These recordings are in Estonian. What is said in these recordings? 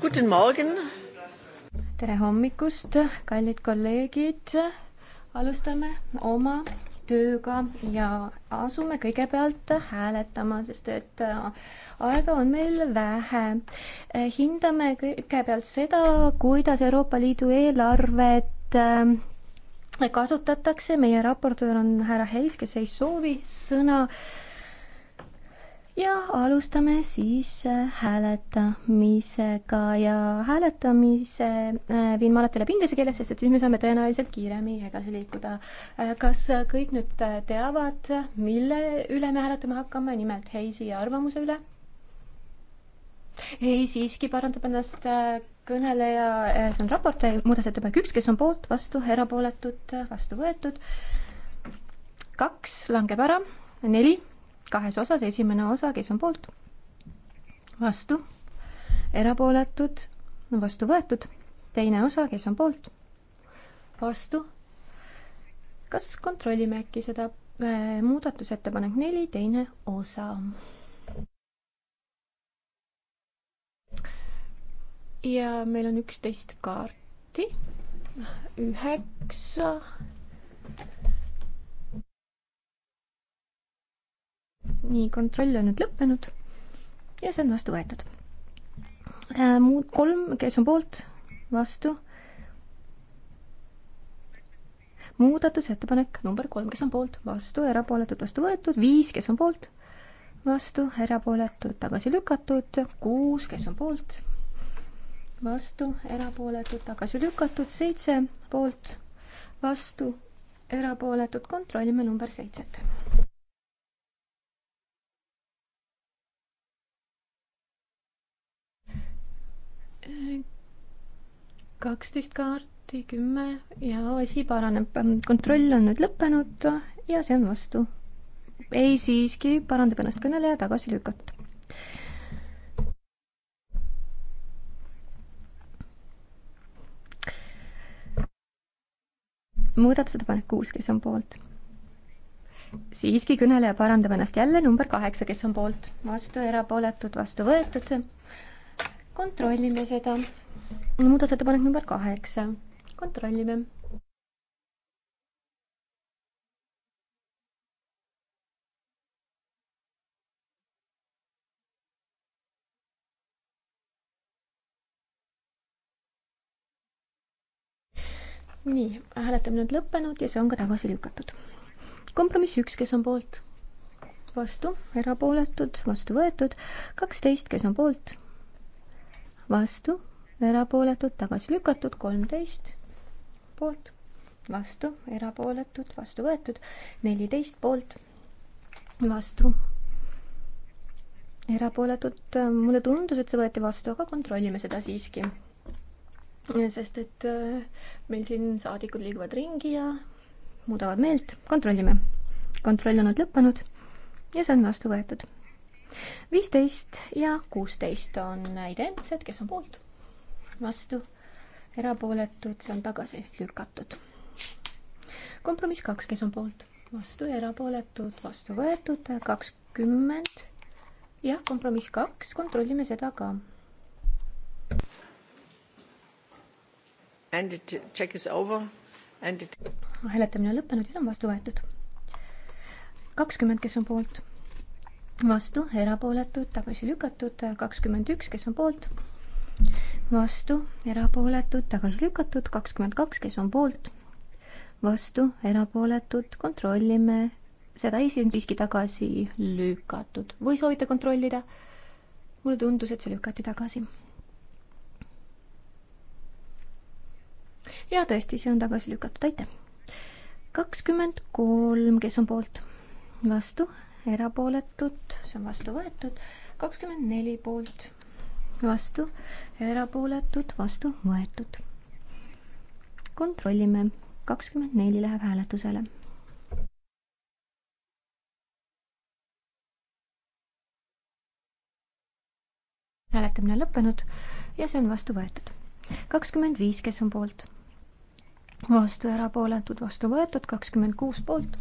Guten Morgen. tere hommikust, kallid kolleegid. alustame oma tööga ja asume kõigepealt hääletama, sest et äh, aega on meil vähe. Äh, hindame kõigepealt seda, kuidas Euroopa Liidu eelarvet äh, kasutatakse, meie raportöör on härra Heis, kes ei soovi sõna ja alustame siis äh, hääletamisega ja hääletamise äh, viin Marat üle inglise keeles, sest et siis me saame tõenäoliselt kiiremini edasi liikuda. Äh, kas kõik nüüd teavad, mille üle me hääletama hakkame, nimelt Heisi arvamuse üle? ei, siiski parandab ennast kõneleja, see on raport, muudatusettepanek üks, kes on poolt, vastu, erapooletud, vastu võetud. kaks langeb ära, neli kahes osas, esimene osa, kes on poolt? vastu, erapooletud, vastu võetud, teine osa, kes on poolt? vastu. kas kontrollime äkki seda äh, muudatusettepanek neli, teine osa? ja meil on üksteist kaarti, üheksa nii, kontroll on nüüd lõppenud ja see on vastu võetud. Äh, muud kolm, kes on poolt, vastu. muudatusettepanek number kolm, kes on poolt, vastu, erapooletud, vastu võetud, viis, kes on poolt, vastu, erapooletud, tagasi lükatud, kuus, kes on poolt, vastu, erapooletud, tagasi lükatud, seitse poolt, vastu, erapooletud, kontrollime number seitset kaksteist kaarti, kümme ja asi paraneb. kontroll on nüüd lõppenud ja see on vastu. ei, siiski parandab ennast kõneleja tagasi lükata. muudatusettepanek kuus, kes on poolt? siiski kõneleja parandab ennast jälle, number kaheksa, kes on poolt, vastu, erapooletud, vastu võetud kontrollime seda. muudatusettepanek number kaheksa, kontrollime. nii, hääletamine on lõppenud ja see on ka tagasi lükatud. kompromiss üks, kes on poolt? vastu, erapooletud, vastu võetud, kaksteist, kes on poolt vastu, erapooletud, tagasi lükatud, kolmteist poolt, vastu, erapooletud, vastu võetud, neliteist poolt, vastu, erapooletud, mulle tundus, et see võeti vastu, aga kontrollime seda siiski. sest et äh, meil siin saadikud liiguvad ringi ja muudavad meelt, kontrollime. kontroll on nüüd lõppenud ja see on vastu võetud viisteist ja kuusteist on identsed, kes on poolt, vastu, erapooletud, see on tagasi lükatud. kompromiss kaks, kes on poolt, vastu ja erapooletud, vastu võetud, kakskümmend. jah, kompromiss kaks, kontrollime seda ka. And the check is over and it.... hääletamine on lõppenud ja see on vastu võetud. kakskümmend, kes on poolt vastu, erapooletud, tagasi lükatud, kakskümmend üks, kes on poolt, vastu, erapooletud, tagasi lükatud, kakskümmend kaks, kes on poolt, vastu, erapooletud, kontrollime, seda ei, see on siiski tagasi lükatud või soovite kontrollida? mulle tundus, et see lükati tagasi. ja tõesti, see on tagasi lükatud, aitäh. kakskümmend kolm, kes on poolt, vastu, erapooletut, see on vastu võetud, kakskümmend neli poolt, vastu, erapooletut, vastu võetud. kontrollime, kakskümmend neli läheb hääletusele hääletamine lõppenud ja see on vastu võetud. kakskümmend viis, kes on poolt, vastu erapooletud, vastu võetud, kakskümmend kuus poolt,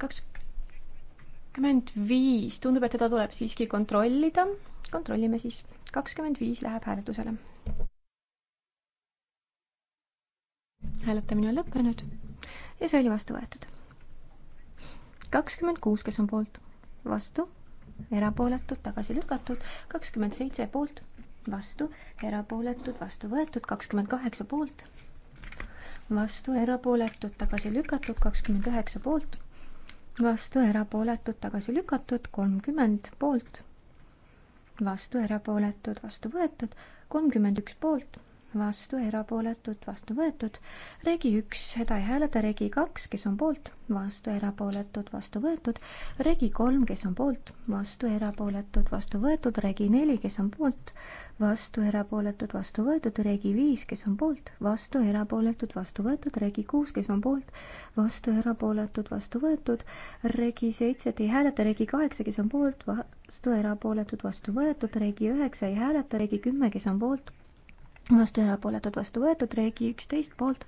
kakskümmend viis, tundub, et seda tuleb siiski kontrollida. kontrollime siis, kakskümmend viis läheb hääletusele. hääletamine on lõppenud ja see oli vastu võetud. kakskümmend kuus, kes on poolt, vastu, erapooletud, tagasi lükatud, kakskümmend seitse poolt, vastu, erapooletud, vastu võetud, kakskümmend kaheksa poolt, vastu, erapooletud, tagasi lükatud, kakskümmend üheksa poolt vastu erapooletud, tagasi lükatud, kolmkümmend poolt, vastu erapooletud, vastu võetud, kolmkümmend üks poolt, vastu, erapooletud, vastu võetud. Regi üks, seda ei hääleta, Regi kaks, kes on poolt, vastu, erapooletud, vastu võetud. Regi kolm, kes on poolt, vastu, erapooletud, vastu võetud. Regi neli, kes on poolt, vastu, erapooletud, vastu võetud. Regi viis, kes on poolt, vastu, erapooletud, vastu võetud. Regi kuus, kes on poolt, vastu, erapooletud, vastu võetud. Regi seitset ei hääleta, Regi kaheksa, kes on poolt, vastu, erapooletud, vastu võetud. Regi üheksa ei hääleta, Regi kümme, kes on poolt, vastu erapooletud, vastu võetud, Regi üksteist poolt,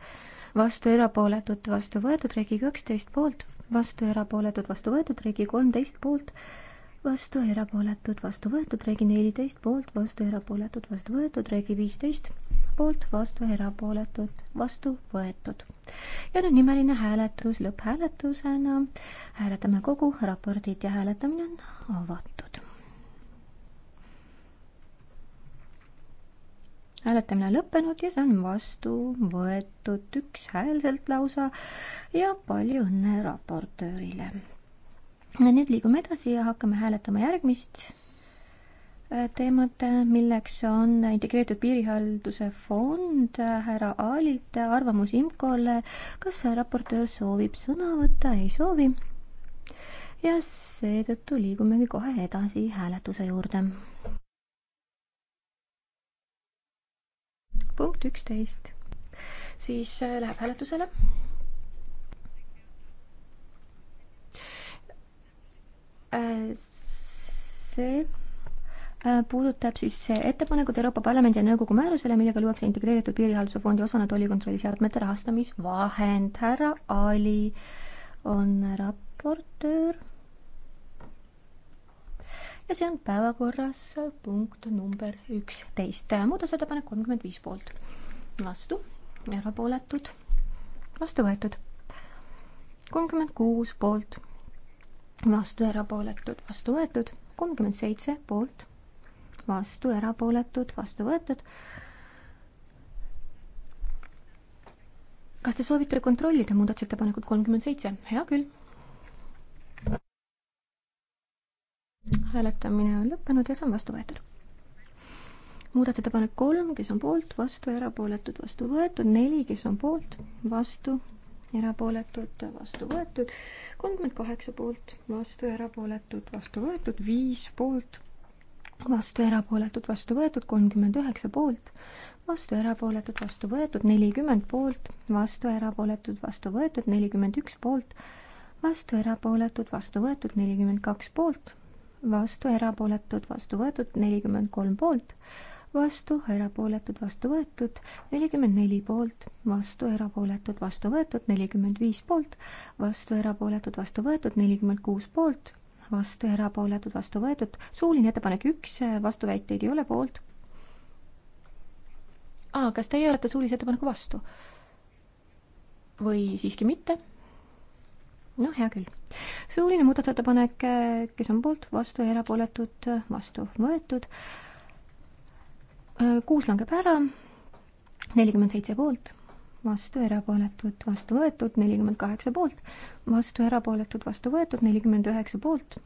vastu erapooletud, vastu võetud, Regi kaksteist poolt, vastu erapooletud, vastu võetud, Regi kolmteist poolt, vastu erapooletud, vastu võetud, Regi neliteist poolt, vastu erapooletud, vastu võetud, Regi viisteist poolt, vastu erapooletud, vastu võetud. ja nüüd nimeline hääletus lõpphääletusena. hääletame kogu raportit ja hääletamine on avatud hääletamine lõppenud ja see on vastu võetud ükshäälselt lausa ja palju õnne raportöörile. nüüd liigume edasi ja hakkame hääletama järgmist äh, teemat, milleks on integreeritud piirihalduse fond härra Aalilt, arvamus IMCO-le. kas raportöör soovib sõna võtta, ei soovi? ja seetõttu liigumegi kohe edasi hääletuse juurde. punkt üksteist siis äh, läheb hääletusele. Äh, see äh, puudutab siis ettepanekut Euroopa Parlamendi ja Nõukogu määrusele, millega luuakse integreeritud piirihalduse fondi osana tollikontrolli seadmete rahastamisvahend. härra Ali on raportöör ja see on päevakorras punkt number üksteist. muudatusettepanek kolmkümmend viis poolt, vastu, erapooletud, vastu võetud. kolmkümmend kuus poolt, vastu, erapooletud, vastu võetud. kolmkümmend seitse poolt, vastu, erapooletud, vastu võetud. kas te soovite kontrollida muudatusettepanekut kolmkümmend seitse? hea küll hääletamine on lõppenud ja see on vastu võetud. muudatusettepanek kolm, kes on poolt, vastu, erapooletud, vastu võetud, neli, kes on poolt, vastu, erapooletud, vastu võetud, kolmkümmend kaheksa poolt, vastu, erapooletud, vastu võetud, viis poolt, vastu, erapooletud, vastu võetud, kolmkümmend üheksa poolt, vastu, erapooletud, vastu võetud, nelikümmend poolt, vastu, erapooletud, vastu võetud, nelikümmend üks poolt, vastu, erapooletud, vastu võetud, nelikümmend kaks poolt, vastu, erapooletud, vastu võetud, nelikümmend kolm poolt, vastu, erapooletud, vastu võetud, nelikümmend neli poolt, vastu, erapooletud, vastu võetud, nelikümmend viis poolt, vastu, erapooletud, vastu võetud, nelikümmend kuus poolt, vastu, erapooletud, vastu võetud, suuline ettepanek üks, vastuväiteid ei ole, poolt. aa, kas teie olete suulise ettepaneku vastu? või siiski mitte? no hea küll. suuline muudatusettepanek, kes on poolt, vastu, erapooletud, vastu võetud. kuus langeb ära, nelikümmend seitse poolt, vastu, erapooletud, vastu võetud, nelikümmend kaheksa poolt, vastu, erapooletud, vastu võetud, nelikümmend üheksa poolt,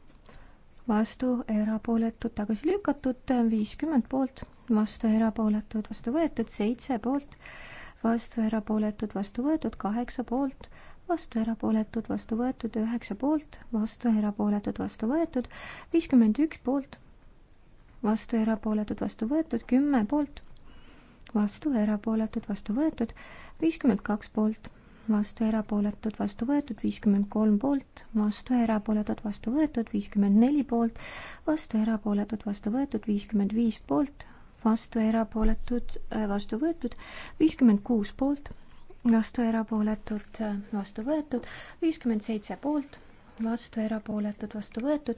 vastu, erapooletud, tagasi lükatud, viiskümmend poolt, vastu, erapooletud, vastu võetud, seitse poolt, vastu, erapooletud, vastu võetud, kaheksa poolt vastu erapooletud, vastu võetud, üheksa poolt, vastu erapooletud, vastu võetud, viiskümmend üks poolt, vastu erapooletud, vastu võetud, kümme poolt, vastu erapooletud, vastu võetud, viiskümmend kaks poolt, vastu erapooletud, vastu võetud, viiskümmend kolm poolt, vastu erapooletud, vastu võetud, viiskümmend neli poolt, vastu erapooletud, vastu võetud, viiskümmend viis poolt, vastu erapooletud, äh, vastu võetud, viiskümmend kuus poolt, vastu erapooletud, vastu võetud, viiskümmend seitse poolt, vastu erapooletud, vastu võetud,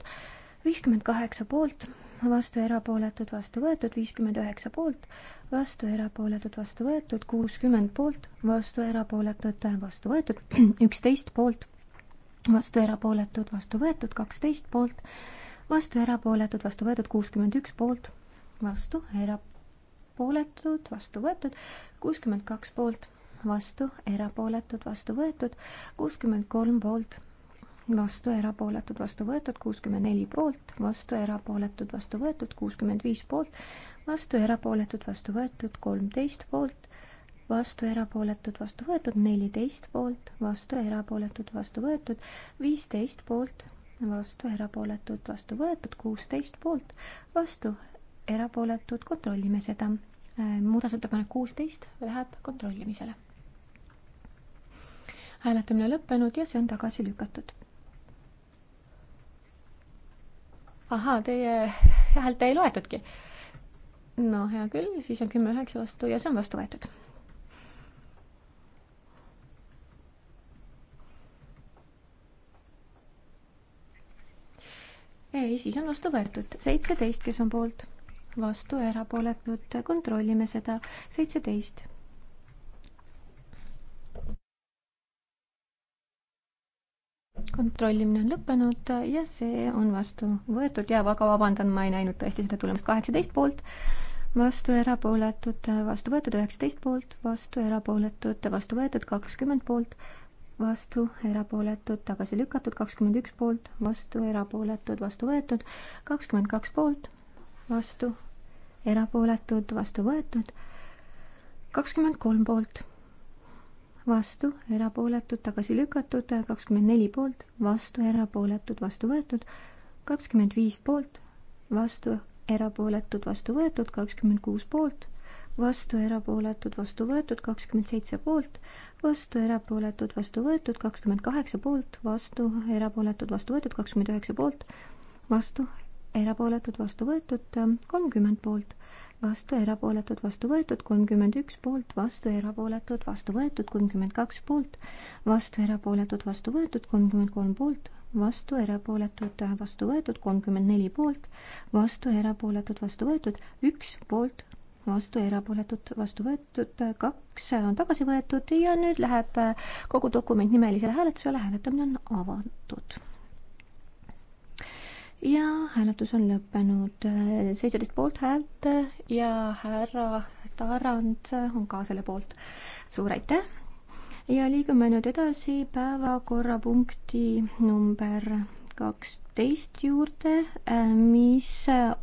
viiskümmend kaheksa poolt, vastu erapooletud, vastu võetud, viiskümmend üheksa poolt, vastu erapooletud, vastu võetud, kuuskümmend poolt, vastu erapooletud, vastu võetud, üksteist poolt, vastu erapooletud, vastu võetud, kaksteist poolt, vastu erapooletud, vastu võetud, kuuskümmend üks poolt, vastu erapooletud, vastu võetud, kuuskümmend kaks poolt vastu, erapooletud, vastu võetud, kuuskümmend kolm poolt, vastu, erapooletud, vastu võetud, kuuskümmend neli poolt, vastu, erapooletud, vastu võetud, kuuskümmend viis poolt, vastu, erapooletud, vastu võetud, kolmteist poolt, vastu, erapooletud, vastu võetud, neliteist poolt, vastu, erapooletud, vastu võetud, viisteist poolt, vastu, erapooletud, vastu võetud, kuusteist poolt, vastu, erapooletud, kontrollime seda. Äh, muudatusettepanek kuusteist läheb kontrollimisele hääletamine lõppenud ja see on tagasi lükatud. ahaa, teie häält ei loetudki. no hea küll, siis on kümme üheksa vastu ja see on vastu võetud. ei, siis on vastu võetud seitseteist, kes on poolt, vastu erapooletud, kontrollime seda, seitseteist kontrollimine on lõppenud ja see on vastu võetud ja väga vabandan, ma ei näinud tõesti seda tulemust, kaheksateist poolt, vastu erapooletud, vastu võetud üheksateist poolt, vastu erapooletud, vastu võetud kakskümmend poolt, vastu erapooletud, tagasi lükatud kakskümmend üks poolt, vastu erapooletud, vastu võetud kakskümmend kaks poolt, vastu erapooletud, vastu võetud kakskümmend kolm poolt vastu, erapooletud, tagasi lükatud, kakskümmend neli poolt, vastu, erapooletud, vastu võetud, kakskümmend viis poolt, vastu, erapooletud, vastu võetud, kakskümmend kuus poolt, vastu, erapooletud, vastu võetud, kakskümmend seitse poolt, vastu, erapooletud, vastu võetud, kakskümmend kaheksa poolt, vastu, erapooletud, vastu võetud, kakskümmend üheksa poolt, vastu, erapooletud, vastu võetud, kolmkümmend poolt vastu, erapooletud, vastu võetud, kolmkümmend üks poolt, vastu, erapooletud, vastu võetud, kolmkümmend kaks poolt, vastu, erapooletud, vastu võetud, kolmkümmend kolm poolt, vastu, erapooletud, vastu võetud, kolmkümmend neli poolt, vastu, erapooletud, vastu võetud, üks poolt, vastu, erapooletud, vastu võetud, kaks on tagasi võetud ja nüüd läheb kogu dokument nimelisele hääletusele, hääletamine on avatud ja hääletus on lõppenud. seitseteist poolthäält ja härra Tarand on ka selle poolt. suur aitäh! ja liigume nüüd edasi päevakorrapunkti number kaksteist juurde, mis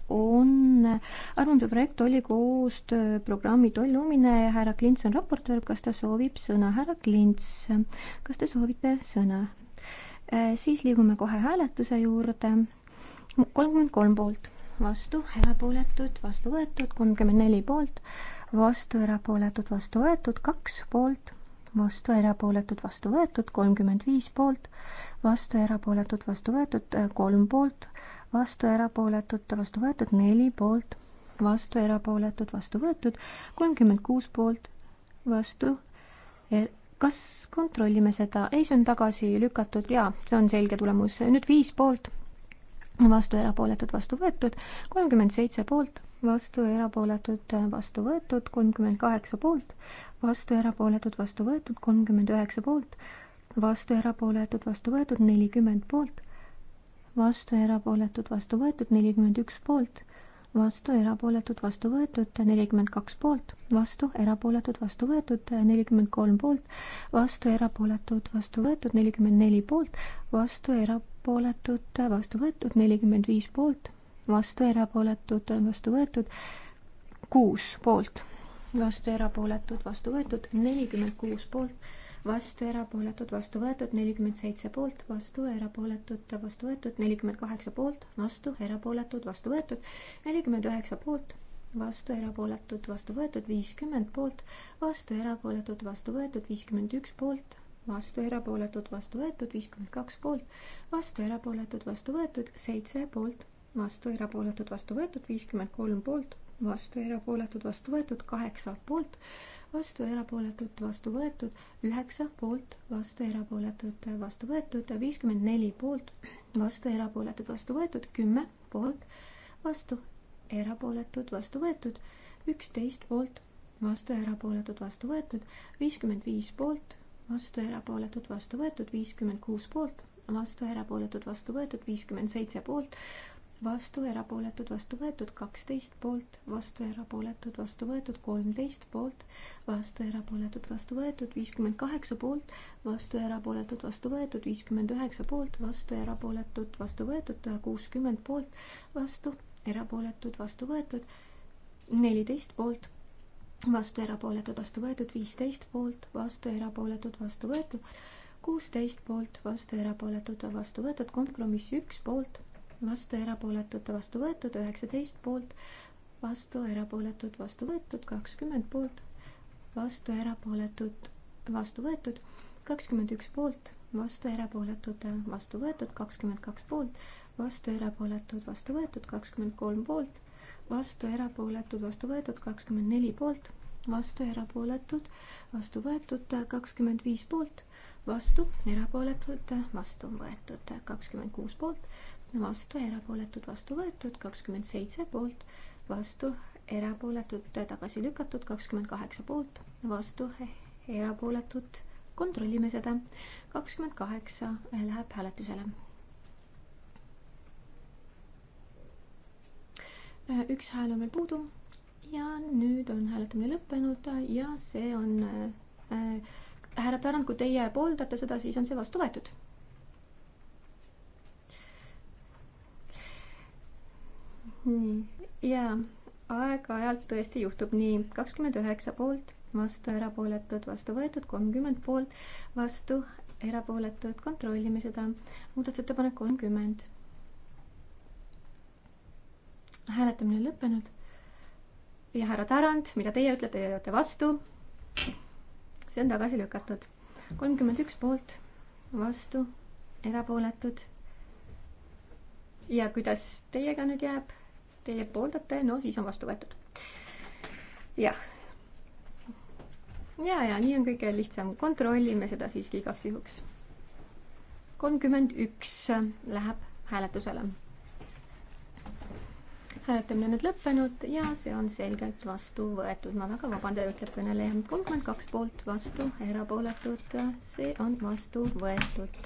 on arvamuse projekt oli koostöö programmi tollumine ja härra Klints on raportöör, kas ta soovib sõna, härra Klints, kas te soovite sõna? siis liigume kohe hääletuse juurde kolmkümmend kolm poolt, vastu, erapooletud, vastu võetud, kolmkümmend neli poolt, vastu, erapooletud, vastu võetud, kaks poolt vastu, erapooletud, vastu võetud, kolmkümmend viis poolt, vastu, erapooletud, vastu võetud, kolm poolt, vastu, erapooletud, vastu võetud, neli poolt, vastu, erapooletud, vastu võetud, kolmkümmend kuus poolt, vastu er,. kas kontrollime seda? ei, see on tagasi lükatud ja see on selge tulemus. nüüd viis poolt, vastu erapooletud, vastu võetud, kolmkümmend seitse poolt, vastu erapooletud, vastu võetud, kolmkümmend kaheksa poolt, vastu erapooletud, vastu võetud, kolmkümmend üheksa poolt, vastu erapooletud, vastu võetud, nelikümmend poolt, vastu erapooletud, vastu võetud, nelikümmend üks poolt, vastu erapooletud, vastu võetud, nelikümmend kaks poolt, vastu erapooletud, vastu võetud, nelikümmend kolm poolt, vastu erapooletud, vastu võetud, nelikümmend neli poolt, vastu erapooletud, erapooletud, vastu võetud, nelikümmend viis poolt, vastu erapooletud, vastu võetud, kuus poolt, vastu erapooletud, vastu võetud, nelikümmend kuus poolt, vastu erapooletud, vastu võetud, nelikümmend seitse poolt, vastu erapooletud, vastu võetud, nelikümmend kaheksa poolt, vastu erapooletud, vastu võetud, nelikümmend üheksa poolt vastu erapooletud, vastu võetud viiskümmend poolt, vastu erapooletud, vastu võetud viiskümmend üks poolt, vastu erapooletud, vastu võetud, viiskümmend kaks poolt, vastu erapooletud, vastu võetud, seitse poolt, vastu erapooletud, vastu võetud, viiskümmend kolm poolt, vastu erapooletud, vastu võetud, kaheksa poolt, vastu erapooletud, vastu võetud, üheksa poolt, vastu erapooletud, vastu võetud, viiskümmend neli poolt, vastu erapooletud, vastu võetud, kümme poolt, vastu erapooletud, vastu võetud, üksteist poolt vastu, erapooletud, vastu võetud, viiskümmend viis poolt, vastu, erapooletud, vastu võetud, viiskümmend kuus poolt, vastu, erapooletud, vastu võetud, viiskümmend seitse poolt, vastu, erapooletud, vastu võetud, kaksteist poolt, vastu, erapooletud, vastu võetud, kolmteist poolt, vastu, erapooletud, vastu võetud, viiskümmend kaheksa poolt, vastu, erapooletud, vastu võetud, viiskümmend üheksa poolt, vastu, erapooletud, vastu võetud, kuuskümmend poolt, vastu, erapooletud, vastu võetud, neliteist poolt vastu erapooletud, vastu võetud, viisteist poolt, vastu erapooletud, vastu võetud, kuusteist poolt, vastu erapooletud, vastu võetud, kompromiss üks poolt, vastu erapooletud, vastu võetud, üheksateist poolt, vastu erapooletud, vastu võetud, kakskümmend poolt, vastu erapooletud, vastu võetud, kakskümmend üks poolt, vastu erapooletud, vastu võetud, kakskümmend kaks poolt, vastu erapooletud, vastu võetud, kakskümmend kolm poolt vastu, erapooletud, vastu võetud, kakskümmend neli poolt, vastu, erapooletud, vastu võetud, kakskümmend viis poolt, vastu, erapooletud, vastu võetud, kakskümmend kuus poolt, vastu, erapooletud, vastu võetud, kakskümmend seitse poolt, vastu, erapooletud, tagasi lükatud, kakskümmend kaheksa poolt, vastu, erapooletud kontrollime seda. kakskümmend kaheksa läheb hääletusele. Äh, üks hääl on veel puudu ja nüüd on hääletamine lõppenud ja see on äh, äh, härra Tarand, kui teie pooldate seda, siis on see vastu võetud. nii, ja aeg-ajalt tõesti juhtub nii, kakskümmend üheksa poolt, vastu erapooletud, vastu võetud, kolmkümmend poolt, vastu erapooletud, kontrollime seda. muudatusettepanek kolmkümmend hääletamine lõppenud. ja härra Tarand, mida teie ütlete, teie olete vastu. see on tagasi lükatud. kolmkümmend üks poolt, vastu, erapooletud. ja kuidas teiega nüüd jääb? Teie pooldate, no siis on vastu võetud. jah ja, ja nii on kõige lihtsam, kontrollime seda siiski igaks juhuks. kolmkümmend üks läheb hääletusele hääletamine on nüüd lõppenud ja see on selgelt vastu võetud. ma väga vabandan, ütleb kõneleja. kolmkümmend kaks poolt vastu, erapooletud, see on vastu võetud.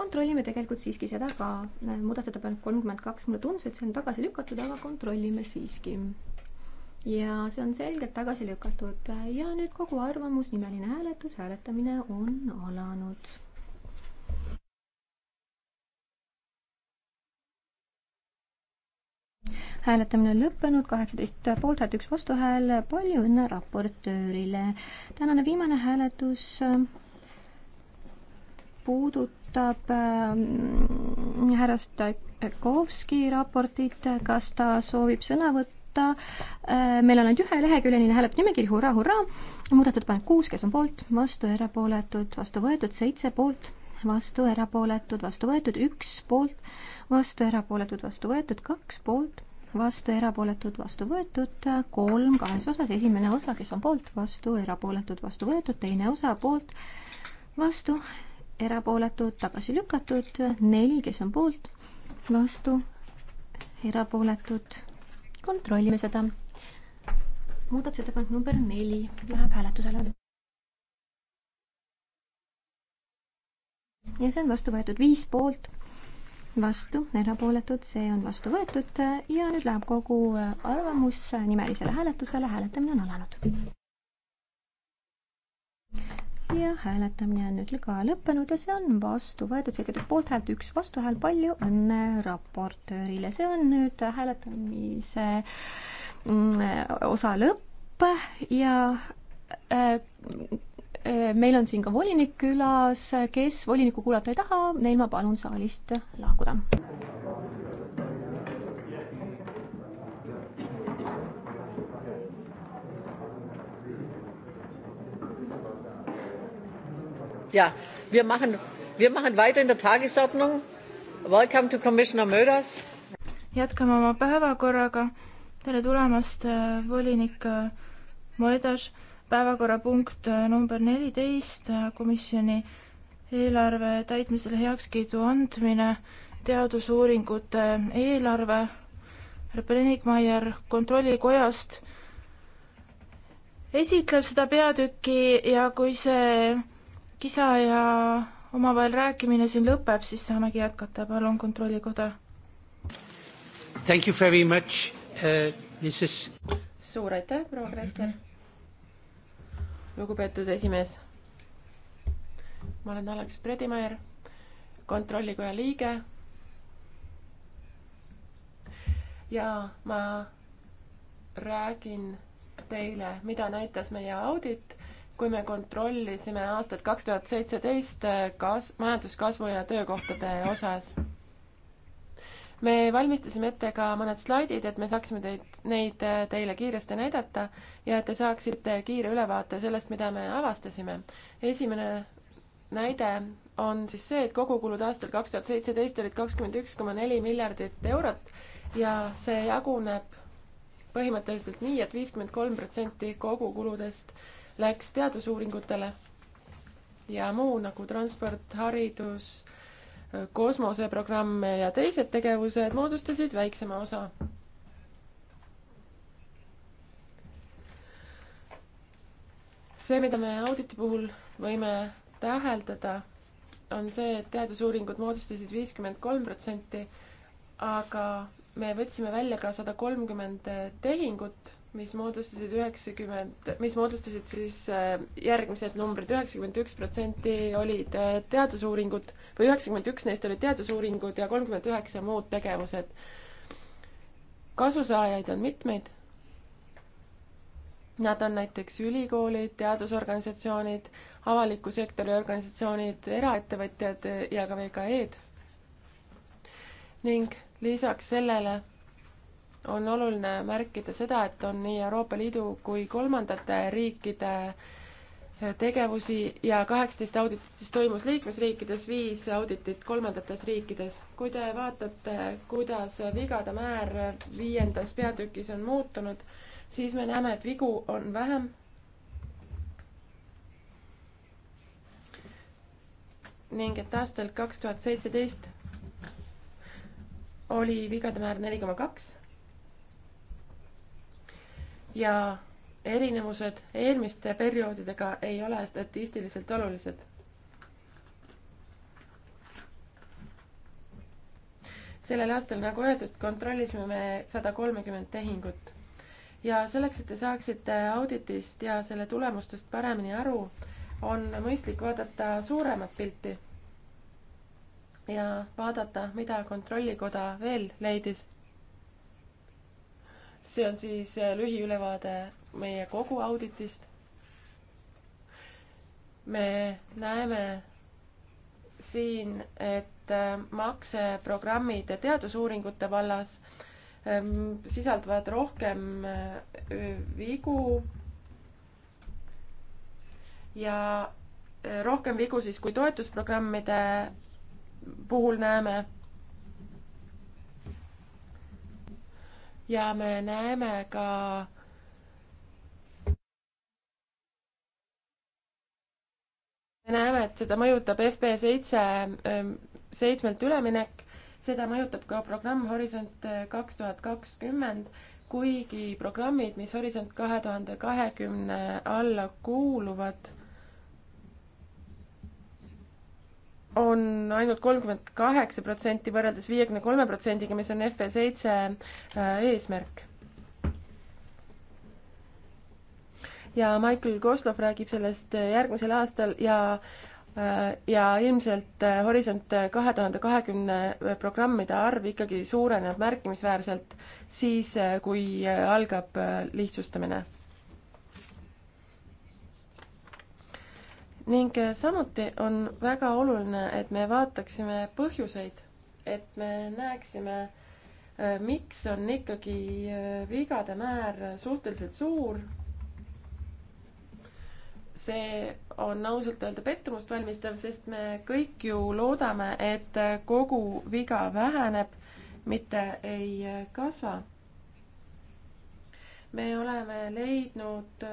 kontrollime tegelikult siiski seda ka. muudatusettepanek kolmkümmend kaks, mulle tundus, et see on tagasi lükatud, aga kontrollime siiski ja see on selgelt tagasi lükatud ja nüüd kogu arvamus, nimeline hääletus, hääletamine on alanud hääletamine on lõppenud, kaheksateist poolthäält, üks vastuhääl, palju õnne raportöörile. tänane viimane hääletus äh, puudutab äh, härra Stajkovski raportit, kas ta soovib sõna võtta äh,. meil on ainult ühe leheküljeline hääletusnimekiri, hurraa, hurraa. muudatusettepanek kuus, kes on poolt, vastu, erapooletud, vastu võetud, seitse poolt, vastu, erapooletud, vastu võetud, üks poolt, vastu, erapooletud, vastu võetud, kaks poolt vastu, erapooletud, vastu võetud, kolm kahes osas, esimene osa, kes on poolt, vastu, erapooletud, vastu võetud, teine osa poolt, vastu, erapooletud, tagasi lükatud, neli, kes on poolt, vastu, erapooletud, kontrollime seda. muudatusettepanek number neli läheb hääletusele. ja see on vastu võetud viis poolt vastu, erapooletud, see on vastu võetud ja nüüd läheb kogu äh, arvamus äh, nimelisele hääletusele, hääletamine on alanud. ja hääletamine on nüüd ka lõppenud ja see on vastu võetud, seitseteist poolthäält, üks vastuhääl, palju õnne raportöörile, see on nüüd hääletamise mm, osa lõpp ja äh, Äh, meil on siin ka volinik külas, kes volinikku kuulata ei taha, neil ma palun saalist lahkuda. Ja, wir machen, wir machen weiter in der Tagesordnung. Welcome to Commissioner Möders. jätkame oma päevakorraga. tere tulemast, äh, volinik äh, Möders päevakorrapunkt äh, number neliteist, äh, komisjoni eelarve täitmisele heakskiidu andmine, teadusuuringute eelarve, härra Brenikmaier Kontrollikojast esitleb seda peatükki ja kui see kisa ja omavahel rääkimine siin lõpeb, siis saamegi jätkata, palun, Kontrollikoda. Thank you very much uh,, Mrs. suur aitäh, proua Kressler mm -hmm lugupeetud esimees. ma olen Alex Predimäer, kontrollikoja liige. ja ma räägin teile, mida näitas meie audit, kui me kontrollisime aastat kaks tuhat seitseteist kas-, majanduskasvu ja töökohtade osas me valmistasime ette ka mõned slaidid, et me saaksime teid, neid äh, teile kiiresti näidata ja et te saaksite kiire ülevaate sellest, mida me avastasime. esimene näide on siis see, et kogukulud aastal kaks tuhat seitseteist olid kakskümmend üks koma neli miljardit eurot ja see jaguneb põhimõtteliselt nii et, et viiskümmend kolm protsenti kogukuludest läks teadusuuringutele ja muu nagu transport, haridus äh,, kosmoseprogramm ja teised tegevused moodustasid väiksema osa. see, mida me auditi puhul võime täheldada, on see, et teadusuuringud moodustasid viiskümmend kolm protsenti, aga me võtsime välja ka sada kolmkümmend tehingut mis moodustasid üheksakümmend, mis moodustasid siis äh, järgmised numbrid, üheksakümmend üks protsenti olid äh, teadusuuringud või üheksakümmend üks neist olid teadusuuringud ja kolmkümmend üheksa muud tegevused. kasusaajaid on mitmeid. Nad on näiteks ülikoolid, teadusorganisatsioonid, avaliku sektori organisatsioonid, eraettevõtjad ja ka VKE-d. ning lisaks sellele on oluline märkida seda, et on nii Euroopa Liidu kui kolmandate riikide tegevusi ja kaheksateist auditit siis toimus liikmesriikides, viis auditit kolmandates riikides. kui te vaatate, kuidas vigade määr viiendas peatükis on muutunud, siis me näeme, et vigu on vähem. ning et aastal kaks tuhat seitseteist oli vigade määr neli koma kaks ja erinevused eelmiste perioodidega ei ole statistiliselt olulised. sellel aastal, nagu öeldud, kontrollisime me sada kolmekümmend tehingut ja selleks, et te saaksite auditist ja selle tulemustest paremini aru, on mõistlik vaadata suuremat pilti ja vaadata, mida Kontrollikoda veel leidis see on siis äh, lühiülevaade meie kogu auditist. me näeme siin, et äh, makseprogrammid teadusuuringute vallas ähm, sisaldavad rohkem äh, vigu ja rohkem vigu siis, kui toetusprogrammide puhul näeme ja me näeme ka me näeme, et seda mõjutab FP seitse, ähm, seitsmelt üleminek, seda mõjutab ka programm Horisont äh, kaks tuhat kakskümmend, kuigi programmid, mis Horisont kahe tuhande kahekümne alla kuuluvad, on ainult kolmkümmend kaheksa protsenti võrreldes viiekümne kolme protsendiga, mis on FP seitse äh, eesmärk. ja Michael Koslov räägib sellest äh, järgmisel aastal ja äh, ja ilmselt Horisont kahe tuhande kahekümne programmide arv ikkagi suureneb märkimisväärselt siis, kui algab lihtsustamine ning eh, samuti on väga oluline, et me vaataksime põhjuseid, et me näeksime, eh, miks on ikkagi eh, vigade määr suhteliselt suur. see on ausalt öelda pettumust valmistav, sest me kõik ju loodame, et kogu viga väheneb, mitte ei kasva. me oleme leidnud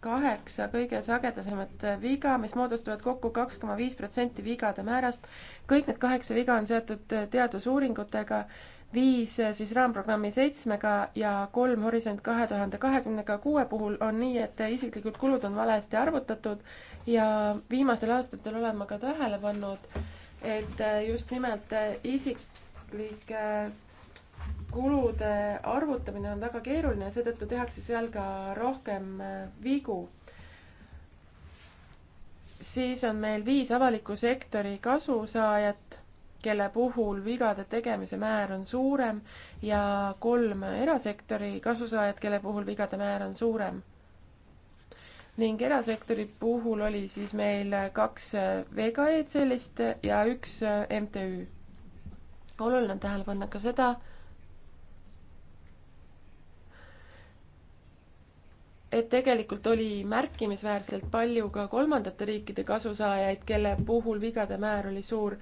kaheksa kõige sagedasemat viga, mis moodustavad kokku kaks koma viis protsenti vigade määrast. kõik need kaheksa viga on seotud äh, teadusuuringutega, viis äh, siis raamprogrammi seitsmega ja kolm Horisont kahe tuhande kahekümnega. kuue puhul on nii, et äh, isiklikud kulud on valesti arvutatud ja viimastel aastatel olen ma ka tähele pannud, et just nimelt isiklike kulude arvutamine on väga keeruline, seetõttu tehakse seal ka rohkem äh, vigu. siis on meil viis avaliku sektori kasusaajat, kelle puhul vigade tegemise määr on suurem ja kolm erasektori kasusaajat, kelle puhul vigade määr on suurem. ning erasektori puhul oli siis meil kaks äh, VKE-d sellist ja üks äh, MTÜ. oluline on tähele panna ka seda, et tegelikult oli märkimisväärselt palju ka kolmandate riikide kasusaajaid, kelle puhul vigade määr oli suur.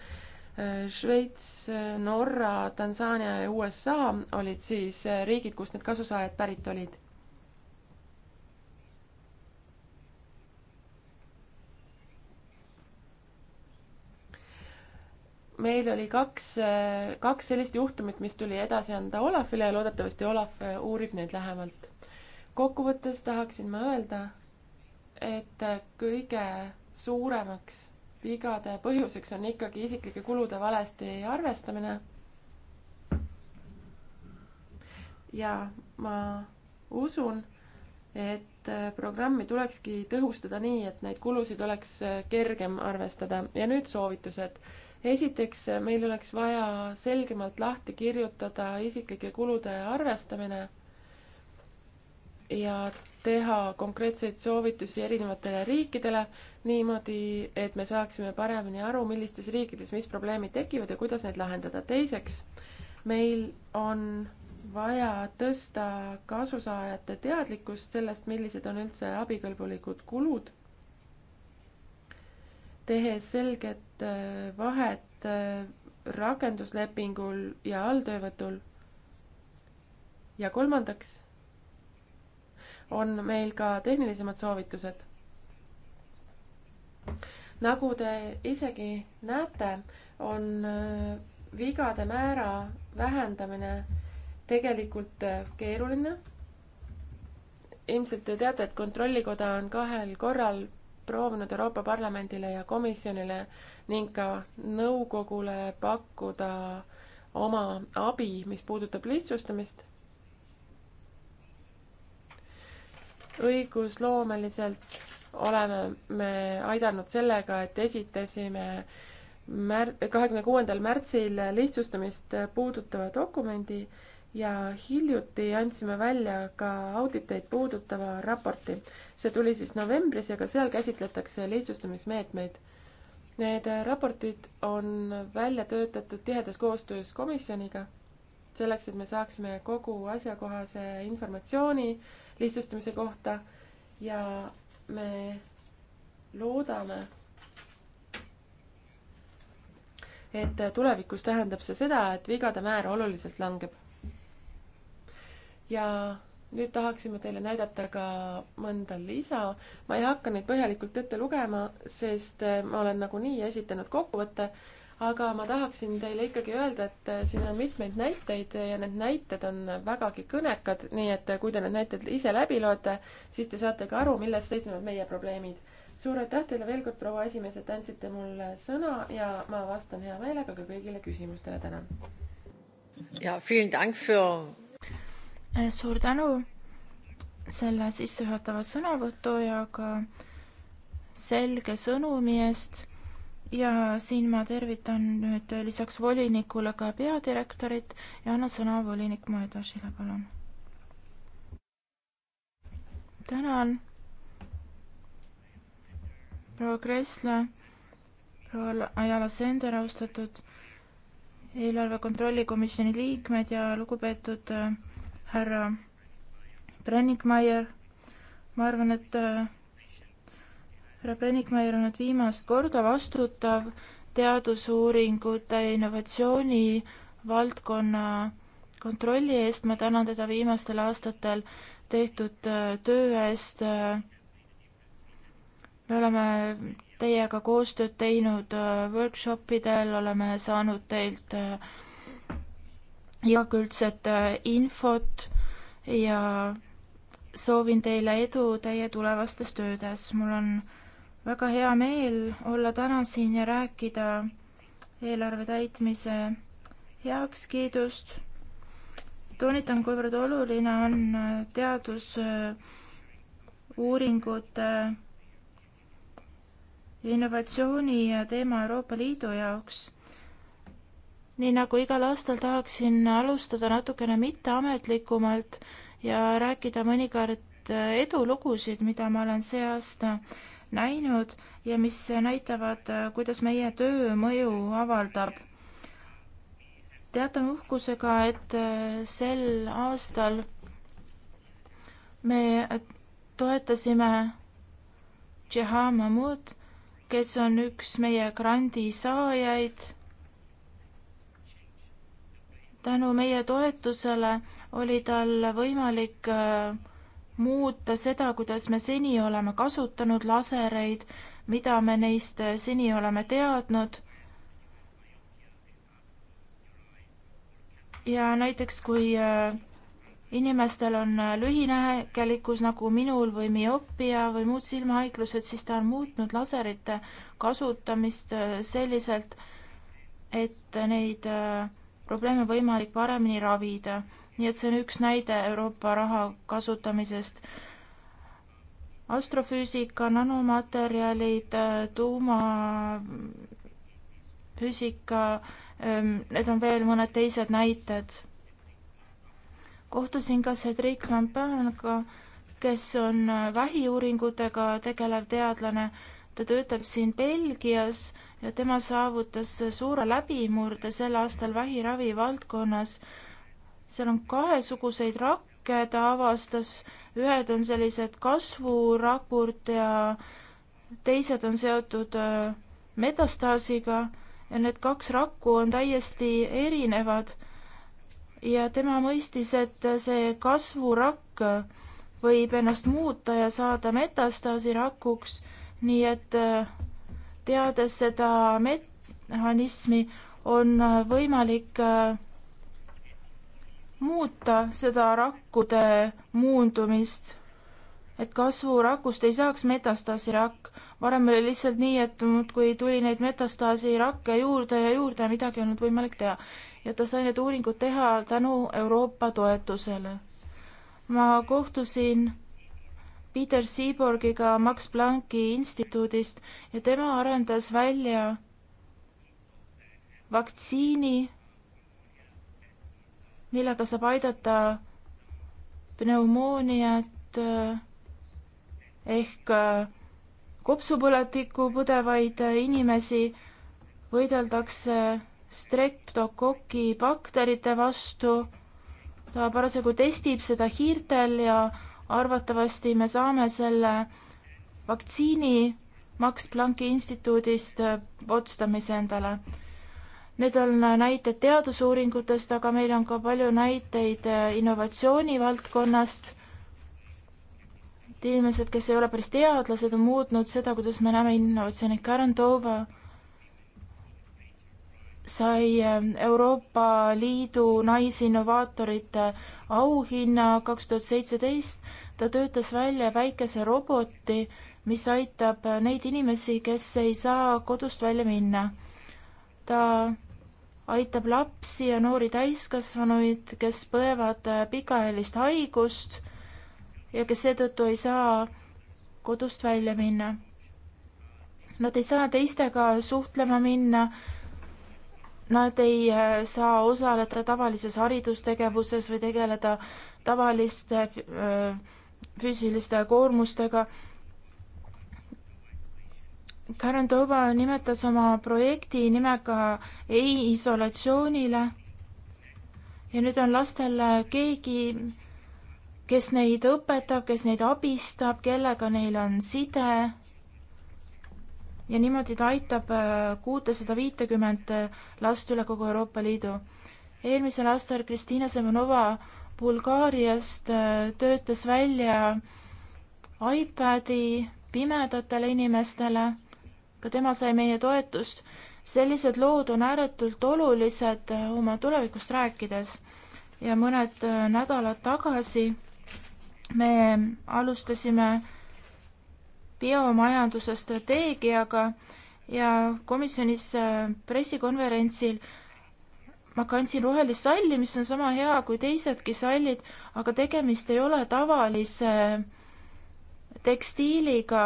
Šveits, Norra, Tansaania ja USA olid siis riigid, kust need kasusaajad pärit olid. meil oli kaks, kaks sellist juhtumit, mis tuli edasi anda Olafile ja loodetavasti Olaf eh, uurib neid lähemalt kokkuvõttes tahaksin ma öelda, et kõige suuremaks vigade põhjuseks on ikkagi isiklike kulude valesti arvestamine. ja ma usun, et programmi tulekski tõhustada nii, et neid kulusid oleks kergem arvestada ja nüüd soovitused. esiteks, meil oleks vaja selgemalt lahti kirjutada isiklike kulude arvestamine ja teha konkreetseid soovitusi erinevatele riikidele niimoodi, et me saaksime paremini aru, millistes riikides mis probleemid tekivad ja kuidas neid lahendada. teiseks, meil on vaja tõsta kasusaajate teadlikkust sellest, millised on üldse abikõlbulikud kulud, tehes selget äh, vahet äh, rakenduslepingul ja alltöövõtul. ja kolmandaks on meil ka tehnilisemad soovitused. nagu te isegi näete, on äh, vigade määra vähendamine tegelikult äh, keeruline. ilmselt te teate, et Kontrollikoda on kahel korral proovinud Euroopa Parlamendile ja komisjonile ning ka nõukogule pakkuda oma abi, mis puudutab lihtsustamist õigusloomeliselt oleme me aidanud sellega, et esitasime mär-, kahekümne kuuendal märtsil lihtsustamist puudutava dokumendi ja hiljuti andsime välja ka auditeid puudutava raporti. see tuli siis novembris ja ka seal käsitletakse lihtsustamismeetmeid. Need raportid on välja töötatud tihedas koostöös komisjoniga, selleks et me saaksime kogu asjakohase informatsiooni äh, lihtsustamise kohta ja me loodame, et tulevikus tähendab see seda, et vigade määr oluliselt langeb. ja nüüd tahaksime teile näidata ka mõnda lisa. ma ei hakka neid põhjalikult ette lugema, sest ma olen nagunii esitanud kokkuvõtte aga ma tahaksin teile ikkagi öelda, et äh, siin on mitmeid näiteid ja need näited on vägagi kõnekad, nii et äh, kui te need näited ise läbi loete, siis te saate ka aru, milles seisnevad meie probleemid. suur aitäh teile veel kord, proua esimees, et andsite mulle sõna ja ma vastan hea meelega ka kõigile küsimustele, tänan. ja, für... Äh, suur tänu selle sissejuhatava sõnavõtu ja ka selge sõnumi eest ja siin ma tervitan nüüd lisaks volinikule ka peadirektorit ja annan sõna volinik Moedasile, palun. tänan. proua Kressle, proua Ajala Sender, austatud eelarve kontrolli komisjoni liikmed ja lugupeetud äh, härra Brenningmeier, ma arvan, et äh, härra Plenikmeier on nüüd viimast korda vastutav teadusuuringute ja innovatsiooni valdkonna kontrolli eest, ma tänan teda viimastel aastatel tehtud äh, töö eest. Äh. me oleme teiega koostööd teinud äh, workshopidel, oleme saanud teilt igakülgset infot ja soovin teile edu teie tulevastes töödes. mul on väga hea meel olla täna siin ja rääkida eelarve täitmise heakskiidust. toonitan, kuivõrd oluline on äh, teadusuuringute innovatsiooni teema Euroopa Liidu jaoks nii nagu igal aastal tahaksin alustada natukene mitteametlikumalt ja rääkida mõnikord äh, edulugusid, mida ma olen see aasta näinud ja mis näitavad, kuidas meie töö mõju avaldab. teatan uhkusega, et äh, sel aastal me toetasime Jehan Mahmood, kes on üks meie grandi saajaid. tänu meie toetusele oli tal võimalik äh, muuta seda, kuidas me seni oleme kasutanud lasereid, mida me neist seni oleme teadnud. ja näiteks, kui äh, inimestel on äh, lühinägelikkus nagu minul või mioopia või muud silmahaiglused, siis ta on muutnud laserite kasutamist äh, selliselt, et neid probleeme on võimalik paremini ravida nii et see on üks näide Euroopa raha kasutamisest. astrofüüsika, nanomaterjalid, tuumafüüsika, ehm, need on veel mõned teised näited. kohtusin ka Cedric Lampaniga, kes on äh, vähiuuringutega tegelev teadlane. ta töötab siin Belgias ja tema saavutas suure läbimurde sel aastal vähiravi valdkonnas seal on kahesuguseid rakke, ta avastas, ühed on sellised kasvurakud ja teised on seotud äh, metastaasiga ja need kaks rakku on täiesti erinevad. ja tema mõistis, et see kasvurakk võib ennast muuta ja saada metastaasirakuks, nii et äh, teades seda mehhanismi, on äh, võimalik äh, muuta seda rakkude muundumist, et kasvurakust ei saaks metastaasirakk. varem oli lihtsalt nii, et muudkui tuli neid metastaasirakke juurde ja juurde ja midagi ei olnud võimalik teha. ja ta sai need uuringud teha tänu Euroopa toetusele. ma kohtusin Peter Seaborgiga Max Plancki instituudist ja tema arendas välja vaktsiini millega saab aidata pneumooniat ehk äh, kopsupõletikku põdevaid äh, inimesi võideldakse streptokoki bakterite vastu. ta parasjagu testib seda hiirtel ja arvatavasti me saame selle vaktsiini Max Plancki instituudist äh, otsustamise endale. Need on näited teadusuuringutest, aga meil on ka palju näiteid äh, innovatsiooni valdkonnast. et inimesed, kes ei ole päris teadlased, on muutnud seda, kuidas me näeme innovatsiooni. Karantova sai äh, Euroopa Liidu naisinnovaatorite auhinna kaks tuhat seitseteist. ta töötas välja väikese roboti, mis aitab äh, neid inimesi, kes ei saa kodust välja minna. ta aitab lapsi ja noori täiskasvanuid, kes põevad äh, pikaajalist haigust ja kes seetõttu ei saa kodust välja minna. Nad ei saa teistega suhtlema minna, nad ei äh, saa osaleda tavalises haridustegevuses või tegeleda tavaliste äh, füüsiliste koormustega Karen Tova nimetas oma projekti nimega Ei isolatsioonile ja nüüd on lastel keegi, kes neid õpetab, kes neid abistab, kellega neil on side. ja niimoodi ta aitab kuutesada viitekümmet last üle kogu Euroopa Liidu. eelmisel aastal Kristiina Semenova Bulgaariast töötas välja iPadi pimedatele inimestele ka tema sai meie toetust. sellised lood on ääretult olulised äh, oma tulevikust rääkides ja mõned äh, nädalad tagasi me alustasime biomajanduse strateegiaga ja komisjonis äh, pressikonverentsil ma kandsin rohelist salli, mis on sama hea kui teisedki sallid, aga tegemist ei ole tavalise tekstiiliga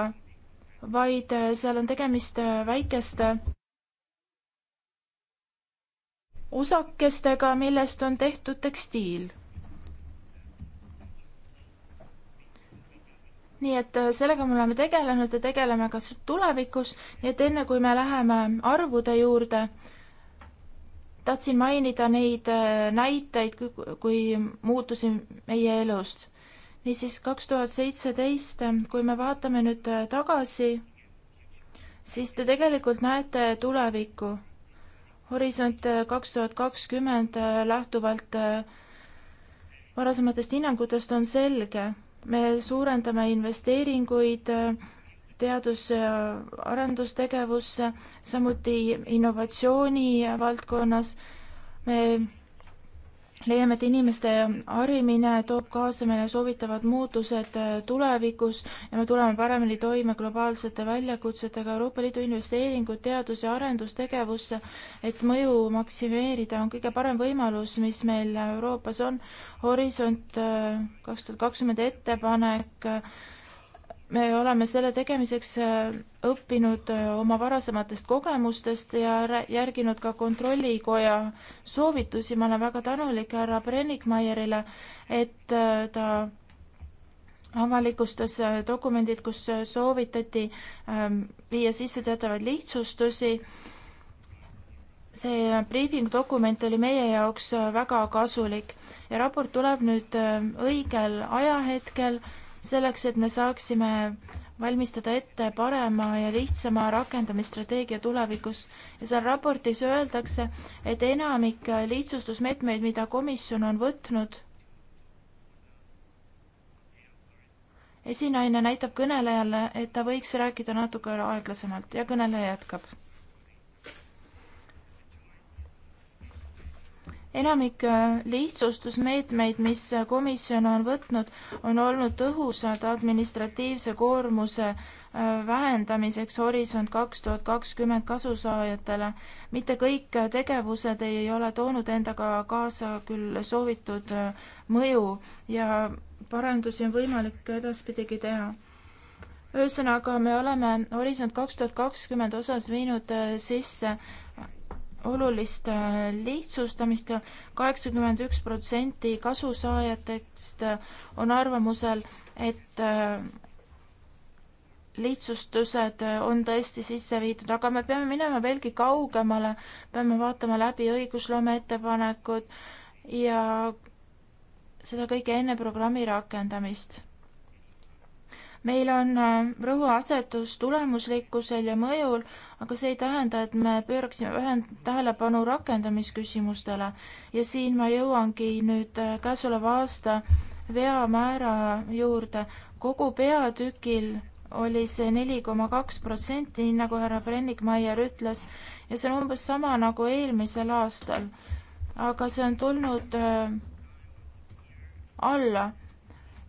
vaid äh, seal on tegemist äh, väikeste osakestega, millest on tehtud tekstiil. nii et äh, sellega me oleme tegelenud ja tegeleme ka tulevikus, nii et enne kui me läheme arvude juurde, tahtsin mainida neid näiteid, kui muutusi meie elust niisiis kaks tuhat seitseteist, kui me vaatame nüüd äh, tagasi, siis te tegelikult näete tulevikku. horisont äh, kaks tuhat kakskümmend äh, lähtuvalt varasematest hinnangutest on selge. me suurendame investeeringuid teadus- ja arendustegevusse, samuti innovatsiooni valdkonnas. me leiame, et inimeste harimine toob kaasa meile soovitavad muutused äh, tulevikus ja me tuleme paremini toime globaalsete väljakutsetega. Euroopa Liidu investeeringud teadus- ja arendustegevusse, et mõju maksimeerida, on kõige parem võimalus, mis meil Euroopas on. Horisont äh, kaks tuhat kakskümmend ettepanek äh, me oleme selle tegemiseks äh, õppinud äh, oma varasematest kogemustest ja järginud ka Kontrollikoja soovitusi. ma olen väga tänulik härra Brennikmaierile, et äh, ta avalikustas dokumendid, kus soovitati ähm, viia sisse teatavaid lihtsustusi. see briifingdokument oli meie jaoks väga kasulik ja raport tuleb nüüd õigel ajahetkel selleks, et me saaksime valmistada ette parema ja lihtsama rakendamisstrateegia tulevikus ja seal raportis öeldakse, et enamik lihtsustusmeetmeid, mida komisjon on võtnud, esinaine näitab kõnelejale, et ta võiks rääkida natuke aeglasemalt ja kõneleja jätkab enamik äh, lihtsustusmeetmeid, mis komisjon on võtnud, on olnud tõhusad administratiivse koormuse äh, vähendamiseks Horisont kaks tuhat kakskümmend kasusaajatele. mitte kõik tegevused ei ole toonud endaga kaasa küll soovitud äh, mõju ja parandusi on võimalik edaspidigi teha ühesõnaga, me oleme Horisont kaks tuhat kakskümmend osas viinud sisse olulist äh, lihtsustamist ja kaheksakümmend üks protsenti kasusaajatest äh, on arvamusel, et äh, lihtsustused on tõesti sisse viidud, aga me peame minema veelgi kaugemale, peame vaatama läbi õigusloome ettepanekud ja seda kõike enne programmi rakendamist meil on äh, rõhuasetus tulemuslikkusel ja mõjul, aga see ei tähenda, et me pööraksime vähem tähelepanu rakendamisküsimustele ja siin ma jõuangi nüüd äh, käesoleva aasta veamäära juurde. kogu peatükil oli see neli koma kaks protsenti, nii nagu härra Brennikmeier ütles, ja see on umbes sama nagu eelmisel aastal. aga see on tulnud äh, alla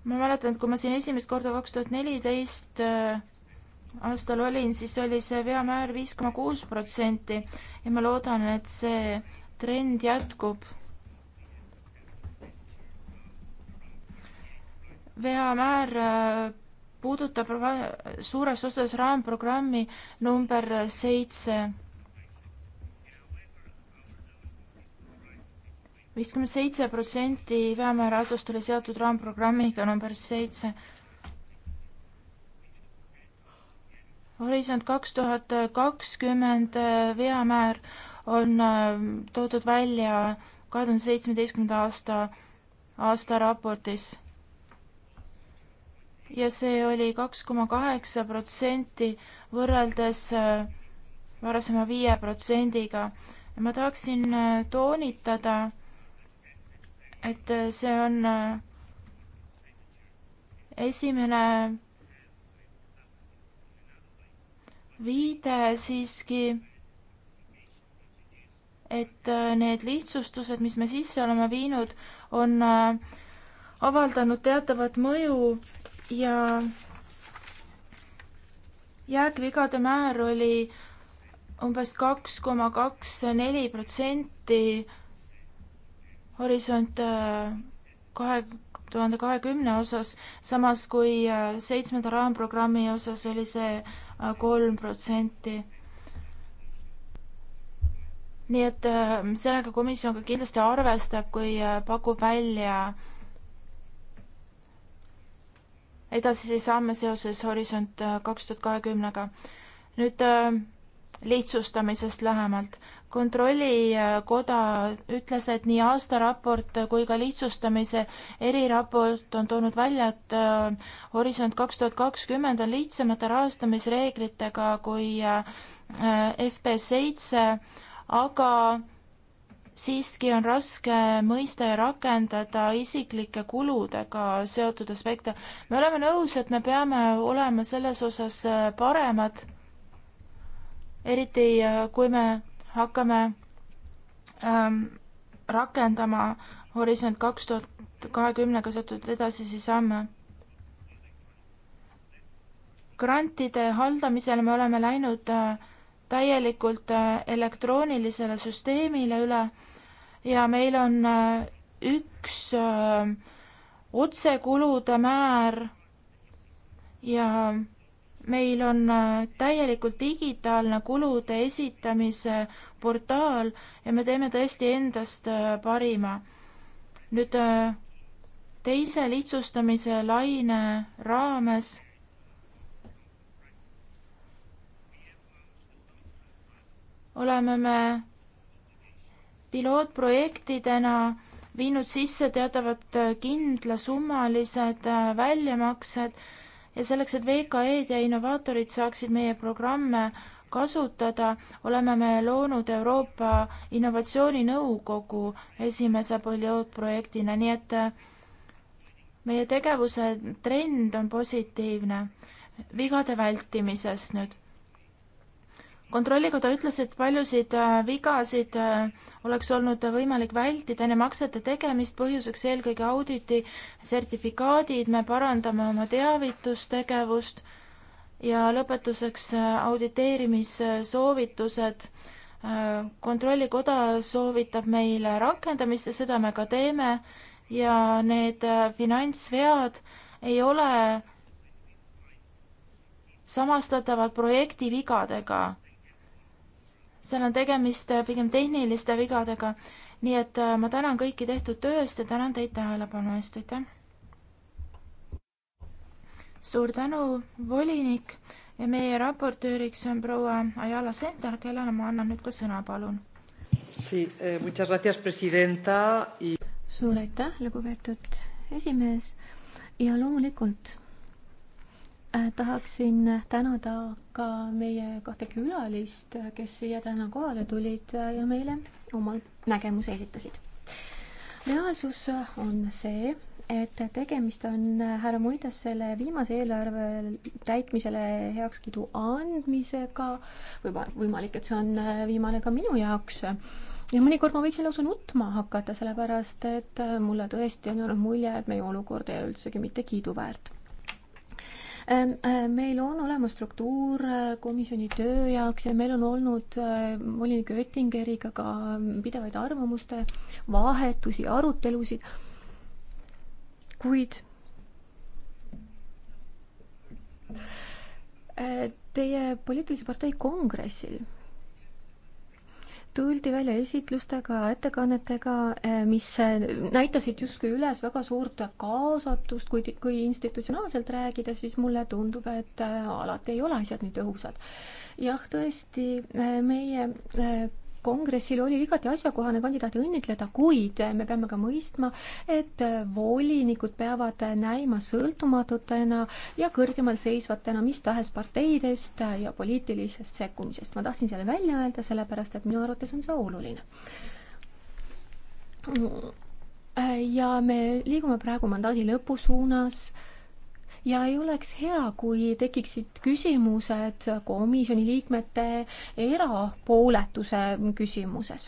ma mäletan, et kui ma siin esimest korda kaks tuhat neliteist äh, aastal olin, siis oli see veamäär viis koma kuus protsenti ja ma loodan, et see trend jätkub. veamäär äh, puudutab suures osas raamprogrammi number seitse viiskümmend seitse protsenti vähemäära asust oli seotud raamprogrammiga number seitse. horisont kaks tuhat kakskümmend äh, veamäär on äh, toodud välja kahe tuhande seitsmeteistkümnenda aasta aastaraportis. ja see oli kaks koma kaheksa protsenti võrreldes äh, varasema viie protsendiga. ma tahaksin toonitada et äh, see on äh, esimene viide siiski, et äh, need lihtsustused, mis me sisse oleme viinud, on avaldanud teatavat mõju ja jääkvigade määr oli umbes kaks koma kaks neli protsenti Horisont äh, kahe tuhande kahekümne osas, samas kui äh, seitsmenda raamprogrammi osas oli see äh, kolm protsenti. nii et sellega komisjon ka kindlasti arvestab, kui pakub välja edasisi samme seoses Horisont kaks tuhat kahekümnega. nüüd lihtsustamisest lähemalt kontrollikoda ütles, et nii aastaraport kui ka lihtsustamise eriraport on toonud välja, et äh, Horisont kaks tuhat kakskümmend on lihtsamate rahastamisreeglitega kui äh, FP seitse, aga siiski on raske mõista ja rakendada isiklike kuludega seotud aspekte. me oleme nõus, et me peame olema selles osas äh, paremad, eriti kui me hakkame ähm, rakendama Horisont kaks tuhat kahekümnega seotud edasisi samme. grantide haldamisel me oleme läinud äh, täielikult äh, elektroonilisele süsteemile üle ja meil on äh, üks äh, otsekulude määr ja äh, meil on äh, täielikult digitaalne kulude esitamise portaal ja me teeme tõesti endast äh, parima. nüüd äh, teise lihtsustamise laine raames oleme me pilootprojektidena viinud sisse teatavad kindlasummalised väljamaksed ja selleks, et VKE-d ja innovaatorid saaksid meie programme kasutada, oleme me loonud Euroopa Innovatsiooninõukogu esimese pilootprojektina, nii et äh, meie tegevuse trend on positiivne. vigade vältimisest nüüd kontrollikoda ütles, et paljusid äh, vigasid äh, oleks olnud võimalik vältida enne maksete tegemist, põhjuseks eelkõige auditi sertifikaadid, me parandame oma teavitustegevust ja lõpetuseks äh, auditeerimissoovitused. kontrollikoda soovitab meile rakendamist ja seda me ka teeme ja need finantsvead ei ole samastatavad projektivigadega seal on tegemist äh, pigem tehniliste vigadega. nii et äh, ma tänan kõiki tehtud töö eest ja tänan teid tähelepanu eest, aitäh! suur tänu, volinik ja meie raportööriks on proua Ayala Center, kellele ma annan nüüd ka sõna, palun. Eh, suur aitäh, lugupeetud esimees ja loomulikult Äh, tahaksin tänada ka meie kahte külalist, kes siia täna kohale tulid äh, ja meile oma nägemuse esitasid. reaalsus on see, et tegemist on äh, härra Muidasele viimase eelarve täitmisele heakskiidu andmisega või võimalik, et see on viimane ka minu jaoks. ja mõnikord ma võiksin lausa nutma hakata, sellepärast et mulle tõesti on jäänud mulje, et meie olukord ei ole üldsegi mitte kiiduväärt Äh, meil on olemas struktuur äh, komisjoni töö jaoks ja meil on olnud äh, volinik Oettingeriga ka pidevaid arvamuste vahetusi, arutelusid, kuid Teie poliitilise partei kongressil tuldi välja esitlustega, ettekannetega, eh, mis eh, näitasid justkui üles väga suurt kaasatust, kuid kui institutsionaalselt rääkida, siis mulle tundub, et eh, alati ei ole asjad nii tõhusad. jah, tõesti, meie kongressil oli igati asjakohane kandidaati õnnitleda, kuid me peame ka mõistma, et volinikud peavad näima sõltumatutena ja kõrgemal seisvatena mis tahes parteidest ja poliitilisest sekkumisest. ma tahtsin selle välja öelda, sellepärast et minu arvates on see oluline. ja me liigume praegu mandaadi lõpu suunas ja ei oleks hea, kui tekiksid küsimused komisjoni liikmete erapooletuse küsimuses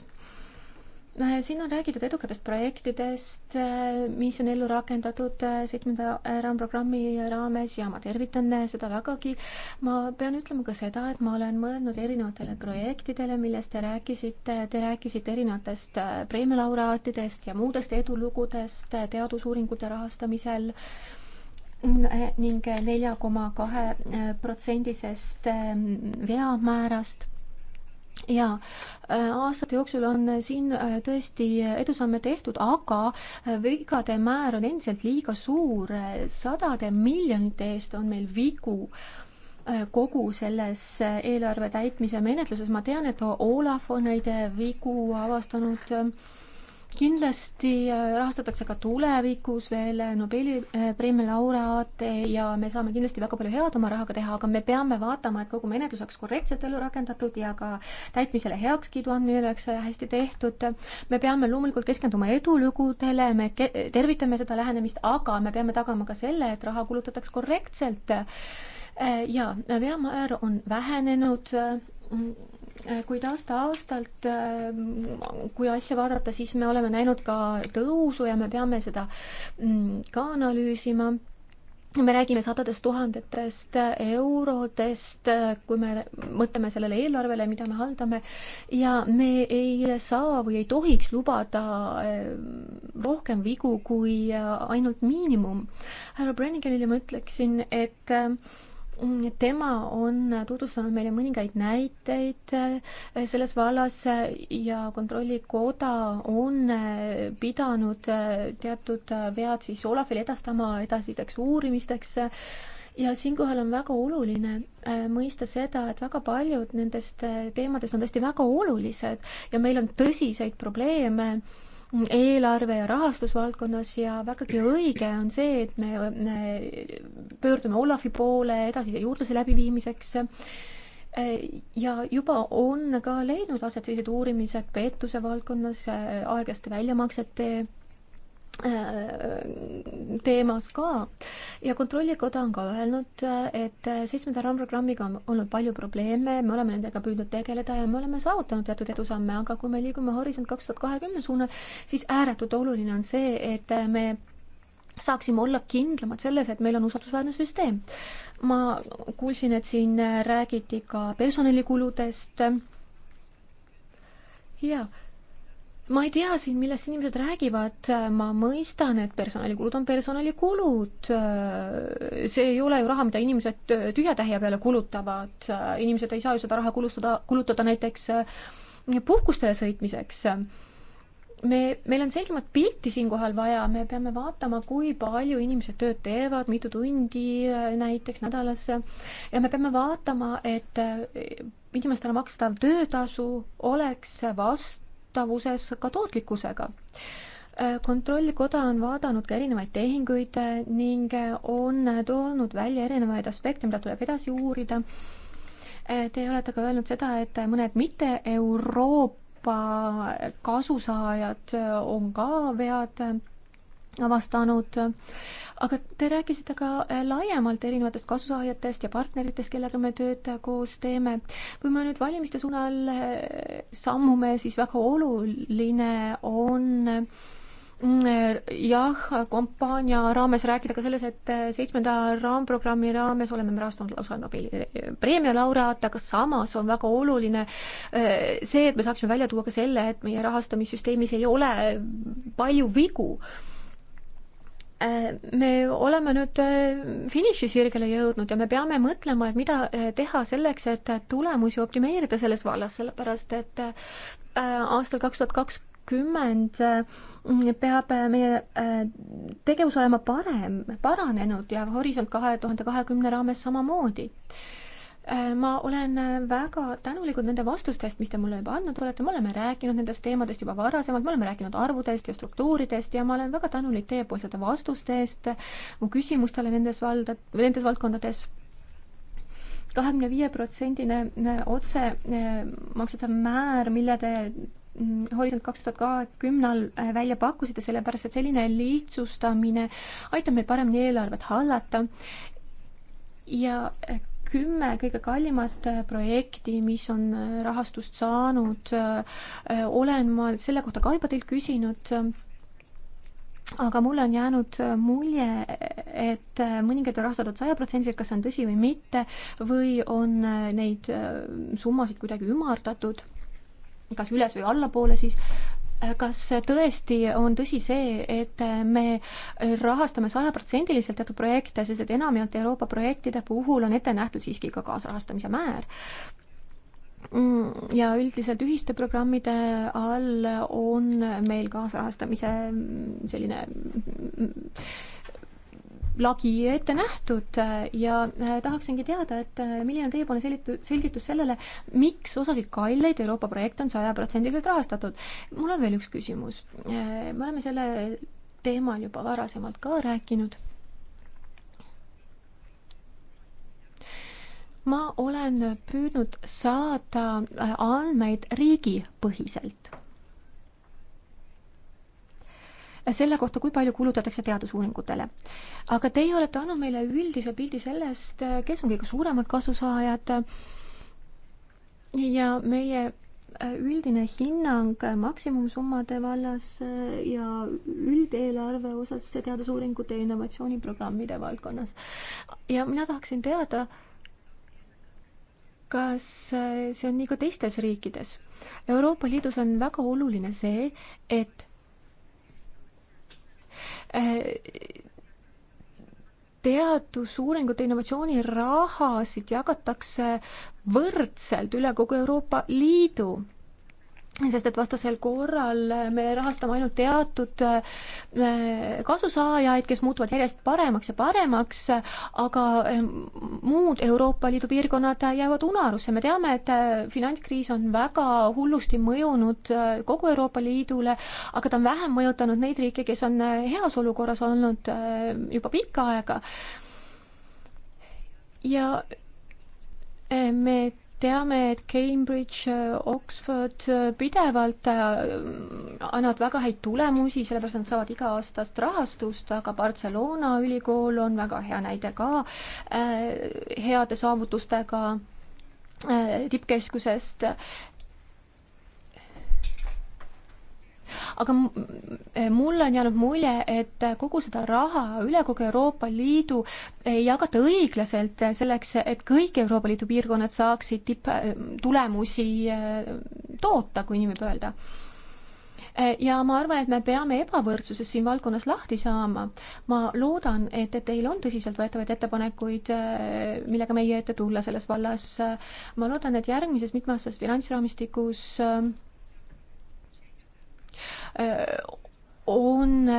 äh, siin on räägitud edukatest projektidest, äh, mis on ellu rakendatud äh, seitsmenda raamprogrammi raames ja ma tervitan seda vägagi. ma pean ütlema ka seda, et ma olen mõelnud erinevatele projektidele, millest te rääkisite, te rääkisite erinevatest preemialaureaatidest ja muudest edulugudest teadusuuringute rahastamisel ning nelja koma kahe protsendisest ähm, veamäärast jaa, äh, aastate jooksul on siin äh, tõesti edusamme tehtud, aga äh, vigade määr on endiselt liiga suur, sadade miljonite eest on meil vigu kogu selles eelarve täitmise menetluses, ma tean, et Olav on neid vigu avastanud ähm, kindlasti äh, rahastatakse ka tulevikus veel äh, Nobeli äh, preemia laureaate ja me saame kindlasti väga palju head oma rahaga teha, aga me peame vaatama, et kogu menetlus oleks korrektselt ellu rakendatud ja ka täitmisele heakskiidu andmine oleks hästi tehtud. me peame loomulikult keskenduma edulugudele, me tervitame seda lähenemist, aga me peame tagama ka selle, et raha kulutataks korrektselt. ja veamäär on vähenenud Äh, kuid aasta-aastalt, äh, kui asja vaadata, siis me oleme näinud ka tõusu ja me peame seda mm, ka analüüsima me räägime sadadest tuhandetest eurodest, äh, kui me mõtleme sellele eelarvele, mida me haldame, ja me ei saa või ei tohiks lubada rohkem vigu kui ainult miinimum. härra Branniganile ma ütleksin, et tema on tutvustanud meile mõningaid näiteid äh, selles vallas äh, ja Kontrollikoda on äh, pidanud teatud vead siis Olafile edastama edasisteks uurimisteks ja siinkohal on väga oluline mõista seda, et väga paljud nendest teemadest on tõesti väga olulised ja meil on tõsiseid probleeme eelarve ja rahastusvaldkonnas ja vägagi õige on see, et me pöördume Olavi poole edasise juurdluse läbiviimiseks. ja juba on ka leidnud aset sellised uurimised pettuse valdkonnas, aeglaste väljamaksete Äh, teemas ka ja Kontrollikoda on ka öelnud, et seitsmenda raamprogrammiga on olnud palju probleeme, me oleme nendega püüdnud tegeleda ja me oleme saavutanud teatud edusamme, aga kui me liigume Horisont kaks tuhat kahekümne suunal, siis ääretult oluline on see, et me saaksime olla kindlamad selles, et meil on usaldusväärne süsteem. ma kuulsin, et siin räägiti ka personalikuludest. jaa ma ei tea siin, millest inimesed räägivad, ma mõistan, et personalikulud on personalikulud. see ei ole ju raha, mida inimesed tühjatähja peale kulutavad, inimesed ei saa ju seda raha kulustada, kulutada näiteks äh, puhkustele sõitmiseks me, meil on selgemat pilti siinkohal vaja, me peame vaatama, kui palju inimesed tööd teevad, mitu tundi äh, näiteks nädalas ja me peame vaatama, et äh, inimestele makstav töötasu oleks vast-, tuttavuses ka tootlikkusega äh, kontrollkoda on vaadanud ka erinevaid tehinguid äh, ning äh, on toonud välja erinevaid aspekte, mida tuleb edasi uurida. Te olete ka öelnud seda, et mõned mitte Euroopa kasusaajad on ka vead avastanud aga te rääkisite ka äh, laiemalt erinevatest kasusaajatest ja partneritest, kellega me tööd äh, koos teeme. kui me nüüd valimiste suunal äh, sammume, siis väga oluline on mm, jah, kampaania raames rääkida ka selles, et seitsmenda raamprogrammi raames oleme me rahastanud lausa Nobeli preemia laureaate, aga samas on väga oluline see, et me saaksime välja tuua ka selle, et meie rahastamissüsteemis ei ole palju vigu Äh, me oleme nüüd äh, finišisirgele jõudnud ja me peame mõtlema, et mida äh, teha selleks, et tulemusi optimeerida selles vallas, sellepärast et aastal kaks tuhat kakskümmend peab meie tegevus olema parem, paranenud ja Horisont kahe tuhande kahekümne raames samamoodi Äh, ma olen äh, väga tänulikud nende vastustest, mis te mulle juba andnud olete, me oleme rääkinud nendest teemadest juba varasemalt, me oleme rääkinud arvudest ja struktuuridest ja ma olen väga tänulik teiepoolsete vastuste eest äh, mu küsimustele nendes valda, nendes valdkondades kahekümne viie protsendine otsemaksete määr, mille te mm, Horisont kaks tuhat kahekümnal välja pakkusite, sellepärast et selline lihtsustamine aitab meil paremini eelarvet hallata ja kümme kõige kallimat äh, projekti, mis on äh, rahastust saanud, äh, olen ma selle kohta ka juba teilt küsinud aga mulle on jäänud mulje, et mõningad on rahastatud sajaprotsendiliselt, kas see on tõsi või mitte, või on neid summasid kuidagi ümardatud, kas üles või allapoole siis, kas tõesti on tõsi see, et me rahastame sajaprotsendiliselt teatud projekte, sest et enamjaolt Euroopa projektide puhul on ette nähtud siiski ka kaasrahastamise määr? Mm, ja üldiselt ühiste programmide all on meil kaasrahastamise selline lagi ette nähtud äh, ja äh, tahaksingi teada, et äh, milline on teiepoolne selgitu-, selgitus sellele, miks osasid kalleid Euroopa projekte on sajaprotsendiliselt rahastatud. mul on veel üks küsimus. me oleme selle teemal juba varasemalt ka rääkinud ma olen püüdnud saada andmeid riigipõhiselt selle kohta, kui palju kulutatakse teadusuuringutele. aga teie olete andnud meile üldise pildi sellest, kes on kõige suuremad kasusaajad ja meie üldine hinnang maksimumsummade vallas ja üldeelarve osas teadusuuringute ja innovatsiooniprogrammide valdkonnas. ja mina tahaksin teada, kas see on nii ka teistes riikides? Euroopa Liidus on väga oluline see, et teadusuuringute innovatsioonirahasid jagatakse võrdselt üle kogu Euroopa Liidu sest et vastasel korral me rahastame ainult teatud äh, kasusaajaid, kes muutuvad järjest paremaks ja paremaks, aga äh, muud Euroopa Liidu piirkonnad jäävad unarusse, me teame, et äh, finantskriis on väga hullusti mõjunud kogu Euroopa Liidule, aga ta on vähem mõjutanud neid riike, kes on heas olukorras olnud juba pikka aega. ja me teame, et Cambridge, äh, Oxford äh, pidevalt äh, annavad väga häid tulemusi, sellepärast nad saavad iga-aastast rahastust, aga Barcelona ülikool on väga hea näide ka heade saavutustega tippkeskusest aga mulle on jäänud mulje, et kogu seda raha üle kogu Euroopa Liidu ei jagata õiglaselt selleks, et kõik Euroopa Liidu piirkonnad saaksid tipptulemusi äh, toota, kui nii võib öelda ja ma arvan, et me peame ebavõrdsusest siin valdkonnas lahti saama. ma loodan, et, et teil on tõsiseltvõetavaid ettepanekuid, äh, millega meie ette tulla selles vallas. ma loodan, et järgmises mitmeaastases finantsraamistikus äh, on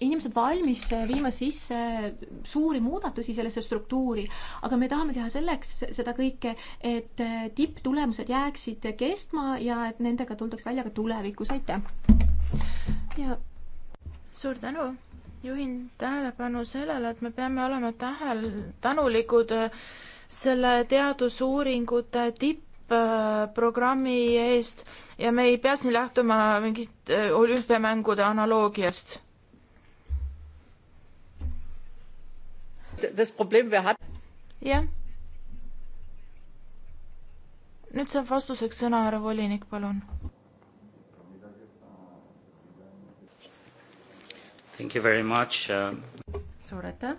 inimesed valmis viima sisse suuri muudatusi sellesse struktuuri, aga me tahame teha selleks seda kõike, et tipptulemused jääksid kestma ja et nendega tuldaks välja ka tulevikus, aitäh! ja suur tänu! juhin tähelepanu sellele, et me peame olema tähel-, tänulikud selle teadusuuringute tipp-, Äh, programmi eest ja me ei pea siin lähtuma mingit äh, olümpiamängude analoogiast. jah. nüüd saab vastuseks sõna härra volinik, palun. Thank you very much uh.... suur aitäh.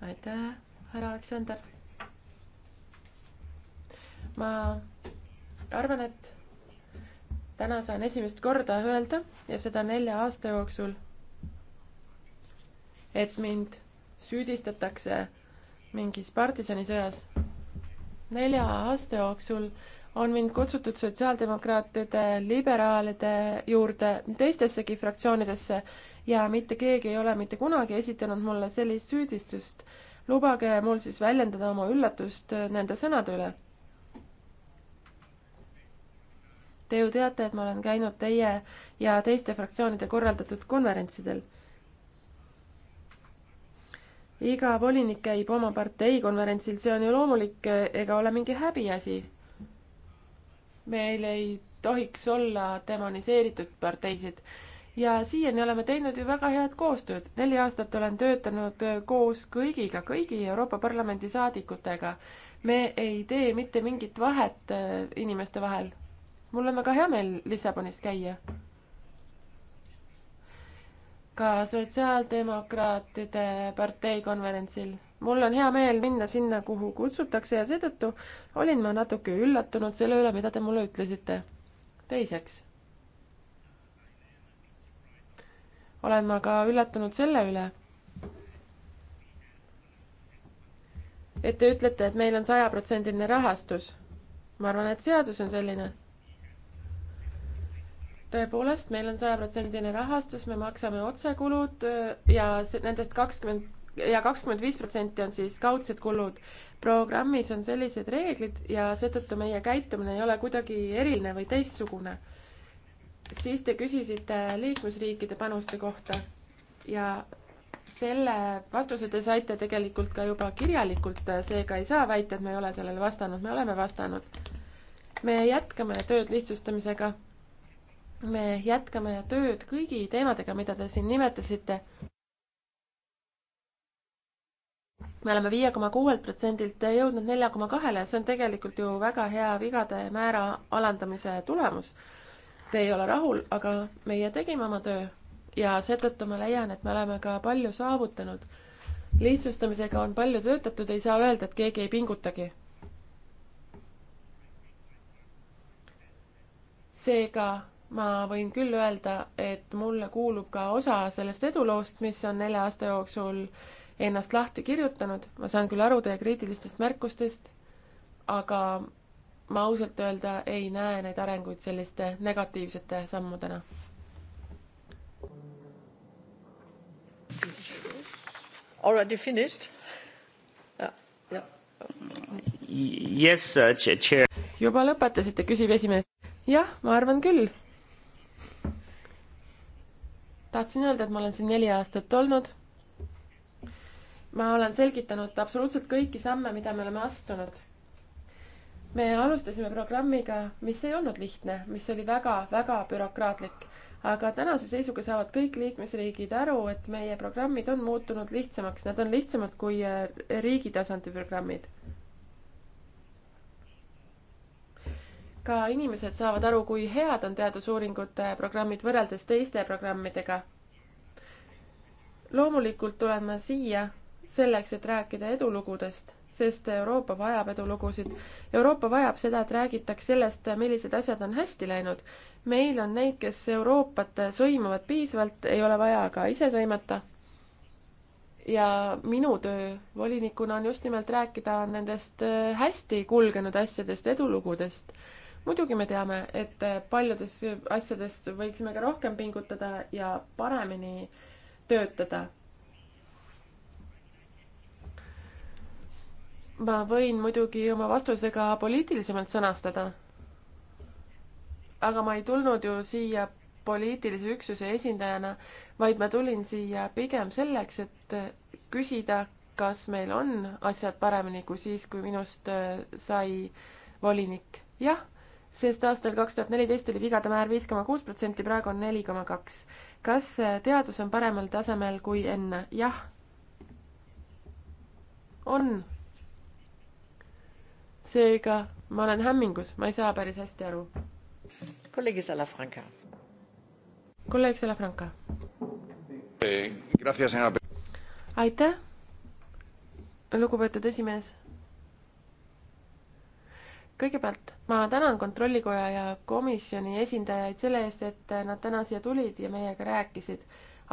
aitäh, härra Aleksander ma arvan, et täna saan esimest korda öelda ja seda nelja aasta jooksul, et mind süüdistatakse mingis partisanisõjas. nelja aasta jooksul on mind kutsutud sotsiaaldemokraatide, liberaalide juurde, teistessegi fraktsioonidesse ja mitte keegi ei ole mitte kunagi esitanud mulle sellist süüdistust. lubage mul siis väljendada oma üllatust nende sõnade üle Te ju teate, et ma olen käinud teie ja teiste fraktsioonide korraldatud konverentsidel. iga volinik käib oma partei konverentsil, see on ju loomulik ega ole mingi häbiasi. meil ei tohiks olla demoniseeritud parteisid ja siiani oleme teinud ju väga head koostööd. neli aastat olen töötanud koos kõigiga, kõigi Euroopa Parlamendi saadikutega. me ei tee mitte mingit vahet äh, inimeste vahel mul on väga hea meel Lissabonis käia. ka Sotsiaaldemokraatide partei konverentsil. mul on hea meel minna sinna, kuhu kutsutakse ja seetõttu olin ma natuke üllatunud selle üle, mida te mulle ütlesite. teiseks olen ma ka üllatunud selle üle, et te ütlete, et meil on sajaprotsendiline rahastus. ma arvan, et seadus on selline tõepoolest, meil on sajaprotsendine rahastus, me maksame otsekulud äh, ja nendest kakskümmend ja kakskümmend viis protsenti on siis kaudsed kulud. programmis on sellised reeglid ja seetõttu meie käitumine ei ole kuidagi eriline või teistsugune. siis te küsisite liikmesriikide panuste kohta ja selle vastuse te saite tegelikult ka juba kirjalikult, seega ei saa väita, et me ei ole sellele vastanud, me oleme vastanud. me jätkame tööd lihtsustamisega me jätkame tööd kõigi teemadega, mida te siin nimetasite. me oleme viie koma kuuelt protsendilt jõudnud nelja koma kahele, see on tegelikult ju väga hea vigade määra alandamise tulemus. Te ei ole rahul, aga meie tegime oma töö ja seetõttu ma leian, et me oleme ka palju saavutanud. lihtsustamisega on palju töötatud, ei saa öelda, et keegi ei pingutagi. seega ma võin küll öelda, et mulle kuulub ka osa sellest eduloost, mis on nelja aasta jooksul ennast lahti kirjutanud, ma saan küll aru teie kriitilistest märkustest, aga ma ausalt öelda ei näe neid arenguid selliste negatiivsete sammudena. Already finished? Yes, uh, chair. juba lõpetasite, küsib esimees. jah, ma arvan küll tahtsin öelda, et ma olen siin neli aastat olnud. ma olen selgitanud absoluutselt kõiki samme, mida me oleme astunud. me alustasime programmiga, mis ei olnud lihtne, mis oli väga-väga bürokraatlik aga tänase seisuga saavad kõik liikmesriigid aru, et meie programmid on muutunud lihtsamaks, nad on lihtsamad kui äh, riigi tasandi programmid. ka inimesed saavad aru, kui head on teadusuuringute programmid võrreldes teiste programmidega. loomulikult tulen ma siia selleks, et rääkida edulugudest, sest Euroopa vajab edulugusid. Euroopa vajab seda, et räägitaks sellest, millised asjad on hästi läinud. meil on neid, kes Euroopat sõimavad piisavalt, ei ole vaja ka ise sõimata. ja minu töö volinikuna on just nimelt rääkida nendest hästi kulgenud asjadest, edulugudest muidugi me teame, et paljudes asjades võiksime ka rohkem pingutada ja paremini töötada. ma võin muidugi oma vastuse ka poliitilisemalt sõnastada. aga ma ei tulnud ju siia poliitilise üksuse esindajana, vaid ma tulin siia pigem selleks, et küsida, kas meil on asjad paremini kui siis, kui minust äh, sai volinik. jah sest aastal kaks tuhat neliteist oli vigade määr viis koma kuus protsenti, praegu on neli koma kaks. kas äh, teadus on paremal tasemel kui enne? jah. on. seega ma olen hämmingus, ma ei saa päris hästi aru. kolleeg Salafranca. kolleeg Salafranca. Eh, aitäh, lugupeetud esimees kõigepealt ma tänan Kontrollikoja ja komisjoni esindajaid selle eest, et nad täna siia tulid ja meiega rääkisid,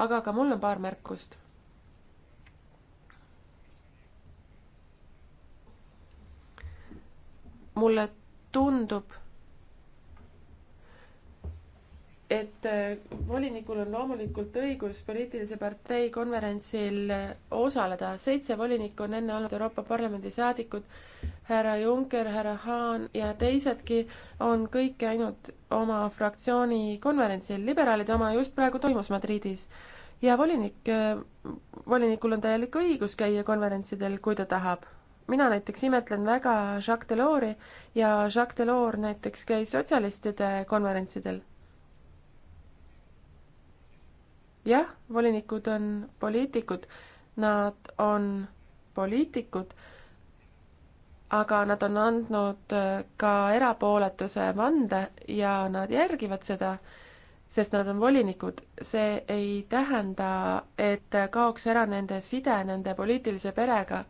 aga ka mul on paar märkust. mulle tundub et äh, volinikul on loomulikult õigus poliitilise partei konverentsil äh, osaleda. seitse volinikku on enne olnud Euroopa Parlamendi saadikud, härra Juncker, härra Haan ja teisedki on kõik käinud oma fraktsiooni konverentsil. liberaalide oma just praegu toimus Madridis ja volinik, äh, volinikul on täielik õigus käia konverentsidel, kui ta tahab mina näiteks imetlen väga Jacques Delors'i ja Jacques Delors näiteks käis sotsialistide konverentsidel jah, volinikud on poliitikud, nad on poliitikud, aga nad on andnud äh, ka erapooletuse vande ja nad järgivad seda, sest nad on volinikud. see ei tähenda, et kaoks ära nende side nende poliitilise perega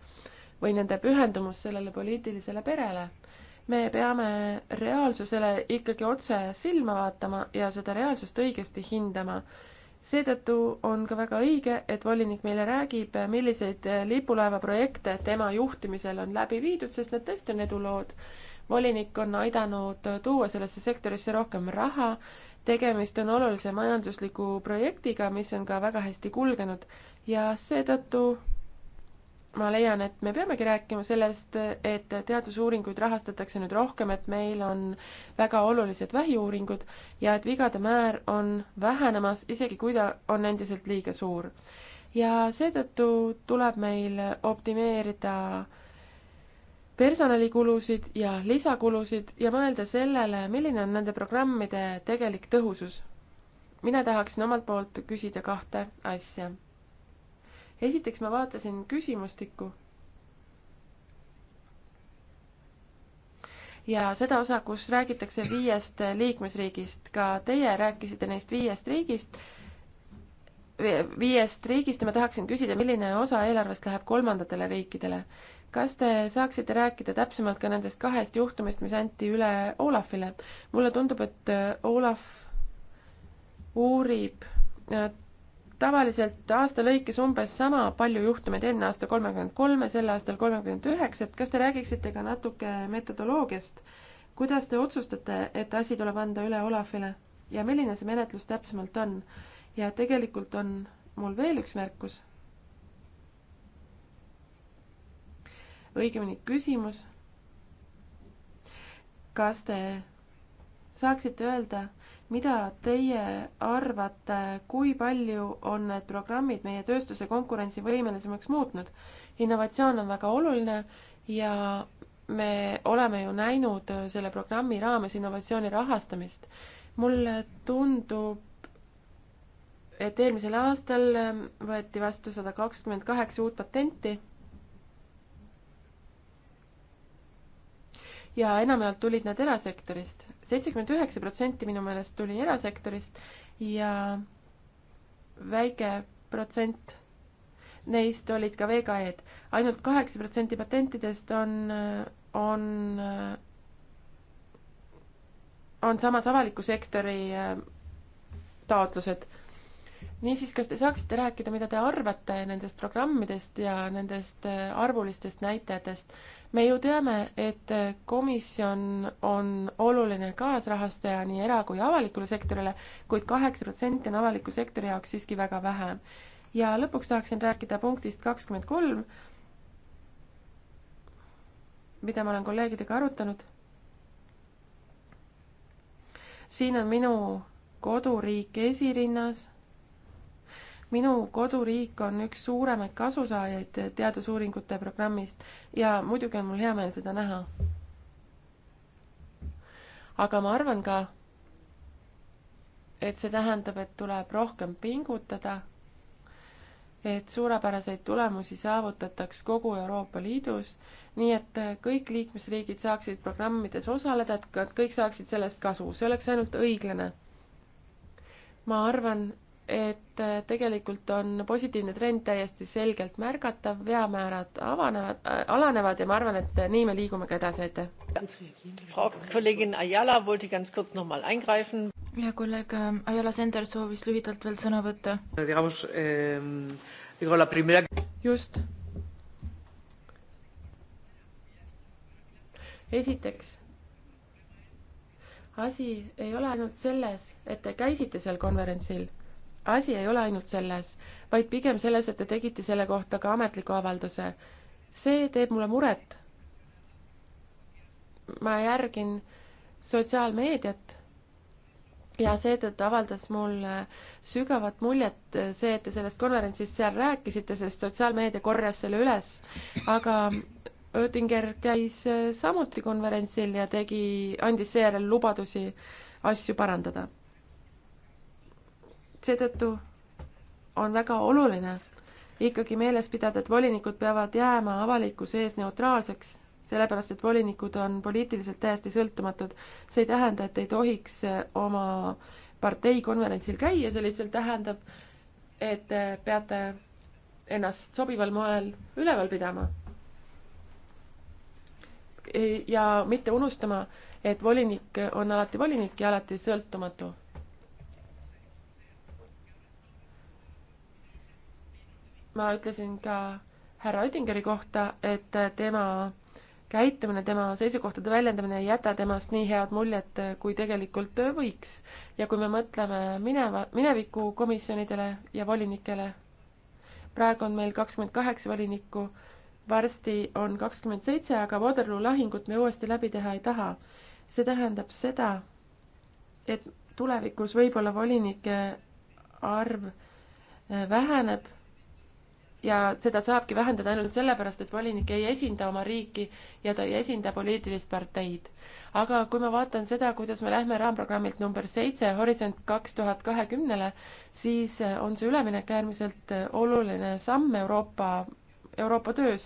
või nende pühendumus sellele poliitilisele perele me peame reaalsusele ikkagi otse silma vaatama ja seda reaalsust õigesti hindama seetõttu on ka väga õige, et volinik meile räägib, milliseid lipulaevaprojekte tema juhtimisel on läbi viidud, sest need tõesti on edulood. volinik on aidanud tuua sellesse sektorisse rohkem raha, tegemist on olulise majandusliku projektiga, mis on ka väga hästi kulgenud ja seetõttu ma leian, et me peamegi rääkima sellest, et teadusuuringuid rahastatakse nüüd rohkem, et meil on väga olulised vähiuuringud ja et vigade määr on vähenemas, isegi kui ta on endiselt liiga suur. ja seetõttu tuleb meil optimeerida personalikulusid ja lisakulusid ja mõelda sellele, milline on nende programmide tegelik tõhusus. mina tahaksin omalt poolt küsida kahte asja esiteks ma vaatasin küsimustikku ja seda osa, kus räägitakse viiest liikmesriigist, ka teie rääkisite neist viiest riigist, viiest riigist ja ma tahaksin küsida, milline osa eelarvest läheb kolmandatele riikidele. kas te saaksite rääkida täpsemalt ka nendest kahest juhtumist, mis anti üle Olafile? mulle tundub, et Olaf uurib tavaliselt aasta lõikes umbes sama palju juhtumeid, enne aasta kolmekümmend kolme, sel aastal kolmekümmend üheksat. kas te räägiksite ka natuke metodoloogiast? kuidas te otsustate, et asi tuleb anda üle Olafile ja milline see menetlus täpsemalt on? ja tegelikult on mul veel üks märkus. õigemini küsimus. kas te saaksite öelda, mida teie arvate, kui palju on need programmid meie tööstuse konkurentsivõimelisemaks muutnud? innovatsioon on väga oluline ja me oleme ju näinud selle programmi raames innovatsiooni rahastamist. mulle tundub, et eelmisel aastal võeti vastu sada kakskümmend kaheksa uut patenti ja enamjaolt tulid nad erasektorist. seitsekümmend üheksa protsenti minu meelest tuli erasektorist ja väike protsent neist olid ka VKE-d. ainult kaheksa protsenti patentidest on, on, on samas avaliku sektori äh, taotlused niisiis, kas te saaksite rääkida, mida te arvate nendest programmidest ja nendest äh, arvulistest näitajatest? me ju teame, et äh, komisjon on oluline kaasrahastaja nii era- kui avalikule sektorile kuid, kuid kaheksa protsenti on avaliku sektori jaoks siiski väga vähe. ja lõpuks tahaksin rääkida punktist kakskümmend kolm, mida ma olen kolleegidega arutanud. siin on minu koduriik esirinnas minu koduriik on üks suuremaid kasusaajaid teadusuuringute programmist ja muidugi on mul hea meel seda näha. aga ma arvan ka, et see tähendab, et tuleb rohkem pingutada, et suurepäraseid tulemusi saavutataks kogu Euroopa Liidus, nii et kõik liikmesriigid saaksid programmides osaleda, et kõik saaksid sellest kasu, see oleks ainult õiglane ma arvan, et äh, tegelikult on positiivne trend täiesti selgelt märgatav, veamäärad avanevad, äh, alanevad ja ma arvan, et nii me liigume ka edasi, aitäh. ja kolleeg ähm, Ayala Sender soovis lühidalt veel sõna võtta. just. esiteks asi ei ole ainult selles, et te käisite seal konverentsil asi ei ole ainult selles, vaid pigem selles, et te tegite selle kohta ka ametliku avalduse. see teeb mulle muret. ma järgin sotsiaalmeediat ja seetõttu avaldas mulle sügavat muljet see, et te sellest konverentsist seal rääkisite, sest sotsiaalmeedia korjas selle üles, aga Oettinger käis samuti konverentsil ja tegi, andis seejärel lubadusi asju parandada seetõttu on väga oluline ikkagi meeles pidada, et volinikud peavad jääma avalikkuse ees neutraalseks, sellepärast et volinikud on poliitiliselt täiesti sõltumatud. see ei tähenda, et ei tohiks eh, oma partei konverentsil käia, see lihtsalt tähendab, et eh, peate ennast sobival moel üleval pidama. Eh, ja mitte unustama, et volinik on alati volinik ja alati sõltumatu ma ütlesin ka härra Oettingeri kohta, et tema käitumine, tema seisukohtade väljendamine ei jäta temast nii head muljet, kui tegelikult võiks. ja kui me mõtleme mineva, mineviku komisjonidele ja volinikele, praegu on meil kakskümmend kaheksa volinikku, varsti on kakskümmend seitse, aga Waterloo lahingut me uuesti läbi teha ei taha. see tähendab seda, et tulevikus võib-olla volinike arv eh, väheneb ja seda saabki vähendada ainult sellepärast, et volinik ei esinda oma riiki ja ta ei esinda poliitilist parteid. aga kui ma vaatan seda, kuidas me lähme raamprogrammilt number seitse Horisont kaks tuhat kahekümnele, siis on see üleminek äärmiselt oluline samm Euroopa, Euroopa töös.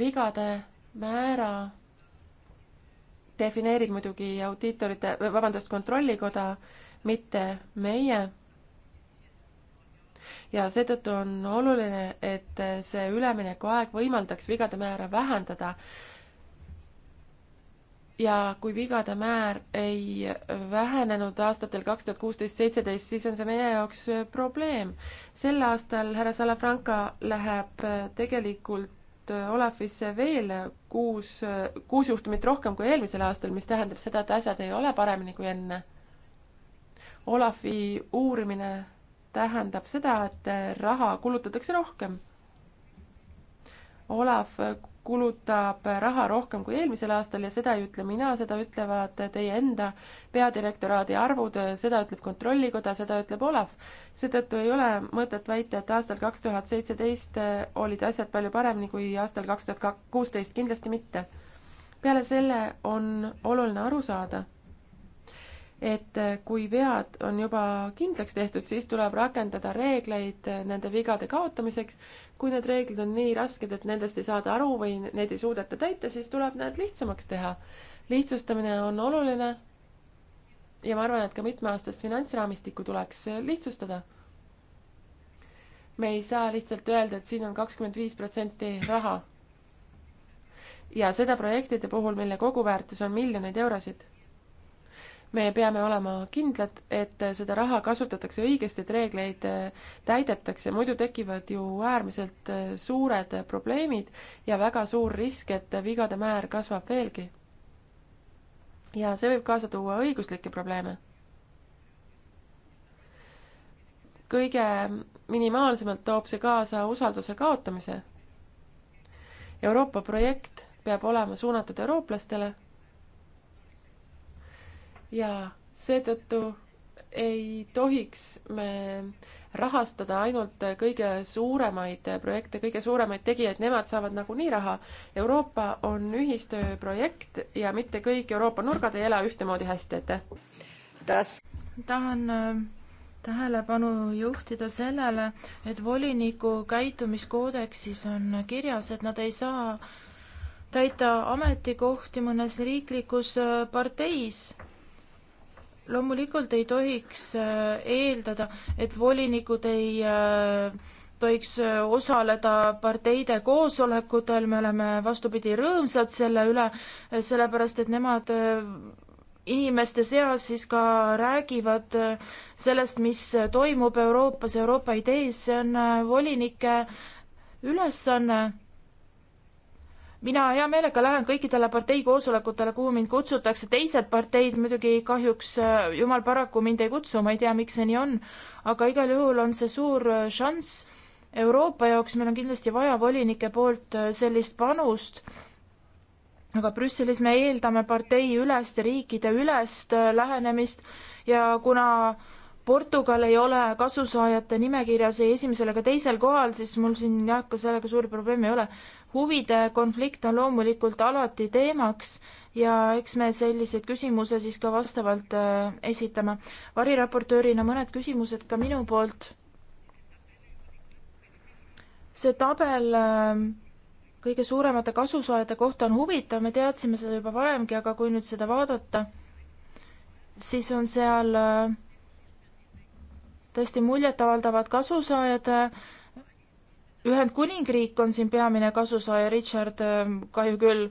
vigade määra defineerib muidugi audiitorite, vabandust, kontrollikoda, mitte meie ja seetõttu on oluline, et see üleminekuaeg võimaldaks vigade määra vähendada. ja kui vigade määr ei vähenenud aastatel kaks tuhat kuusteist, seitseteist, siis on see meie jaoks probleem. sel aastal härra Salafranca läheb tegelikult Olafisse veel kuus, kuus juhtumit rohkem kui eelmisel aastal, mis tähendab seda, et asjad ei ole paremini kui enne. Olafi uurimine tähendab seda, et raha kulutatakse rohkem. Olav kulutab raha rohkem kui eelmisel aastal ja seda ei ütle mina, seda ütlevad teie enda peadirektoraadi arvud, seda ütleb Kontrollikoda, seda ütleb Olav. seetõttu ei ole mõtet väita, et aastal kaks tuhat seitseteist olid asjad palju paremini kui aastal kaks tuhat kuusteist, kindlasti mitte. peale selle on oluline aru saada et eh, kui vead on juba kindlaks tehtud, siis tuleb rakendada reegleid eh, nende vigade kaotamiseks. kui need reeglid on nii rasked, et nendest ei saada aru või neid ei suudeta täita, siis tuleb need lihtsamaks teha. lihtsustamine on oluline. ja ma arvan, et ka mitmeaastast finantsraamistikku tuleks eh, lihtsustada. me ei saa lihtsalt öelda, et siin on kakskümmend viis protsenti raha. ja seda projektide puhul, mille koguväärtus on miljoneid eurosid me peame olema kindlad, et seda raha kasutatakse õigesti, et reegleid äh, täidetakse, muidu tekivad ju äärmiselt äh, suured probleemid ja väga suur risk, et vigade määr kasvab veelgi. ja see võib kaasa tuua õiguslikke probleeme. kõige minimaalsemalt toob see kaasa usalduse kaotamise. Euroopa projekt peab olema suunatud eurooplastele ja seetõttu ei tohiks me rahastada ainult kõige suuremaid projekte, kõige suuremaid tegijaid, nemad saavad nagunii raha. Euroopa on ühistöö projekt ja mitte kõik Euroopa nurgad ei ela ühtemoodi hästi, aitäh! tahan äh, tähelepanu juhtida sellele, et voliniku käitumiskoodeksis on kirjas, et nad ei saa täita ametikohti mõnes riiklikus äh, parteis loomulikult ei tohiks äh, eeldada, et volinikud ei äh, tohiks äh, osaleda parteide koosolekutel, me oleme vastupidi rõõmsad selle üle, sellepärast et nemad inimeste seas siis ka räägivad sellest, mis toimub Euroopas, Euroopa idees, see on volinike ülesanne mina hea meelega lähen kõikidele partei koosolekutele, kuhu mind kutsutakse, teised parteid muidugi kahjuks, äh, jumal paraku mind ei kutsu, ma ei tea, miks see nii on, aga igal juhul on see suur äh, šanss Euroopa jaoks, meil on kindlasti vaja volinike poolt äh, sellist panust, aga Brüsselis me eeldame parteiülest ja riikideülest lähenemist ja kuna Portugal ei ole kasusaajate nimekirjas ei esimesel ega teisel kohal, siis mul siin jah, ka sellega suuri probleeme ei ole huvide konflikt on loomulikult alati teemaks ja eks me selliseid küsimuse siis ka vastavalt äh, esitame. variraportöörina mõned küsimused ka minu poolt. see tabel äh, kõige suuremate kasusaajate kohta on huvitav, me teadsime seda juba varemgi, aga kui nüüd seda vaadata, siis on seal äh, tõesti muljetavaldavad kasusaajad Ühendkuningriik on siin peamine kasusaaja, Richard, ähm, kahju küll.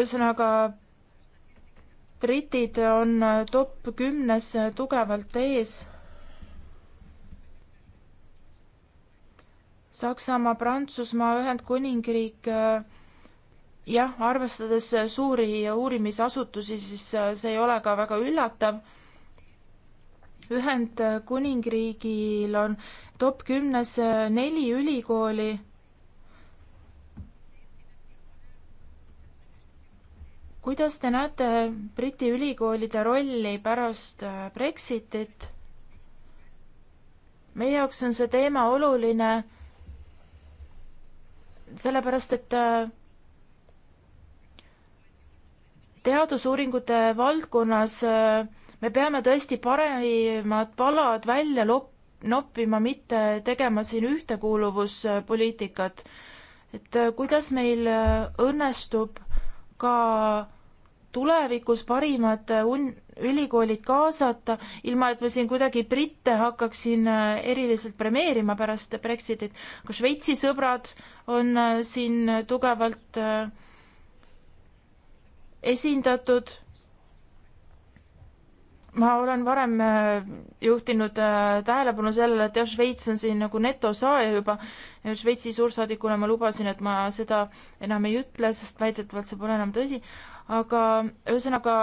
ühesõnaga, britid on äh, top kümnes äh, tugevalt ees. Saksamaa, Prantsusmaa, Ühendkuningriik, äh, jah, arvestades suuri uurimisasutusi, siis see ei ole ka väga üllatav Ühendkuningriigil on top kümnes eh, neli ülikooli. kuidas te näete Briti ülikoolide rolli pärast eh, Brexitit? meie jaoks on see teema oluline sellepärast, et eh, teadusuuringute valdkonnas äh, me peame tõesti paremad palad välja lop-, noppima, mitte tegema siin ühtekuuluvuspoliitikat. et äh, kuidas meil äh, õnnestub ka tulevikus parimad äh, un-, ülikoolid kaasata, ilma et ma siin kuidagi britte hakkaksin eriliselt premeerima pärast Brexitit. ka Šveitsi sõbrad on siin tugevalt esindatud ma olen varem äh, juhtinud äh, tähelepanu sellele, et jah, Šveits on siin nagu netosaaja juba. Šveitsi suursaadikule ma lubasin, et ma seda enam ei ütle, sest väidetavalt see pole enam tõsi. aga ühesõnaga,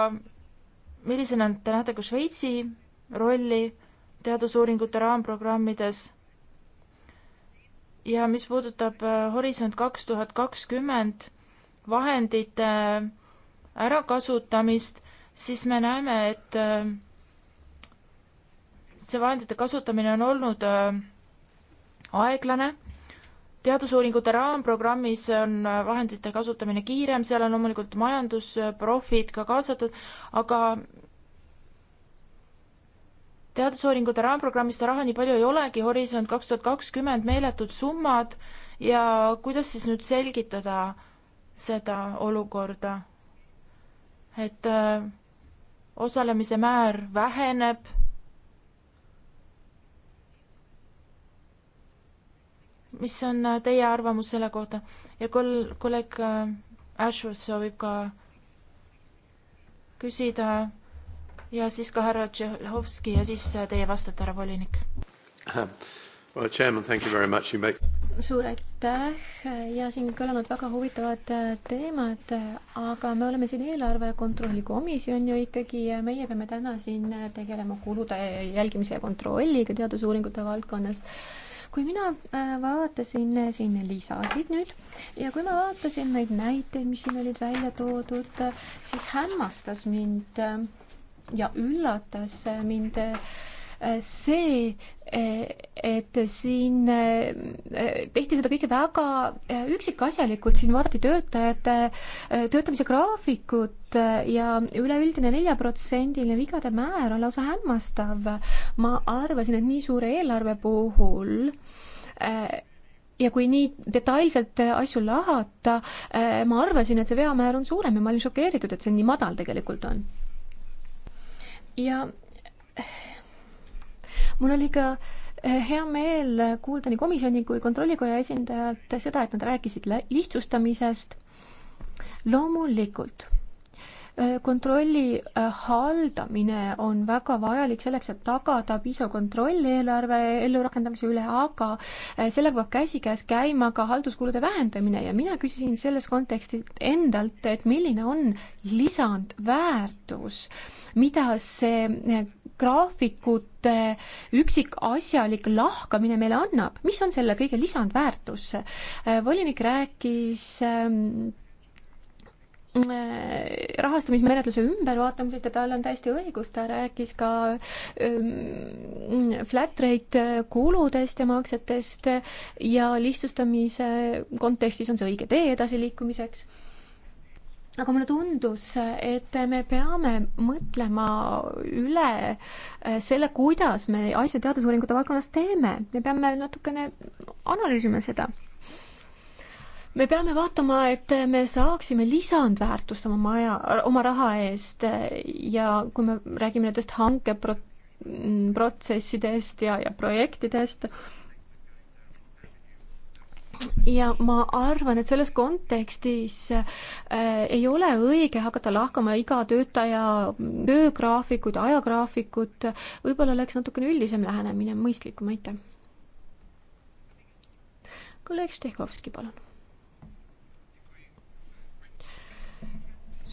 millisena te näete ka Šveitsi rolli teadusuuringute raamprogrammides? ja mis puudutab äh, Horisont kaks tuhat kakskümmend vahendite ärakasutamist, siis me näeme, et äh, see vahendite kasutamine on olnud äh, aeglane. teadusuuringute raamprogrammis on äh, vahendite kasutamine kiirem, seal on loomulikult majandusprofid ka kaasatud, aga teadusuuringute raamprogrammis seda raha nii palju ei olegi, Horisont kaks tuhat kakskümmend meeletud summad ja kuidas siis nüüd selgitada seda olukorda? et äh, osalemise määr väheneb. mis on äh, teie arvamus selle kohta ja kol-, kolleeg äh, Ashworth soovib ka küsida ja siis ka härra Tšehhovski ja siis äh, teie vastate, härra volinik. Well, Chairman, thank you very much. You make suur aitäh ja siin kõlanud väga huvitavad äh, teemad, aga me oleme siin eelarve kontrolli komisjon ju ikkagi ja meie peame täna siin äh, tegelema kulude jälgimise ja kontrolliga teadusuuringute valdkonnas. kui mina äh, vaatasin siin lisasid nüüd ja kui ma vaatasin neid näiteid, mis siin olid välja toodud, siis hämmastas mind ja üllatas mind see, et siin eh, tehti seda kõike väga eh, üksikasjalikult, siin vaadati töötajate eh, töötamise graafikut ja üleüldine neljaprotsendiline vigade määr on lausa hämmastav. ma arvasin, et nii suure eelarve puhul ja kui nii detailselt asju lahata, ma arvasin, et see veamäär on suurem ja ma olin šokeeritud, et see nii madal tegelikult on. ja mul oli ka eh, hea meel kuulda nii komisjoni kui kontrollikoja esindajalt seda, et nad rääkisid lihtsustamisest. loomulikult, eh, kontrolli eh, haldamine on väga vajalik selleks, et tagada piisav kontroll eelarve ellurakendamise üle, aga sellega peab käsikäes käima ka halduskulude vähendamine ja mina küsisin selles kontekstis endalt, et milline on lisandväärtus, mida see graafikute üksikasjalik lahkamine meile annab, mis on selle kõige lisandväärtus? Äh, volinik rääkis ähm, äh, rahastamismenetluse ümbervaatamisest ja tal on täiesti õigus, ta rääkis ka ähm, flat rate kuludest ja maksetest ja lihtsustamise kontekstis on see õige tee edasiliikumiseks aga mulle tundus, et me peame mõtlema üle eh, selle, kuidas me asju teadusuuringute valdkonnas teeme, me peame natukene analüüsima seda. me peame vaatama, et me saaksime lisandväärtust oma maja, oma raha eest ja kui me räägime nendest hankeprotsessidest ja, ja projektidest, ja ma arvan, et selles kontekstis äh, ei ole õige hakata lahkama iga töötaja töögraafikut, ajagraafikut, võib-olla oleks natukene üldisem lähenemine mõistlikum, aitäh. kolleeg Štehhovski, palun.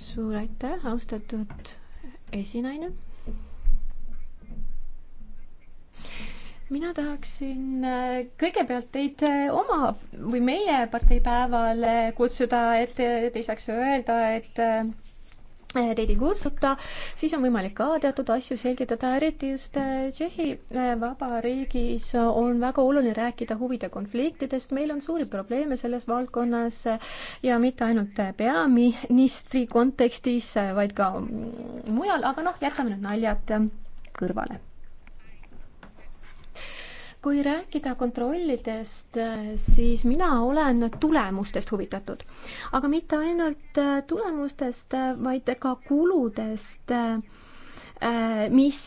suur aitäh, austatud esinaine mina tahaksin äh, kõigepealt teid äh, oma või meie parteipäevale kutsuda, et äh, te ei saaks öelda, et teid ei kutsuta, siis on võimalik ka teatud asju selgitada, eriti just Tšehhi Vabariigis on väga oluline rääkida huvide konfliktidest, meil on suuri probleeme selles valdkonnas ja mitte ainult peaministri kontekstis, vaid ka mujal, aga noh, jätame need naljad kõrvale kui rääkida kontrollidest, siis mina olen tulemustest huvitatud, aga mitte ainult äh, tulemustest, äh, vaid ka kuludest, äh, mis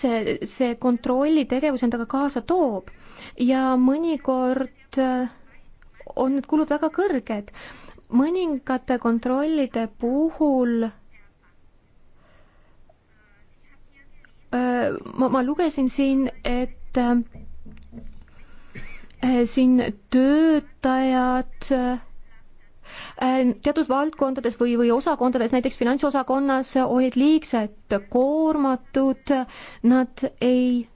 see kontrollitegevus endaga kaasa toob ja mõnikord on need kulud väga kõrged. mõningate kontrollide puhul ma, ma lugesin siin, et Äh, siin töötajad äh, teatud valdkondades või, või osakondades, näiteks finantsosakonnas, olid liigselt koormatud, nad ei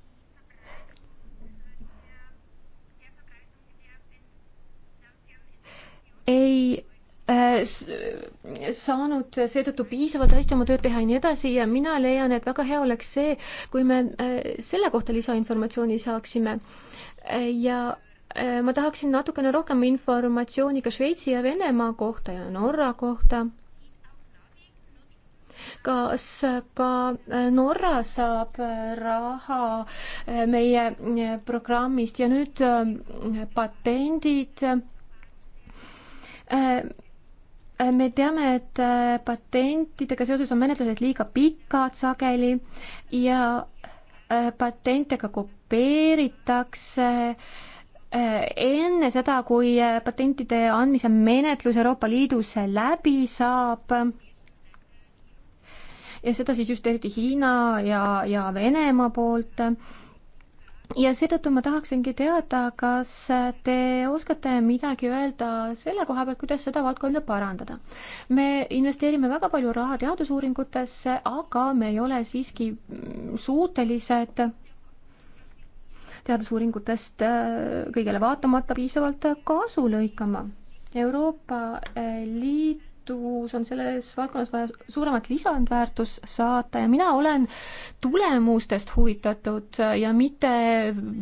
ei äh, saanud seetõttu piisavalt hästi oma tööd teha ja nii edasi ja mina leian, et väga hea oleks see, kui me selle kohta lisainformatsiooni saaksime ja Äh, ma tahaksin natukene rohkem informatsiooni ka Šveitsi ja Venemaa kohta ja Norra kohta. kas ka äh, Norra saab äh, raha meie programmist ja nüüd patendid? me teame, et patentidega seoses on menetlused liiga pikad sageli ja patente ka kopeeritakse äh, Äh, enne seda, kui äh, patentide andmise menetlus Euroopa Liidus läbi saab, ja seda siis just eriti Hiina ja, ja Venemaa poolt, ja seetõttu ma tahaksingi teada, kas te oskate midagi öelda selle koha pealt, kuidas seda valdkonda parandada. me investeerime väga palju raha teadusuuringutesse, aga me ei ole siiski suutelised teadusuuringutest äh, kõigele vaatamata piisavalt kasu lõikama. Euroopa äh, Liidus on selles valdkonnas vaja suuremat lisandväärtust saata ja mina olen tulemustest huvitatud ja mitte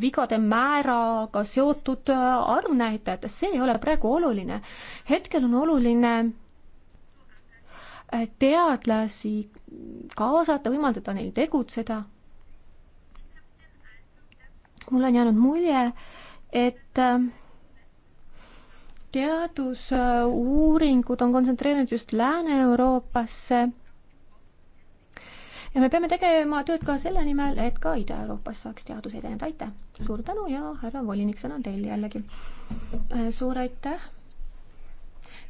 vigade määraga seotud äh, arvnäitajates, see ei ole praegu oluline. hetkel on oluline teadlasi kaasata, võimaldada neil tegutseda mul on jäänud mulje, et äh, teadusuuringud on kontsentreerunud just Lääne-Euroopasse ja me peame tegema tööd ka selle nimel, et ka Ida-Euroopas saaks teadus edeneda, aitäh! suur tänu ja härra volinik, sõna on teil jällegi. Äh, suur aitäh!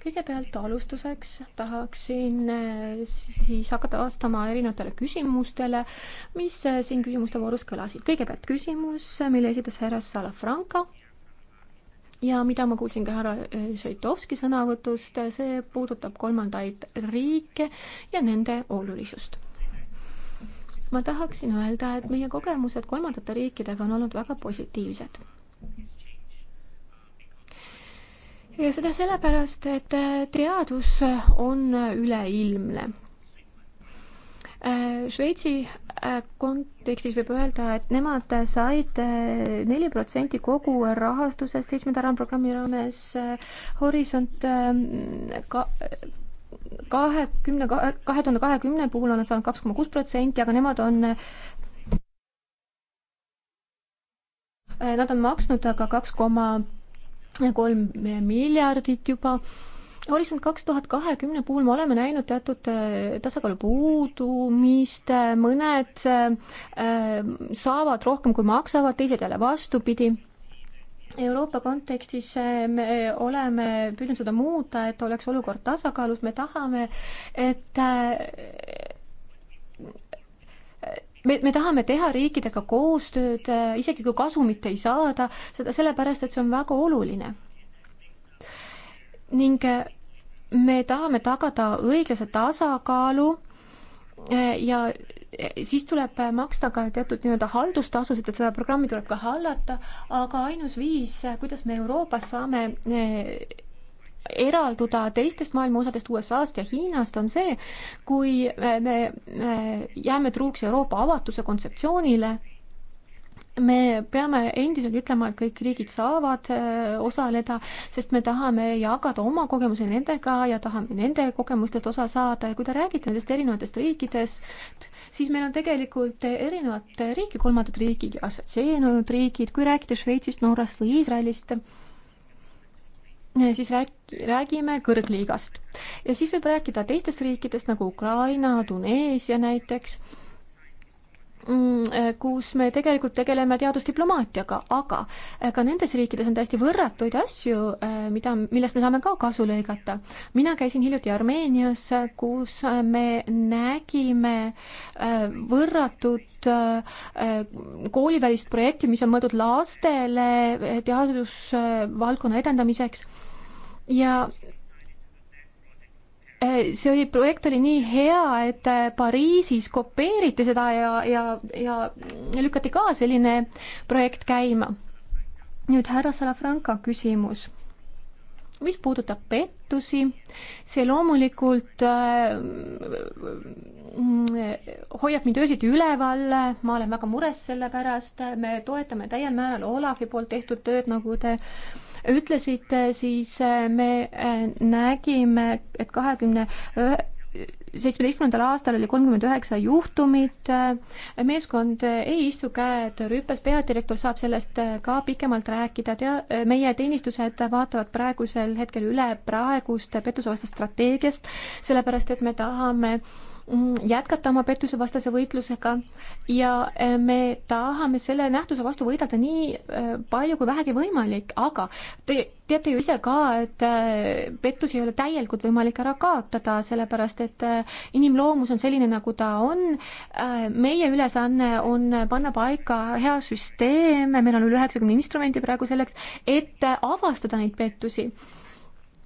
kõigepealt alustuseks tahaksin äh, siis hakata vastama erinevatele küsimustele, mis äh, siin küsimuste voorus kõlasid. kõigepealt küsimus, mille esitas härra Salafranco ja mida ma kuulsin ka härra äh, Šeitovski sõnavõtust, see puudutab kolmandaid riike ja nende olulisust. ma tahaksin öelda, et meie kogemused kolmandate riikidega on olnud väga positiivsed ja seda sellepärast, et äh, teadus on üleilmne. Äh, Šveitsi äh, kontekstis võib öelda, et nemad said neli protsenti kogu rahastusest seitsmenda raamprogrammi raames Horisont ähm, ka-, kahekümne, kahe tuhande kahekümne puhul on nad saanud kaks koma kuus protsenti, aga nemad on Nad on maksnud aga kaks koma kolm miljardit juba. Horisont kaks tuhat kahekümne puhul me oleme näinud teatud äh, tasakaalu puudumist, äh, mõned äh, saavad rohkem, kui maksavad, teised jälle vastupidi Euroopa kontekstis me oleme püüdnud seda muuta, et oleks olukord tasakaalus, me tahame, et me, me tahame teha riikidega koostööd, äh, isegi kui kasumit ei saada, seda sellepärast, et see on väga oluline. ning äh, me tahame tagada õiglase tasakaalu äh, ja siis tuleb maksta ka teatud nii-öelda haldustasusid, et seda programmi tuleb ka hallata, aga ainus viis, kuidas me Euroopas saame eralduda teistest maailma osadest, USA-st ja Hiinast, on see, kui äh, me äh, jääme truuks Euroopa avatuse kontseptsioonile, me peame endiselt ütlema, et kõik riigid saavad äh, osaleda, sest me tahame jagada oma kogemusi nendega ja tahame nende kogemustest osa saada ja kui te räägite nendest erinevatest riikidest, siis meil on tegelikult erinevad riiki, kolmandad riigid ja assotsieerunud riigid, kui rääkida Šveitsist, Norrast või Iisraelist siis rääk-, räägime kõrgliigast. ja siis võib rääkida teistest riikidest nagu Ukraina, Tuneesia näiteks Mm, eh, kus me tegelikult tegeleme teadusdiplomaatiaga, aga eh, ka nendes riikides on täiesti võrratuid asju, eh, mida, millest me saame ka kasu lõigata. mina käisin hiljuti Armeenias, kus me nägime võrratut koolivälist projekti, mis on mõeldud lastele teadusvaldkonna edendamiseks ja Eh, see oli, projekt oli nii hea, et eh, Pariisis kopeeriti seda ja, ja, ja lükati ka selline projekt käima. nüüd härra Salafranca küsimus. mis puudutab pettusi, see loomulikult äh, hoiab mind öösiti üleval, ma olen väga mures selle pärast, me toetame täiel määral Olavi poolt tehtud tööd, nagu te äh, ütlesite, siis äh, me äh, nägime, et kahekümne seitsmeteistkümnendal aastal oli kolmkümmend üheksa juhtumit, äh, meeskond ei istu käed rüpes, peadirektor saab sellest ka pikemalt rääkida, tea-, meie teenistused vaatavad praegusel hetkel üle praegust pettusevastast strateegiast, sellepärast et me tahame äh, Mm, jätkata oma pettusevastase võitlusega ja äh, me tahame selle nähtuse vastu võidelda nii äh, palju kui vähegi võimalik, aga te teate ju ise ka, et äh, pettusi ei ole täielikult võimalik ära kaotada, sellepärast et inimloomus on selline, nagu ta on. meie ülesanne on panna paika hea süsteem, meil on üle üheksakümne instrumendi praegu selleks, et avastada neid pettusi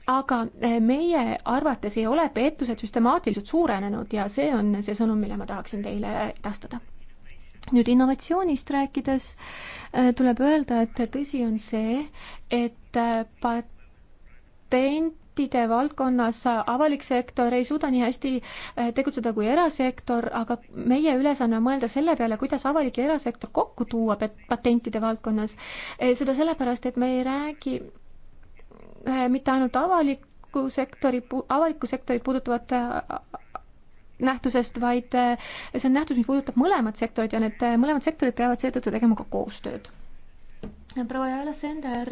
aga eh, meie arvates ei ole pettused süstemaatiliselt suurenenud ja see on see sõnum, mille ma tahaksin teile edastada nüüd innovatsioonist rääkides eh, tuleb öelda, et tõsi on see, et eh, patentide valdkonnas avalik sektor ei suuda nii hästi tegutseda kui erasektor, aga meie ülesanne on mõelda selle peale, kuidas avalik ja erasektor kokku tuua patentide valdkonnas. seda sellepärast, et me ei räägi Äh, mitte ainult avaliku sektori, avalikku sektorit puudutavat äh, nähtusest, vaid äh, see on nähtus, mis puudutab mõlemat sektorit ja need mõlemad sektorid peavad seetõttu tegema ka koostööd. proua Jala Sender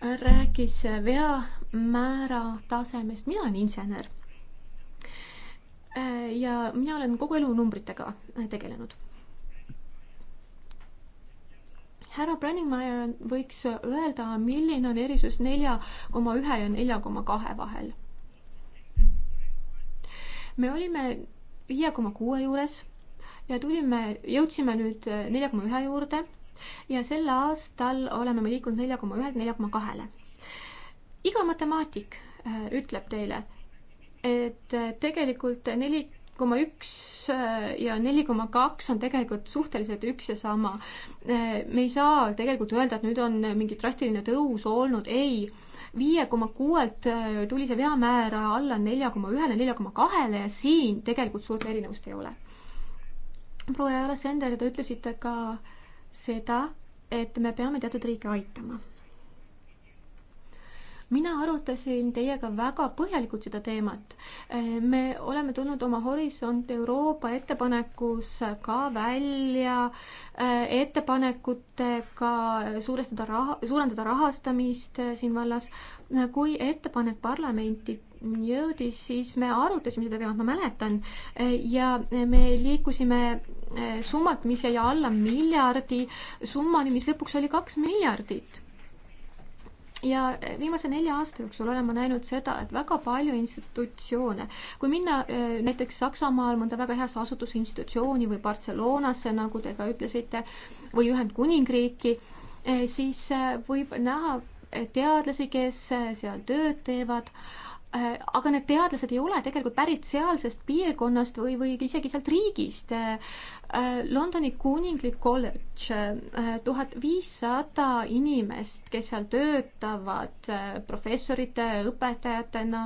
rääkis veamäära tasemest, mina olen insener. ja mina olen kogu elu numbritega tegelenud härra Brenningmeier võiks öelda, milline on erisus nelja koma ühe ja nelja koma kahe vahel. me olime viie koma kuue juures ja tulime, jõudsime nüüd nelja koma ühe juurde ja sel aastal oleme me liikunud nelja koma ühelt nelja koma kahele. iga matemaatik äh, ütleb teile, et äh, tegelikult neli koma üks äh, ja neli koma kaks on tegelikult suhteliselt üks ja sama. Äh, me ei saa tegelikult öelda, et nüüd on mingi drastiline tõus olnud, ei viie koma kuuelt äh, tuli see veamäär alla nelja koma ühele, nelja koma kahele ja siin tegelikult suurt erinevust ei ole. proua Jara Sender, te ütlesite ka seda, et me peame teatud riike aitama mina arutasin teiega väga põhjalikult seda teemat. me oleme tulnud oma Horisont Euroopa ettepanekus ka välja äh, ettepanekutega suurestada raha, suurendada rahastamist äh, siin vallas. kui ettepanek parlamenti jõudis, siis me arutasime seda teemat, ma mäletan, äh, ja me liikusime summalt, mis jäi alla miljardi summani, mis lõpuks oli kaks miljardit ja eh, viimase nelja aasta jooksul olen ma näinud seda, et väga palju institutsioone, kui minna eh, näiteks Saksamaal mõnda väga heasse asutuse institutsiooni või Barcelonasse, nagu te ka ütlesite, või Ühendkuningriiki, eh, siis võib näha teadlasi, kes seal tööd teevad, aga need teadlased ei ole tegelikult pärit sealsest piirkonnast või, või isegi sealt riigist. Äh, Londoni kuninglik kolledž, äh, tuhat viissada inimest, kes seal töötavad äh, professorite, õpetajatena,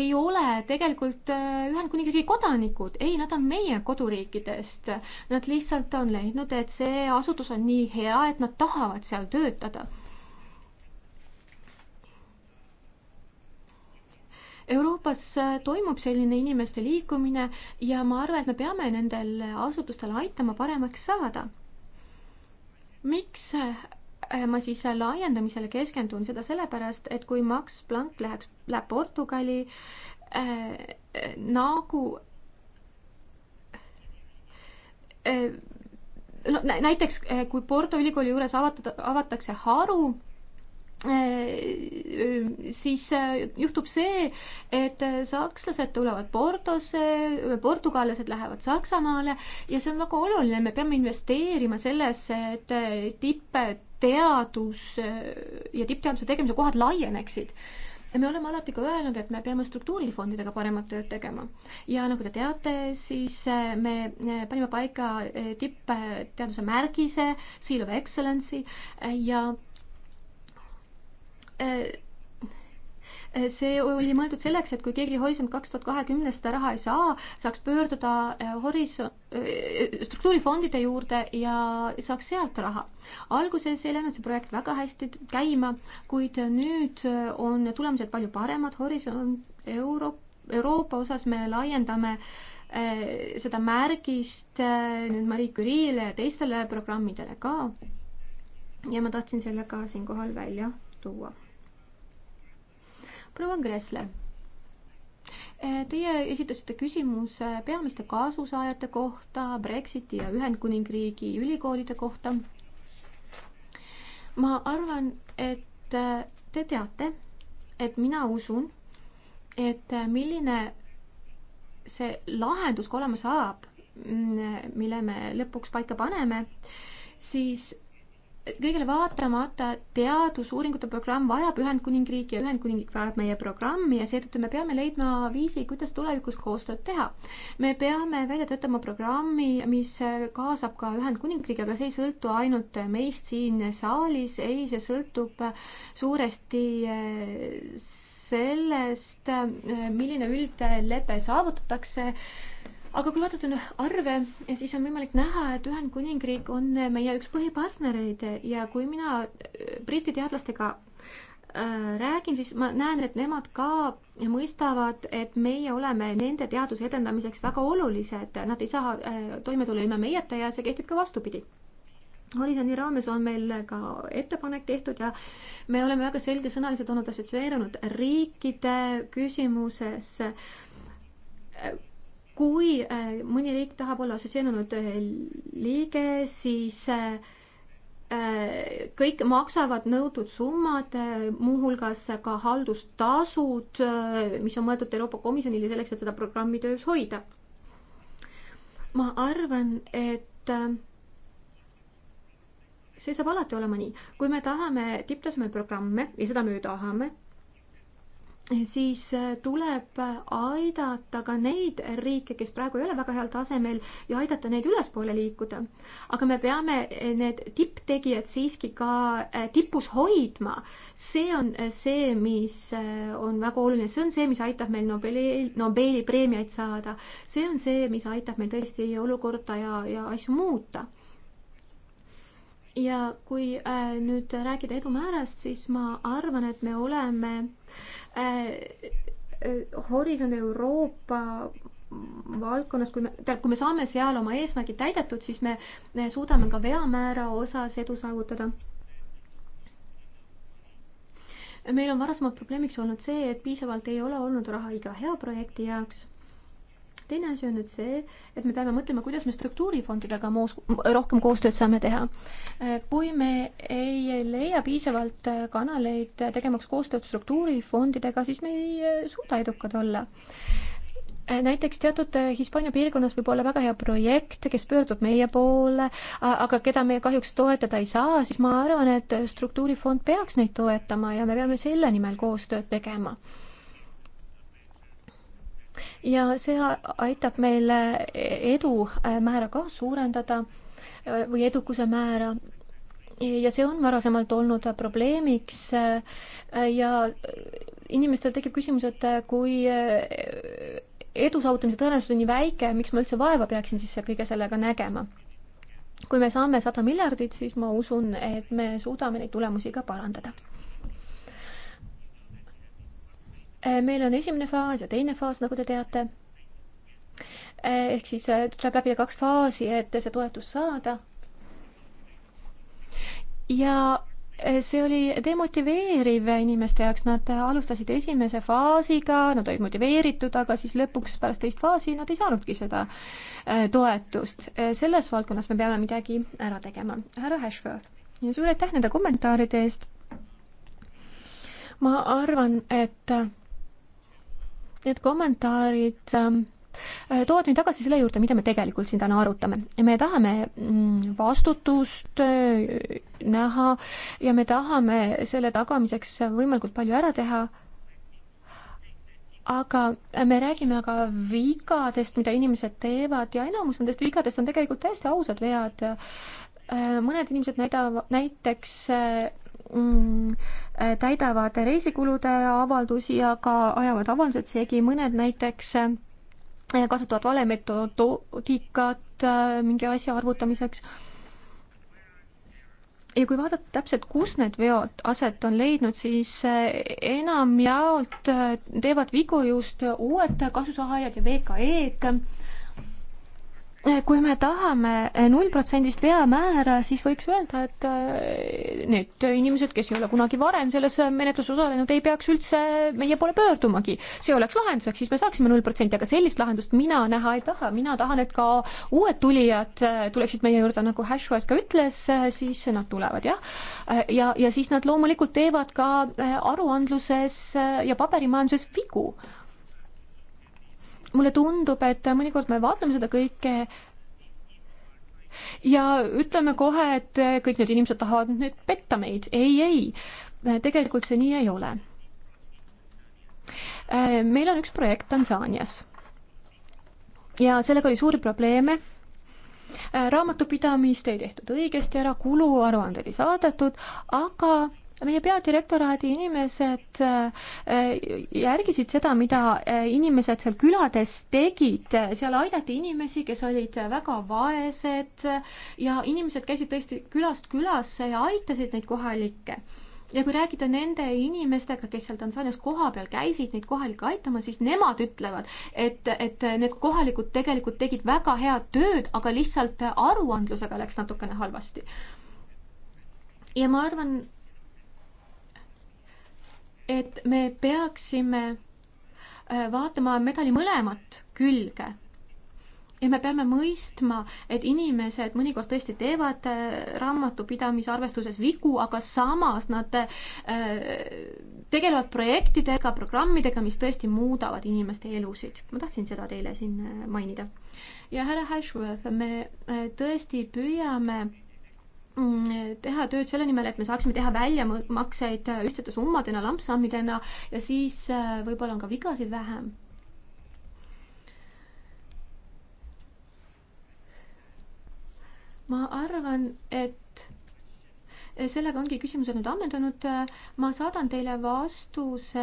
ei ole tegelikult Ühendkuningriigi kodanikud, ei, nad on meie koduriikidest. Nad lihtsalt on leidnud, et see asutus on nii hea, et nad tahavad seal töötada Euroopas äh, toimub selline inimeste liikumine ja ma arvan, et me peame nendel asutustel aitama paremaks saada. miks äh, ma siis laiendamisele keskendun, seda sellepärast, et kui Max Planck läheks, läheb Portugali äh, nagu äh, no näiteks äh, kui Porto ülikooli juures avatada, avatakse haru, Äh, äh, siis äh, juhtub see, et sakslased tulevad Portosse, portugallased lähevad Saksamaale ja see on väga oluline, me peame investeerima sellesse, et tippteadus ja tippteaduse tegemise kohad laieneksid me oleme alati ka öelnud, et me peame struktuurifondidega paremat tööd tegema. ja nagu te teate, siis me panime paika tippteaduse märgise, seal of excellency ja Äh, äh, see oli mõeldud selleks, et kui keegi Horisont kaks tuhat kahekümnest seda raha ei saa, saaks pöörduda äh, horisont, struktuurifondide juurde ja saaks sealt raha. alguses ei läinud see projekt väga hästi käima, kuid nüüd on tulemused palju paremad, Horisont Euro-, Euroopa osas me laiendame seda märgist nüüd Marie Curie'le ja teistele programmidele ka. ja ma tahtsin selle ka siinkohal välja tuua proua Gressle eh, Teie esitasite küsimuse peamiste kaasusaajate kohta, Brexiti ja Ühendkuningriigi ülikoolide kohta. ma arvan, et eh, te teate, et mina usun, et eh, milline see lahendus ka olema saab, mm, mille me lõpuks paika paneme, siis kõigele vaatamata teadusuuringute programm vajab Ühendkuningriiki ja Ühendkuningriik vajab meie programmi ja seetõttu me peame leidma viisi, kuidas tulevikus koostööd teha. me peame välja töötama programmi, mis kaasab ka Ühendkuningriigi, aga see ei sõltu ainult meist siin saalis, ei, see sõltub suuresti eh, sellest, eh, milline üldlepe saavutatakse aga kui vaadata nüüd arve, siis on võimalik näha, et Ühendkuningriik on meie üks põhipartnereid ja kui mina äh, Briti teadlastega äh, räägin, siis ma näen, et nemad ka mõistavad, et meie oleme nende teaduse edendamiseks väga olulised, nad ei saa äh, toime tulla ilma meieta ja see kehtib ka vastupidi. horisondi raames on meil ka ettepanek tehtud ja me oleme väga selgesõnalised olnud assotsieerunud riikide küsimuses kui äh, mõni riik tahab olla assotsieerunud äh, liige, siis äh, kõik maksavad nõutud summad, muuhulgas ka haldustasud, mis on mõeldud Euroopa Komisjonile selleks, et seda programmi töös hoida. ma arvan, et see saab alati olema nii, kui me tahame tipptasemel programme ja seda me ju tahame siis äh, tuleb aidata ka neid riike, kes praegu ei ole väga heal tasemel ja aidata neid ülespoole liikuda. aga me peame äh, need tipptegijad siiski ka äh, tipus hoidma. see on see, mis on väga oluline, see on see, mis aitab meil Nobeli, Nobeli preemiaid saada. see on see, mis aitab meil tõesti olukorda ja, ja asju muuta ja kui äh, nüüd rääkida edumäärast, siis ma arvan, et me oleme äh, äh, Horisont Euroopa valdkonnas, kui me, tähendab, kui me saame seal oma eesmärgid täidetud, siis me suudame ka veamäära osas edu saavutada. meil on varasemalt probleemiks olnud see, et piisavalt ei ole olnud raha iga hea projekti jaoks teine asi on nüüd see, et me peame mõtlema, kuidas me struktuurifondidega moos, rohkem koostööd saame teha. kui me ei leia piisavalt kanaleid tegemaks koostööd struktuurifondidega, siis me ei eh, suuda edukad olla näiteks teatud eh, Hispaania piirkonnas võib olla väga hea projekt, kes pöördub meie poole, aga keda me kahjuks toetada ei saa, siis ma arvan, et struktuurifond peaks neid toetama ja me peame selle nimel koostööd tegema ja see aitab meil e, edu e, määra ka suurendada e, või edukuse määra ja see on varasemalt olnud probleemiks ja inimestel tekib küsimus, et kui edu saavutamise tõenäosus on nii väike, miks ma üldse vaeva peaksin siis kõige sellega nägema? kui me saame sada miljardit, siis ma usun, et me suudame neid tulemusi ka parandada Äh, meil on esimene faas ja teine faas, nagu te teate. Äh, ehk siis äh, tuleb läbida kaks faasi, et see toetus saada. ja see oli demotiveeriv inimeste jaoks, nad alustasid esimese faasiga, nad olid motiveeritud, aga siis lõpuks pärast teist faasi nad ei saanudki seda toetust. selles valdkonnas me peame midagi ära tegema. härra Hashworth, suur aitäh nende kommentaaride eest. ma arvan, et need kommentaarid ähm, äh, toovad mind tagasi selle juurde, mida me tegelikult siin täna arutame. me tahame mm, vastutust äh, näha ja me tahame selle tagamiseks võimalikult palju ära teha aga me räägime aga vigadest, mida inimesed teevad ja enamus nendest vigadest on tegelikult täiesti ausad vead. Äh, mõned inimesed näidavad, näiteks mm, täidavad reisikulude avaldusi ja ka ajavad avaldused seegi, mõned näiteks äh, kasutavad vale metoodikat äh, mingi asja arvutamiseks. ja kui vaadata täpselt, kus need veod aset on leidnud, siis äh, enamjaolt teevad vigu just uued kasusaajad ja VKE-d Eh, kui me tahame eh, nullprotsendist veamäära, siis võiks öelda, et eh, need inimesed, kes ei ole kunagi varem selles menetluses osalenud, ei peaks üldse meie poole pöördumagi. see oleks lahenduseks, siis me saaksime null protsenti, aga sellist lahendust mina näha ei taha, mina tahan, et ka uued tulijad tuleksid meie juurde, nagu Hashword ka ütles, siis nad tulevad jah. ja, ja, ja siis nad loomulikult teevad ka aruandluses ja paperimajanduses vigu mulle tundub, et mõnikord me vaatame seda kõike ja ütleme kohe, et kõik need inimesed tahavad nüüd petta meid. ei, ei, tegelikult see nii ei ole. meil on üks projekt Tansaanias ja sellega oli suuri probleeme. raamatupidamist ei tehtud õigesti ära, kuluaruanded ei saadetud, aga meie peadirektoraadi inimesed äh, järgisid seda, mida äh, inimesed seal külades tegid, seal aidati inimesi, kes olid väga vaesed ja inimesed käisid tõesti külast külasse ja aitasid neid kohalikke. ja kui rääkida nende inimestega, kes seal Tansaanias kohapeal käisid neid kohalikke aitama, siis nemad ütlevad, et, et need kohalikud tegelikult tegid väga head tööd, aga lihtsalt aruandlusega läks natukene halvasti ja ma arvan, et me peaksime äh, vaatama medali mõlemat külge. ja me peame mõistma, et inimesed mõnikord tõesti teevad äh, raamatupidamise arvestuses vigu, aga samas nad äh, tegelevad projektidega, programmidega, mis tõesti muudavad inimeste elusid. ma tahtsin seda teile siin mainida. ja härra Hashworth, me tõesti püüame Mm, teha tööd selle nimel, et me saaksime teha väljamakseid ühtsete summadena, lampsammidena ja siis äh, võib-olla on ka vigasid vähem. ma arvan, et sellega ongi küsimused nüüd ammendunud. ma saadan teile vastuse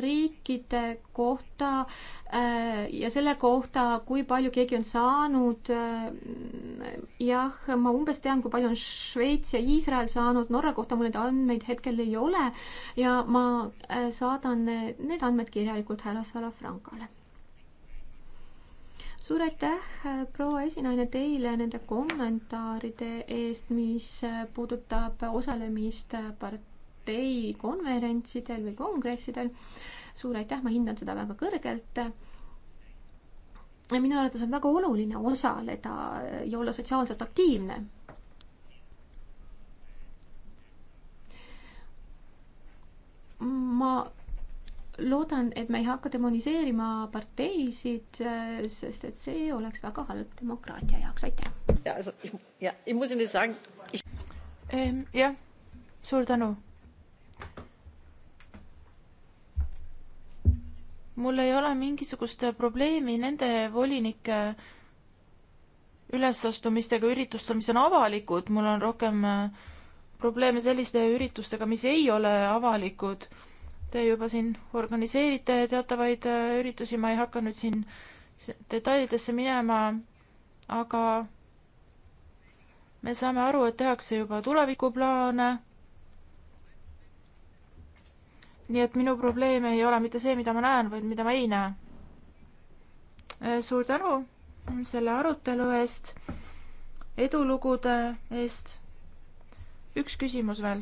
riikide kohta äh, ja selle kohta, kui palju keegi on saanud. Äh, jah, ma umbes tean, kui palju on Šveits ja Iisrael saanud, Norra kohta mul neid andmeid hetkel ei ole ja ma äh, saadan need andmed kirjalikult härra Salafrankale suur aitäh, proua esinaine, teile nende kommentaaride eest, mis puudutab osalemist partei konverentsidel või kongressidel. suur aitäh, ma hindan seda väga kõrgelt minu arvates on väga oluline osaleda ja olla sotsiaalselt aktiivne. ma loodan, et me ei hakka demoniseerima parteisid, äh, sest et see oleks väga halb demokraatia jaoks, aitäh. jah, ähm, suur tänu. mul ei ole mingisugust probleemi nende volinike ülesastumistega üritustel, mis on avalikud, mul on rohkem äh, probleeme selliste üritustega, mis ei ole avalikud Te juba siin organiseerite teatavaid äh, üritusi, ma ei hakka nüüd siin detailidesse minema, aga me saame aru, et tehakse juba tulevikuplaane. nii et minu probleem ei ole mitte see, mida ma näen, vaid mida ma ei näe. Äh, suur tänu selle arutelu eest, edulugude eest. üks küsimus veel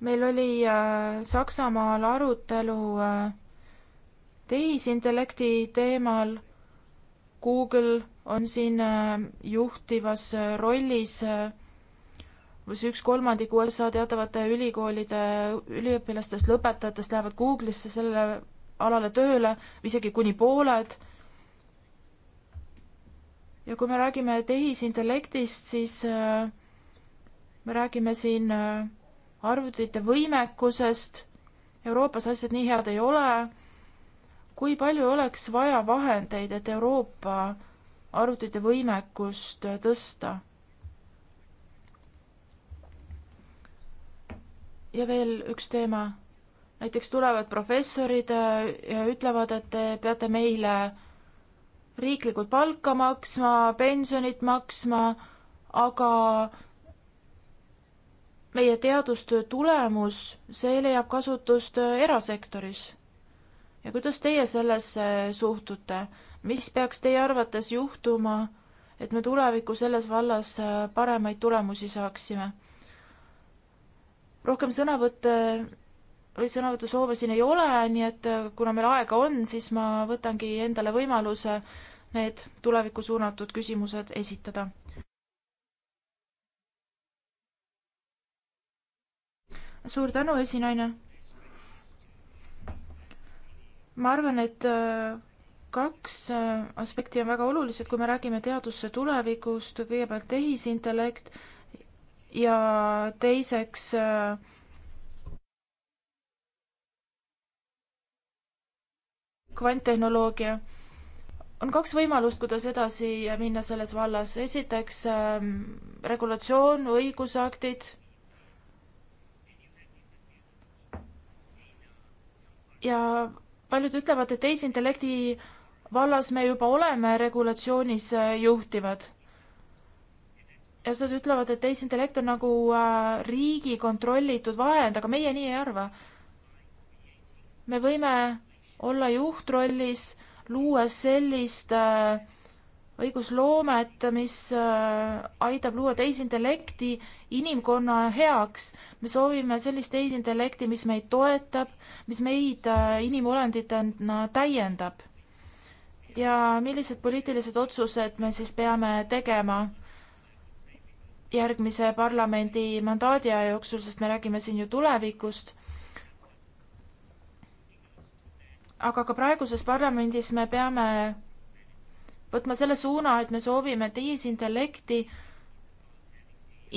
meil oli äh, Saksamaal arutelu äh, tehisintellekti teemal. Google on siin äh, juhtivas rollis, kus üks kolmandik USA teatavate ülikoolide üliõpilastest, lõpetajatest lähevad Google'isse sellele alale tööle, isegi kuni pooled. ja kui me räägime tehisintellektist, siis me räägime siin arvutite võimekusest. Euroopas asjad nii head ei ole. kui palju oleks vaja vahendeid, et Euroopa arvutite võimekust tõsta? ja veel üks teema. näiteks tulevad professorid ja äh, ütlevad, et te peate meile riiklikult palka maksma, pensionit maksma, aga meie teadustöö tulemus, see leiab kasutust äh, erasektoris. ja kuidas teie sellesse äh, suhtute, mis peaks teie arvates juhtuma, et me tulevikus selles vallas äh, paremaid tulemusi saaksime? rohkem sõnavõtte või sõnavõtusoove siin ei ole, nii et kuna meil aega on, siis ma võtangi endale võimaluse need tulevikku suunatud küsimused esitada. suur tänu, esinaine. ma arvan, et äh, kaks äh, aspekti on väga olulised, kui me räägime teaduse tulevikust, kõigepealt tehisintellekt ja teiseks äh, kvanttehnoloogia. on kaks võimalust, kuidas edasi minna selles vallas. esiteks ähm, regulatsioon, õigusaktid ja paljud ütlevad, et tehisintellekti vallas me juba oleme regulatsioonis äh, juhtivad. ja nad ütlevad, et tehisintellekt on nagu äh, riigi kontrollitud vahend, aga meie nii ei arva. me võime olla juhtrollis, luues sellist äh, õigusloomet, mis äh, aitab luua tehisintellekti inimkonna heaks. me soovime sellist tehisintellekti, mis meid toetab, mis meid äh, inimolenditena täiendab. ja millised poliitilised otsused me siis peame tegema järgmise parlamendi mandaadi aja jooksul, sest me räägime siin ju tulevikust aga ka praeguses parlamendis me peame võtma selle suuna, et me soovime tehisintellekti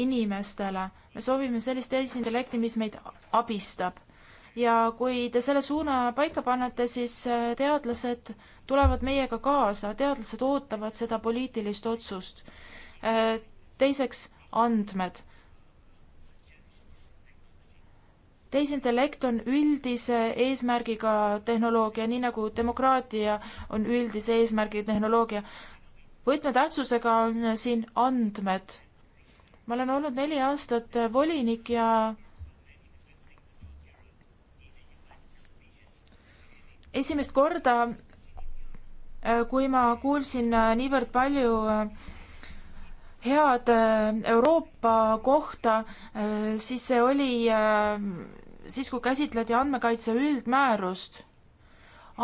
inimestele, me soovime sellist tehisintellekti, mis meid abistab. ja kui te selle suuna paika panete, siis äh, teadlased tulevad meiega kaasa, teadlased ootavad seda poliitilist otsust. Äh, teiseks, andmed tehisintellekt on üldise eesmärgiga tehnoloogia, nii nagu demokraatia on üldise eesmärgi tehnoloogia. võtmetähtsusega on siin andmed. ma olen olnud neli aastat volinik ja esimest korda, kui ma kuulsin niivõrd palju head Euroopa kohta, siis see oli siis, kui käsitleti andmekaitse üldmäärust,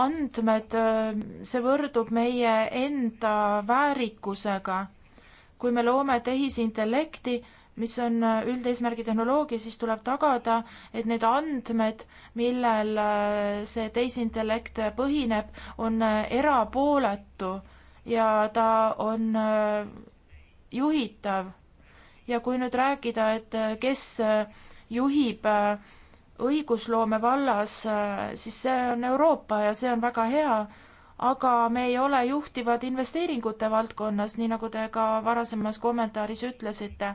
andmed, äh, see võrdub meie enda väärikusega. kui me loome tehisintellekti, mis on äh, üldeesmärgi tehnoloogia, siis tuleb tagada, et need andmed, millel äh, see tehisintellekt põhineb, on erapooletu ja ta on juhitav. ja kui nüüd rääkida, et kes juhib õigusloome vallas, äh, siis see on Euroopa ja see on väga hea, aga me ei ole juhtivad investeeringute valdkonnas, nii nagu te ka varasemas kommentaaris ütlesite.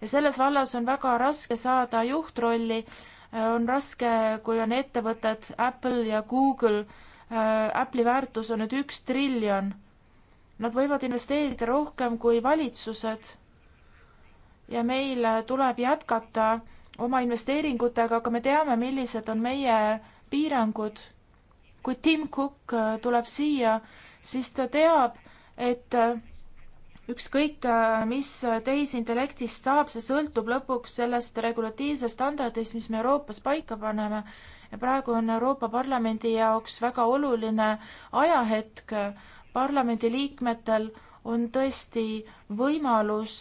ja selles vallas on väga raske saada juhtrolli, äh, on raske, kui on ettevõtted Apple ja Google, äh, Apple'i väärtus on nüüd üks triljon. Nad võivad investeerida rohkem kui valitsused. ja meil tuleb jätkata äh, oma investeeringutega, aga me teame, millised on meie piirangud. kui Tim Cook äh, tuleb siia, siis ta teab, et äh, ükskõik, äh, mis tehisintellektist saab, see sõltub lõpuks sellest regulatiivsest standardist, mis me Euroopas paika paneme. ja praegu on Euroopa Parlamendi jaoks väga oluline ajahetk. parlamendi liikmetel on tõesti võimalus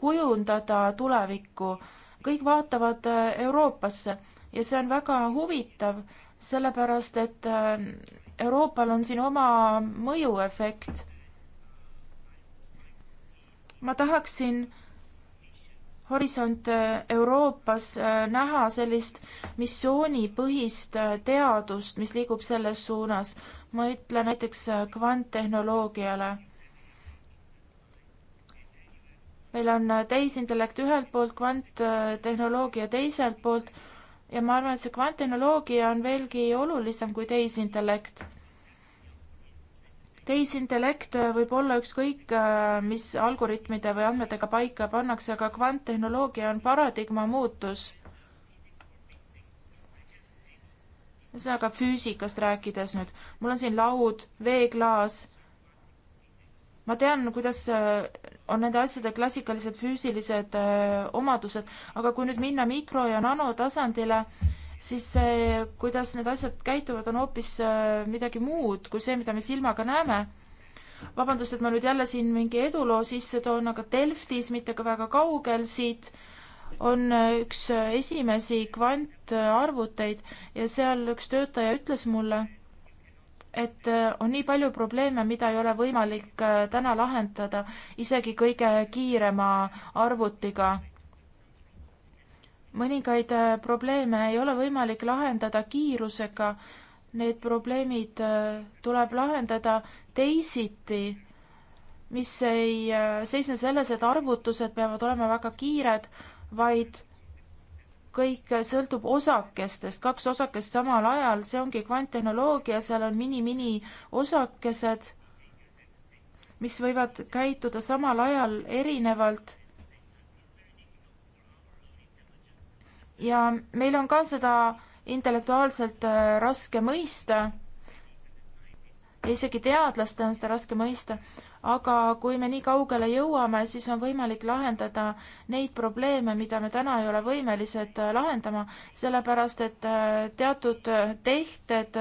kujundada tulevikku kõik vaatavad äh, Euroopasse ja see on väga huvitav, sellepärast et äh, Euroopal on siin oma mõjuefekt. ma tahaksin Horisont äh, Euroopas näha sellist missioonipõhist teadust, mis liigub selles suunas. ma ütlen näiteks kvanttehnoloogiale meil on äh, tehisintellekt ühelt poolt, kvanttehnoloogia teiselt poolt ja ma arvan, et see kvanttehnoloogia on veelgi olulisem kui tehisintellekt. tehisintellekt äh, võib olla ükskõik, äh, mis algoritmide või andmetega paika pannakse, aga kvanttehnoloogia on paradigma muutus. ühesõnaga füüsikast rääkides nüüd, mul on siin laud, veeklaas ma tean, kuidas äh, on nende asjade klassikalised füüsilised äh, omadused, aga kui nüüd minna mikro- ja nanotasandile, siis see, kuidas need asjad käituvad, on hoopis äh, midagi muud kui see, mida me silmaga näeme. vabandust, et ma nüüd jälle siin mingi eduloo sisse toon, aga Delftis, mitte ka väga kaugel siit, on üks esimesi kvantarvuteid ja seal üks töötaja ütles mulle et äh, on nii palju probleeme, mida ei ole võimalik äh, täna lahendada isegi kõige kiirema arvutiga. mõningaid äh, probleeme ei ole võimalik lahendada kiirusega, need probleemid tuleb lahendada teisiti, mis ei seisne selles, et arvutused peavad olema väga kiired, vaid kõik sõltub osakestest, kaks osakest samal ajal, see ongi kvanttehnoloogia, seal on mini-mini osakesed, mis võivad käituda samal ajal erinevalt. ja meil on ka seda intellektuaalselt äh, raske mõista ja isegi teadlastel on seda raske mõista aga kui me nii kaugele jõuame, siis on võimalik lahendada neid probleeme, mida me täna ei ole võimelised äh, lahendama, sellepärast et äh, teatud äh, tehted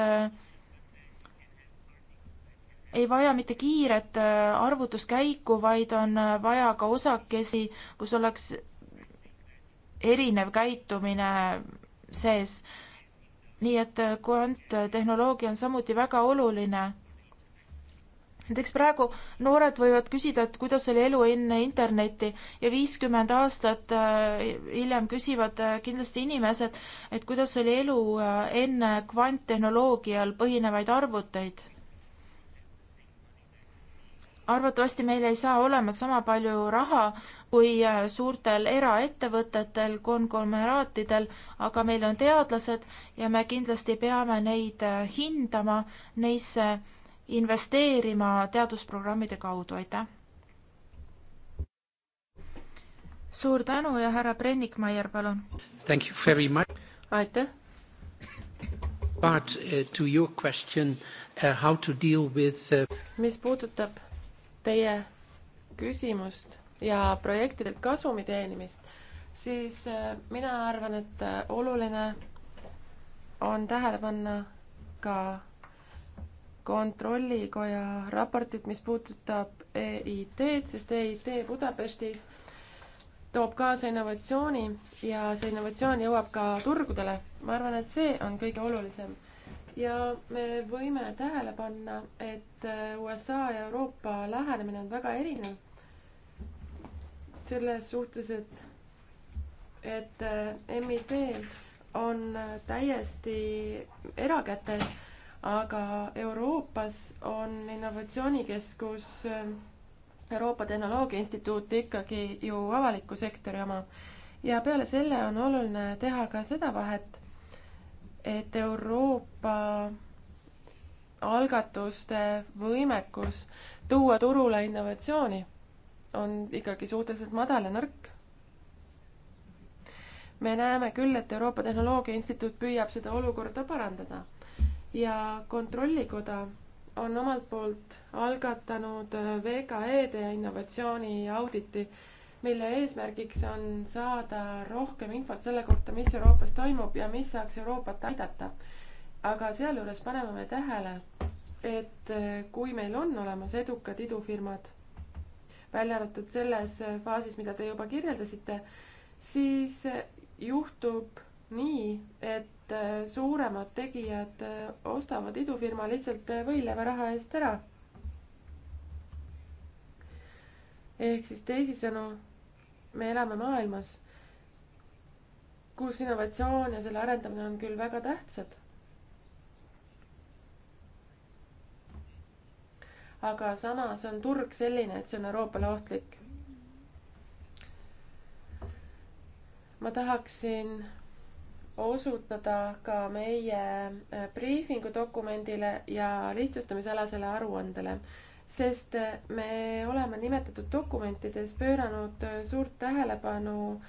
ei vaja mitte kiiret arvutuskäiku, vaid on vaja ka osakesi, kus oleks erinev käitumine sees. nii et kvanttehnoloogia on samuti väga oluline näiteks praegu noored võivad küsida, et kuidas oli elu enne internetti ja viiskümmend aastat äh, hiljem küsivad äh, kindlasti inimesed, et kuidas oli elu äh, enne kvanttehnoloogial põhinevaid arvuteid. arvatavasti meil ei saa olema sama palju raha kui suurtel eraettevõtetel, konglomeraatidel, aga meil on teadlased ja me kindlasti peame neid hindama, neisse investeerima teadusprogrammide kaudu, aitäh! suur tänu ja härra Brennikmaier, palun! aitäh! Part uh, to your question uh, how to deal with uh... mis puudutab teie küsimust ja projektidelt kasumi teenimist, siis äh, mina arvan, et äh, oluline on tähele panna ka kontrollikoja raportit, mis puudutab EIT-d, sest EIT Budapestis toob kaasa innovatsiooni ja see innovatsioon jõuab ka turgudele. ma arvan, et see on kõige olulisem. ja me võime tähele panna, et USA ja Euroopa lähenemine on väga erinev selles suhtes, et, et MIT on täiesti erakätes aga Euroopas on innovatsioonikeskus Euroopa Tehnoloogia Instituut ikkagi ju avaliku sektori oma. ja peale selle on oluline teha ka seda vahet, et Euroopa algatuste võimekus tuua turule innovatsiooni on ikkagi suhteliselt madal ja nõrk me näeme küll, et Euroopa Tehnoloogia Instituut püüab seda olukorda parandada ja Kontrollikoda on omalt poolt algatanud äh, VKE-de ja innovatsiooni auditi, mille eesmärgiks on saada rohkem infot selle kohta, mis Euroopas toimub ja mis saaks Euroopat aidata. aga sealjuures paneme me tähele, et äh, kui meil on olemas edukad idufirmad, välja arvatud selles faasis, mida te juba kirjeldasite, siis äh, juhtub nii, et äh, suuremad tegijad äh, ostavad idufirma lihtsalt äh, võileivaraha eest ära. ehk siis teisisõnu, me elame maailmas, kus innovatsioon ja selle arendamine on küll väga tähtsad, aga samas on turg selline, et see on Euroopale ohtlik. ma tahaksin osutada ka meie äh, briifingudokumendile ja lihtsustamisalasele aruandele, sest äh, me oleme nimetatud dokumentides pööranud äh, suurt tähelepanu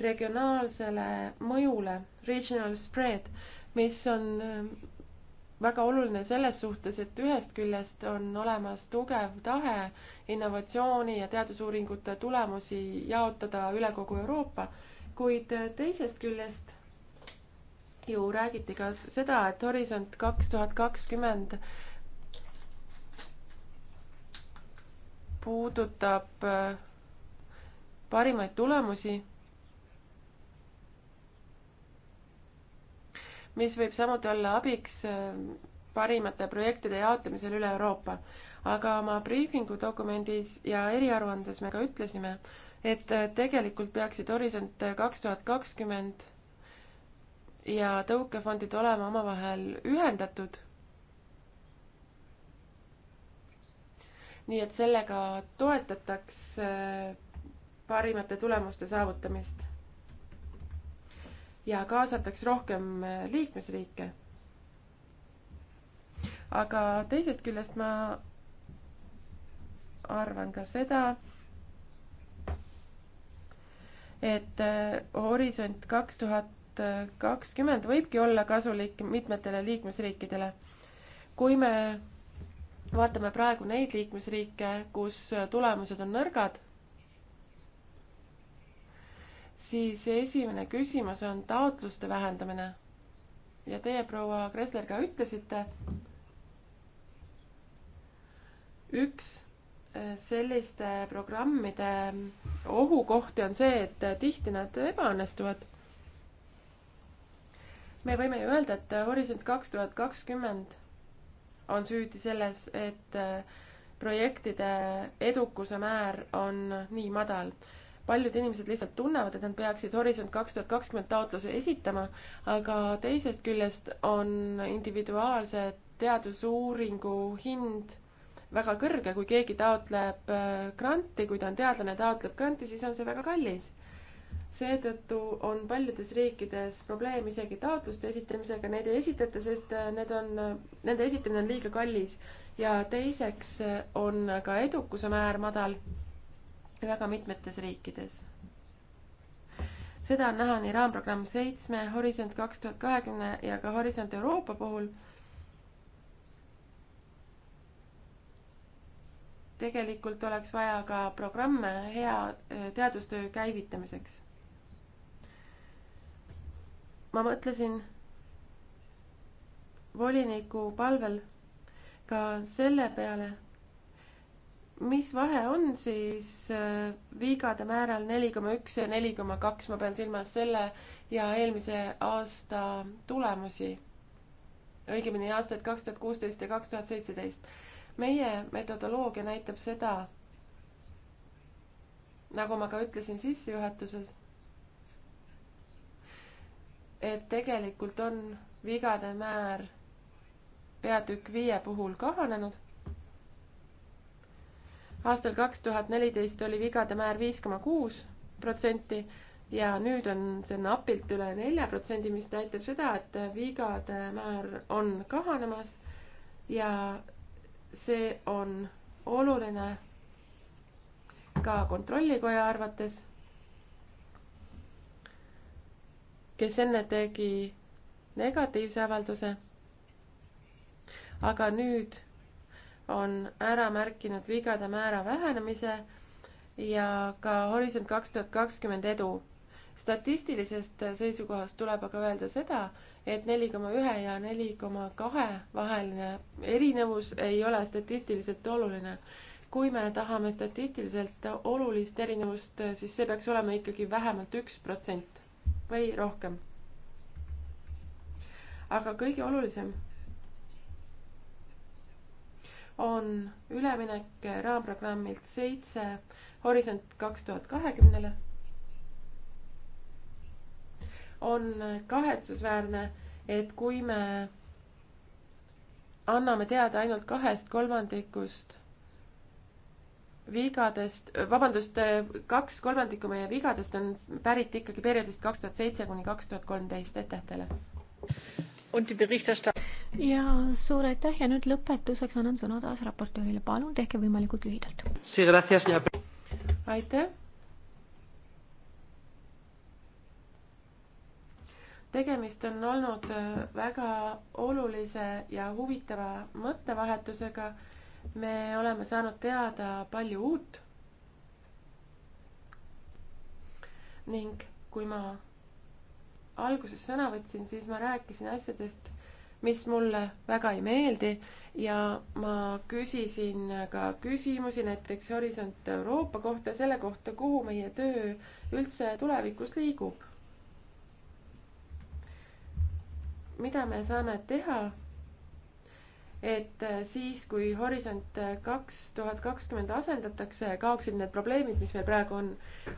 regionaalsele mõjule, regional spread, mis on väga oluline selles suhtes, et ühest küljest on olemas tugev tahe innovatsiooni ja teadusuuringute tulemusi jaotada üle kogu Euroopa, kuid teisest küljest ju räägiti ka seda, et Horisont kaks tuhat kakskümmend puudutab äh, parimaid tulemusi, mis võib samuti olla abiks äh, parimate projektide jaotamisel üle Euroopa. aga oma briifingu dokumendis ja eriaruandes me ka ütlesime, et äh, tegelikult peaksid Horisont kaks tuhat kakskümmend ja tõukefondid olema omavahel ühendatud. nii et sellega toetataks äh, parimate tulemuste saavutamist ja kaasataks rohkem äh, liikmesriike. aga teisest küljest ma arvan ka seda, et äh, Horisont kaks tuhat tuhat äh, kakskümmend võibki olla kasulik mitmetele liikmesriikidele. kui me vaatame praegu neid liikmesriike, kus äh, tulemused on nõrgad, siis esimene küsimus on taotluste vähendamine. ja teie, proua Kressler, ka ütlesite, üks äh, selliste programmide ohukohti on see, et tihti nad ebaõnnestuvad me võime ju öelda, et äh, Horisont kaks tuhat kakskümmend on süüdi selles, et äh, projektide edukuse määr on nii madal. paljud inimesed lihtsalt tunnevad, et nad peaksid Horisont kaks tuhat kakskümmend taotluse esitama, aga teisest küljest on individuaalse teadusuuringu hind väga kõrge, kui keegi taotleb äh, granti, kui ta on teadlane, taotleb granti, siis on see väga kallis seetõttu on paljudes riikides probleem isegi taotluste esitamisega, neid ei esitata, sest äh, need on, nende esitamine on liiga kallis. ja teiseks äh, on ka edukuse määr madal väga mitmetes riikides. seda on näha nii raamprogramm seitsme, Horisont kaks tuhat kahekümne ja ka Horisont Euroopa puhul. tegelikult oleks vaja ka programme hea äh, teadustöö käivitamiseks ma mõtlesin voliniku palvel ka selle peale, mis vahe on siis äh, vigade määral neli koma üks ja neli koma kaks, ma pean silmas selle ja eelmise aasta tulemusi, õigemini aastaid kaks tuhat kuusteist ja kaks tuhat seitseteist. meie metodoloogia näitab seda, nagu ma ka ütlesin sissejuhatuses et tegelikult on vigade määr peatükk viie puhul kahanenud. aastal kaks tuhat neliteist oli vigade määr viis koma kuus protsenti ja nüüd on see napilt üle nelja protsendi, mis näitab seda, et vigade määr on kahanemas ja see on oluline ka Kontrollikoja arvates kes enne tegi negatiivse avalduse, aga nüüd on ära märkinud vigade määra vähenemise ja ka Horisont kaks tuhat kakskümmend edu. statistilisest seisukohast tuleb aga öelda seda, et neli koma ühe ja neli koma kahe vaheline erinevus ei ole statistiliselt oluline. kui me tahame statistiliselt olulist erinevust, siis see peaks olema ikkagi vähemalt üks protsent või rohkem. aga kõige olulisem on üleminek raamprogrammilt seitse Horisont kaks tuhat kahekümnele. on kahetsusväärne, et kui me anname teada ainult kahest kolmandikust vigadest, vabandust, kaks kolmandikku meie vigadest on pärit ikkagi perioodist kaks tuhat seitse kuni kaks tuhat kolmteist, aitäh teile! ja suur aitäh ja nüüd lõpetuseks annan sõna taas raportöörile, palun tehke võimalikult lühidalt. aitäh! tegemist on olnud äh, väga olulise ja huvitava mõttevahetusega me oleme saanud teada palju uut. ning kui ma alguses sõna võtsin, siis ma rääkisin asjadest, mis mulle väga ei meeldi ja ma küsisin ka küsimusi näiteks Horisont Euroopa kohta, selle kohta, kuhu meie töö üldse tulevikus liigub. mida me saame teha et äh, siis, kui Horisont äh, kaks tuhat kakskümmend asendatakse, kaoksid need probleemid, mis meil praegu on.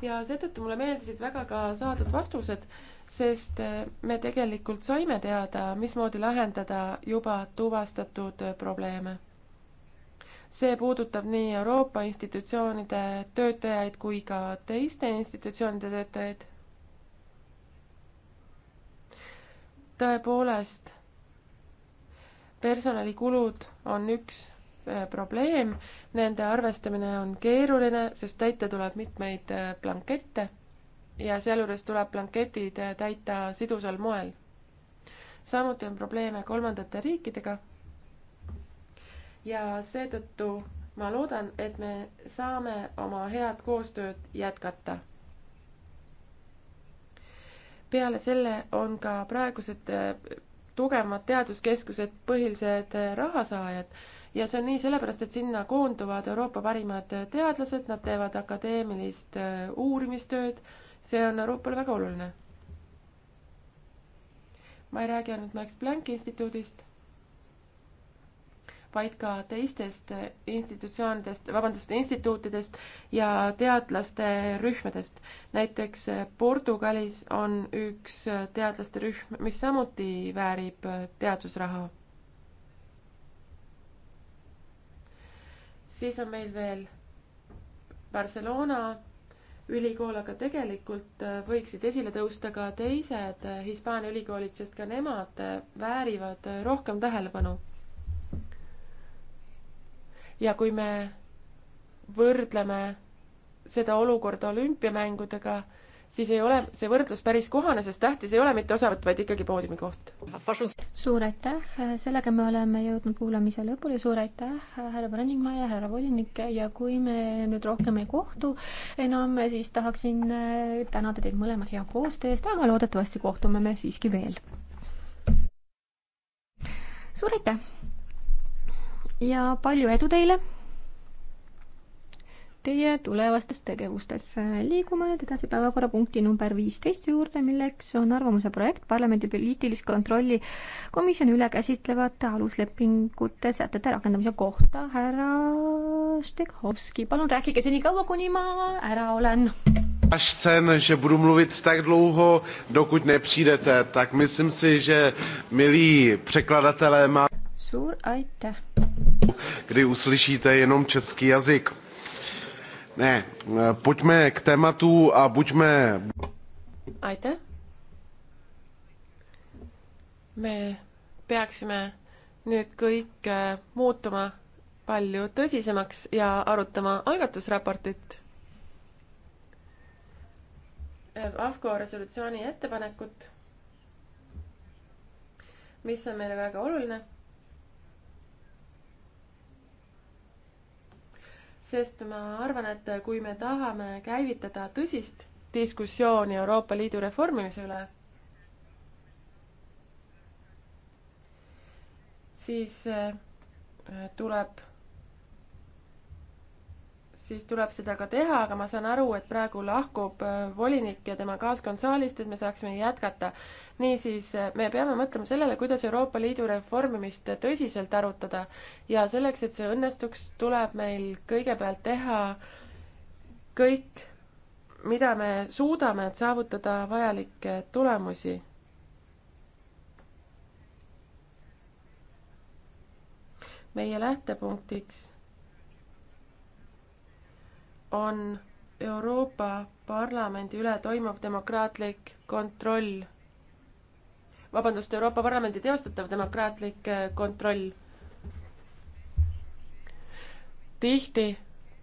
ja seetõttu mulle meeldisid väga ka saadud vastused, sest äh, me tegelikult saime teada, mismoodi lahendada juba tuvastatud probleeme. see puudutab nii Euroopa institutsioonide töötajaid kui ka teiste institutsioonide töötajaid. tõepoolest personalikulud on üks äh, probleem, nende arvestamine on keeruline, sest täita tuleb mitmeid äh, blankette ja sealjuures tuleb blanketid äh, täita sidusal moel. samuti on probleeme kolmandate riikidega. ja seetõttu ma loodan, et me saame oma head koostööd jätkata. peale selle on ka praegused tugevad teaduskeskused põhilised eh, rahasaajad ja see on nii sellepärast, et sinna koonduvad Euroopa parimad teadlased, nad teevad akadeemilist eh, uurimistööd, see on Euroopale väga oluline. ma ei räägi ainult Max Plancki instituudist vaid ka teistest institutsioonidest, vabandust, instituutidest ja teadlaste rühmadest. näiteks Portugalis on üks teadlaste rühm, mis samuti väärib teadusraha. siis on meil veel Barcelona ülikool, aga tegelikult võiksid esile tõusta ka teised Hispaania ülikoolid, sest ka nemad väärivad rohkem tähelepanu ja kui me võrdleme seda olukorda olümpiamängudega, siis ei ole see võrdlus päris kohane, sest tähtis ei ole mitte osavõtt, vaid ikkagi poodiumi koht. suur aitäh, sellega me oleme jõudnud kuulamise lõpuni, suur aitäh, härra Brenningmaa ja härra volinik ja kui me nüüd rohkem ei kohtu enam, siis tahaksin äh, tänada teid mõlemad hea koostöö eest, aga loodetavasti kohtume me siiski veel. suur aitäh! ja palju edu teile teie tulevastes tegevustes. liigume nüüd edasi päevakorrapunkti number viisteist juurde, milleks on arvamuse projekt parlamendi poliitilist kontrolli komisjoni üle käsitlevate aluslepingute sätete rakendamise kohta. härra Štekovski, palun rääkige senikaua, kuni ma ära olen. Až sen, že budu mluvit tak dlouho, dokud nepřijdete, tak myslím si, že milí překladatelé má suur aitäh! kdy uslyšíte jenom český jazyk. Ne, pojďme k tématu a buďme... Aitäh! me peaksime nüüd kõik äh, muutuma palju tõsisemaks ja arutama algatusraportit. Äh, AFCO resolutsiooni ettepanekut, mis on meile väga oluline sest ma arvan, et kui me tahame käivitada tõsist diskussiooni Euroopa Liidu reformimise üle, siis eh, tuleb siis tuleb seda ka teha, aga ma saan aru, et praegu lahkub äh, volinik ja tema kaaskond saalist, et me saaksime jätkata. niisiis, äh, me peame mõtlema sellele, kuidas Euroopa Liidu reformimist tõsiselt arutada ja selleks, et see õnnestuks, tuleb meil kõigepealt teha kõik, mida me suudame, et saavutada vajalikke tulemusi meie lähtepunktiks on Euroopa Parlamendi üle toimuv demokraatlik kontroll. vabandust, Euroopa Parlamendi teostatav demokraatlik eh, kontroll. tihti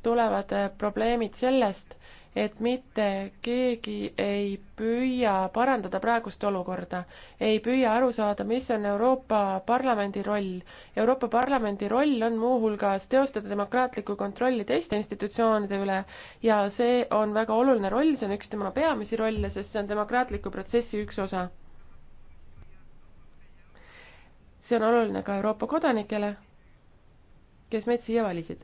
tulevad eh, probleemid sellest, et mitte keegi ei püüa parandada praegust olukorda, ei püüa aru saada, mis on Euroopa Parlamendi roll. Euroopa Parlamendi roll on muuhulgas teostada demokraatlikku kontrolli teiste institutsioonide üle ja see on väga oluline roll, see on üks tema peamisi rolle, sest see on demokraatliku protsessi üks osa. see on oluline ka Euroopa kodanikele, kes meid siia valisid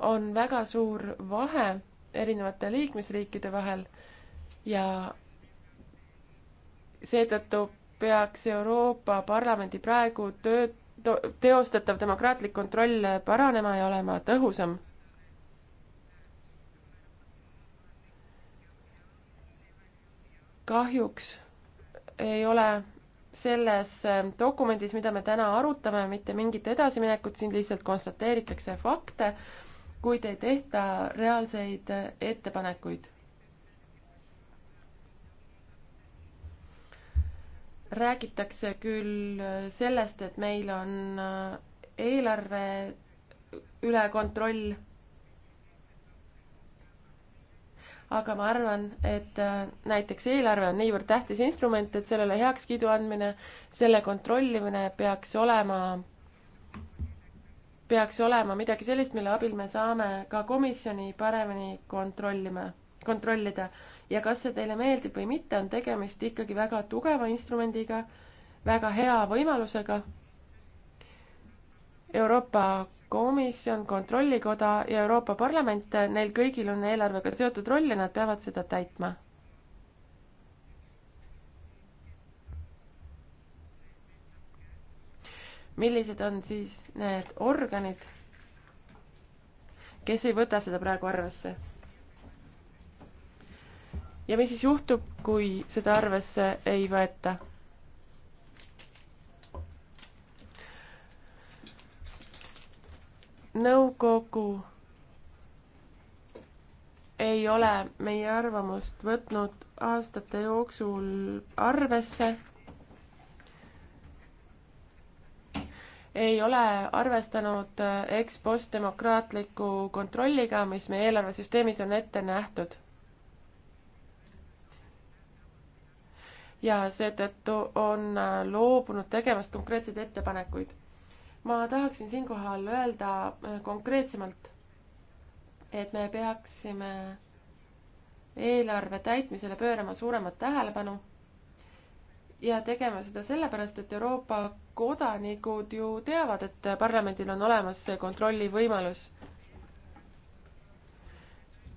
on väga suur vahe erinevate liikmesriikide vahel ja seetõttu peaks Euroopa Parlamendi praegu tööd, teostatav demokraatlik kontroll paranema ja olema tõhusam. kahjuks ei ole selles dokumendis, mida me täna arutame, mitte mingit edasiminekut, siin lihtsalt konstateeritakse fakte kuid ei tehta reaalseid ettepanekuid. räägitakse küll sellest, et meil on eelarve üle kontroll. aga ma arvan, et näiteks eelarve on niivõrd tähtis instrument, et sellele heakskiidu andmine, selle kontrollimine peaks olema peaks olema midagi sellist, mille abil me saame ka komisjoni paremini kontrollima, kontrollida. ja kas see teile meeldib või mitte, on tegemist ikkagi väga tugeva instrumendiga, väga hea võimalusega. Euroopa Komisjon, Kontrollikoda ja Euroopa Parlament, neil kõigil on eelarvega seotud roll ja nad peavad seda täitma millised on siis need organid, kes ei võta seda praegu arvesse? ja mis siis juhtub, kui seda arvesse ei võeta? nõukogu ei ole meie arvamust võtnud aastate jooksul arvesse ei ole arvestanud eh, ex-post demokraatliku kontrolliga, mis meie eelarvesüsteemis on ette nähtud. ja seetõttu on eh, loobunud tegemast konkreetseid ettepanekuid. ma tahaksin siinkohal öelda eh, konkreetsemalt, et me peaksime eelarve täitmisele pöörama suuremat tähelepanu ja tegema seda sellepärast, et Euroopa kodanikud ju teavad, et parlamendil on olemas see kontrolli võimalus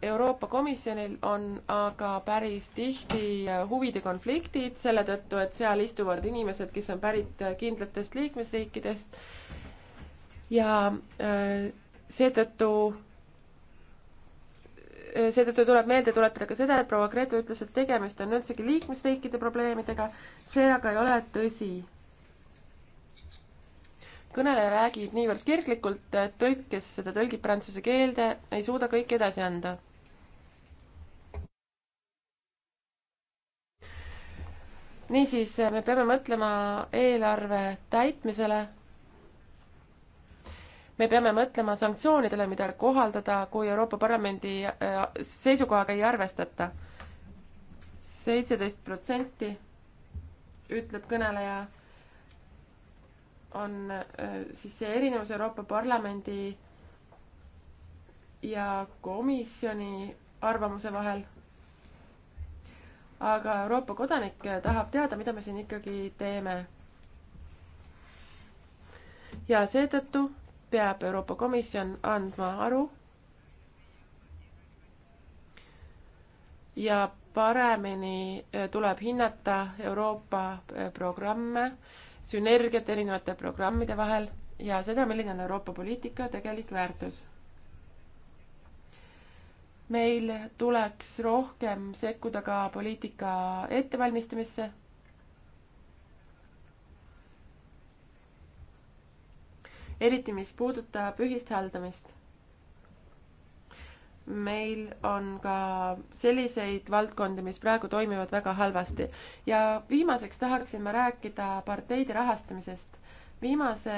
Euroopa Komisjonil on aga päris tihti äh, huvide konfliktid selle tõttu, et seal istuvad inimesed, kes on pärit äh, kindlatest liikmesriikidest ja äh, seetõttu seetõttu tuleb meelde tuletada ka seda, et proua Gretu ütles, et tegemist on üldsegi liikmesriikide probleemidega, see aga ei ole tõsi. kõneleja räägib niivõrd kirglikult, et tõlk, kes seda tõlgib prantsuse keelde, ei suuda kõike edasi anda. niisiis, me peame mõtlema eelarve täitmisele me peame mõtlema sanktsioonidele, mida kohaldada, kui Euroopa Parlamendi äh, seisukohaga ei arvestata. seitseteist protsenti, ütleb kõneleja, on äh, siis see erinevus Euroopa Parlamendi ja komisjoni arvamuse vahel. aga Euroopa kodanik tahab teada, mida me siin ikkagi teeme. ja seetõttu peab Euroopa Komisjon andma aru ja paremini e, tuleb hinnata Euroopa e, programme, sünergiat erinevate programmide vahel ja seda, milline on Euroopa poliitika tegelik väärtus. meil tuleks rohkem sekkuda ka poliitika ettevalmistamisse eriti mis puudutab ühist haldamist. meil on ka selliseid valdkondi, mis praegu toimivad väga halvasti ja viimaseks tahaksin ma rääkida parteide rahastamisest. viimase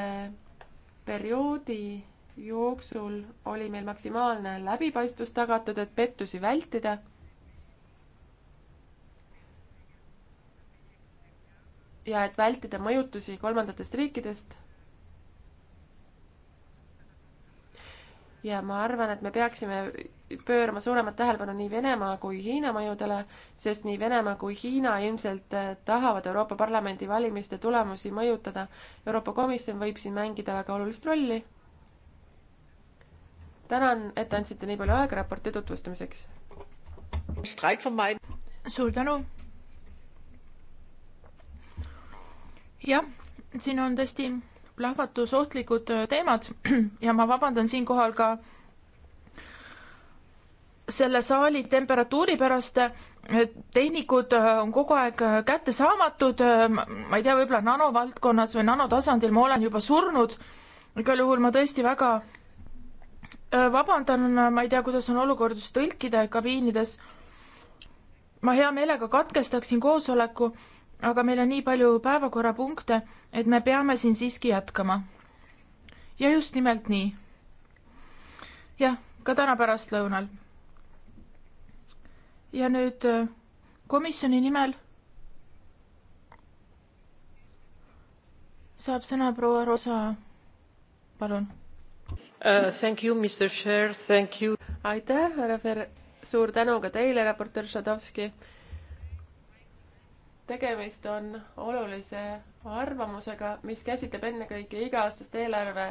perioodi jooksul oli meil maksimaalne läbipaistvus tagatud, et pettusi vältida ja et vältida mõjutusi kolmandatest riikidest ja ma arvan, et me peaksime pöörama suuremat tähelepanu nii Venemaa kui Hiina mõjudele, sest nii Venemaa kui Hiina ilmselt äh, tahavad Euroopa Parlamendi valimiste tulemusi mõjutada. Euroopa Komisjon võib siin mängida väga olulist rolli. tänan, et andsite nii palju aega raporti tutvustamiseks. suur tänu. jah, siin on tõesti plahvatusohtlikud äh, teemad ja ma vabandan siinkohal ka selle saali temperatuuri pärast. Äh, tehnikud äh, on kogu aeg kättesaamatud, ma ei tea, võib-olla nanovaldkonnas või nanotasandil ma olen juba surnud. igal juhul ma tõesti väga vabandan, ma ei tea, kuidas on olukord just tõlkide kabiinides. ma hea meelega katkestaksin koosoleku aga meil on nii palju päevakorrapunkte, et me peame siin siiski jätkama. ja just nimelt nii. jah, ka täna pärastlõunal. ja nüüd äh, komisjoni nimel saab sõna proua Rosa, palun uh,. Thank you, Mr Chair, thank you. aitäh, härra Fer-, suur tänu ka teile, raportöör Šadovski tegemist on olulise arvamusega, mis käsitleb ennekõike iga-aastast eelarve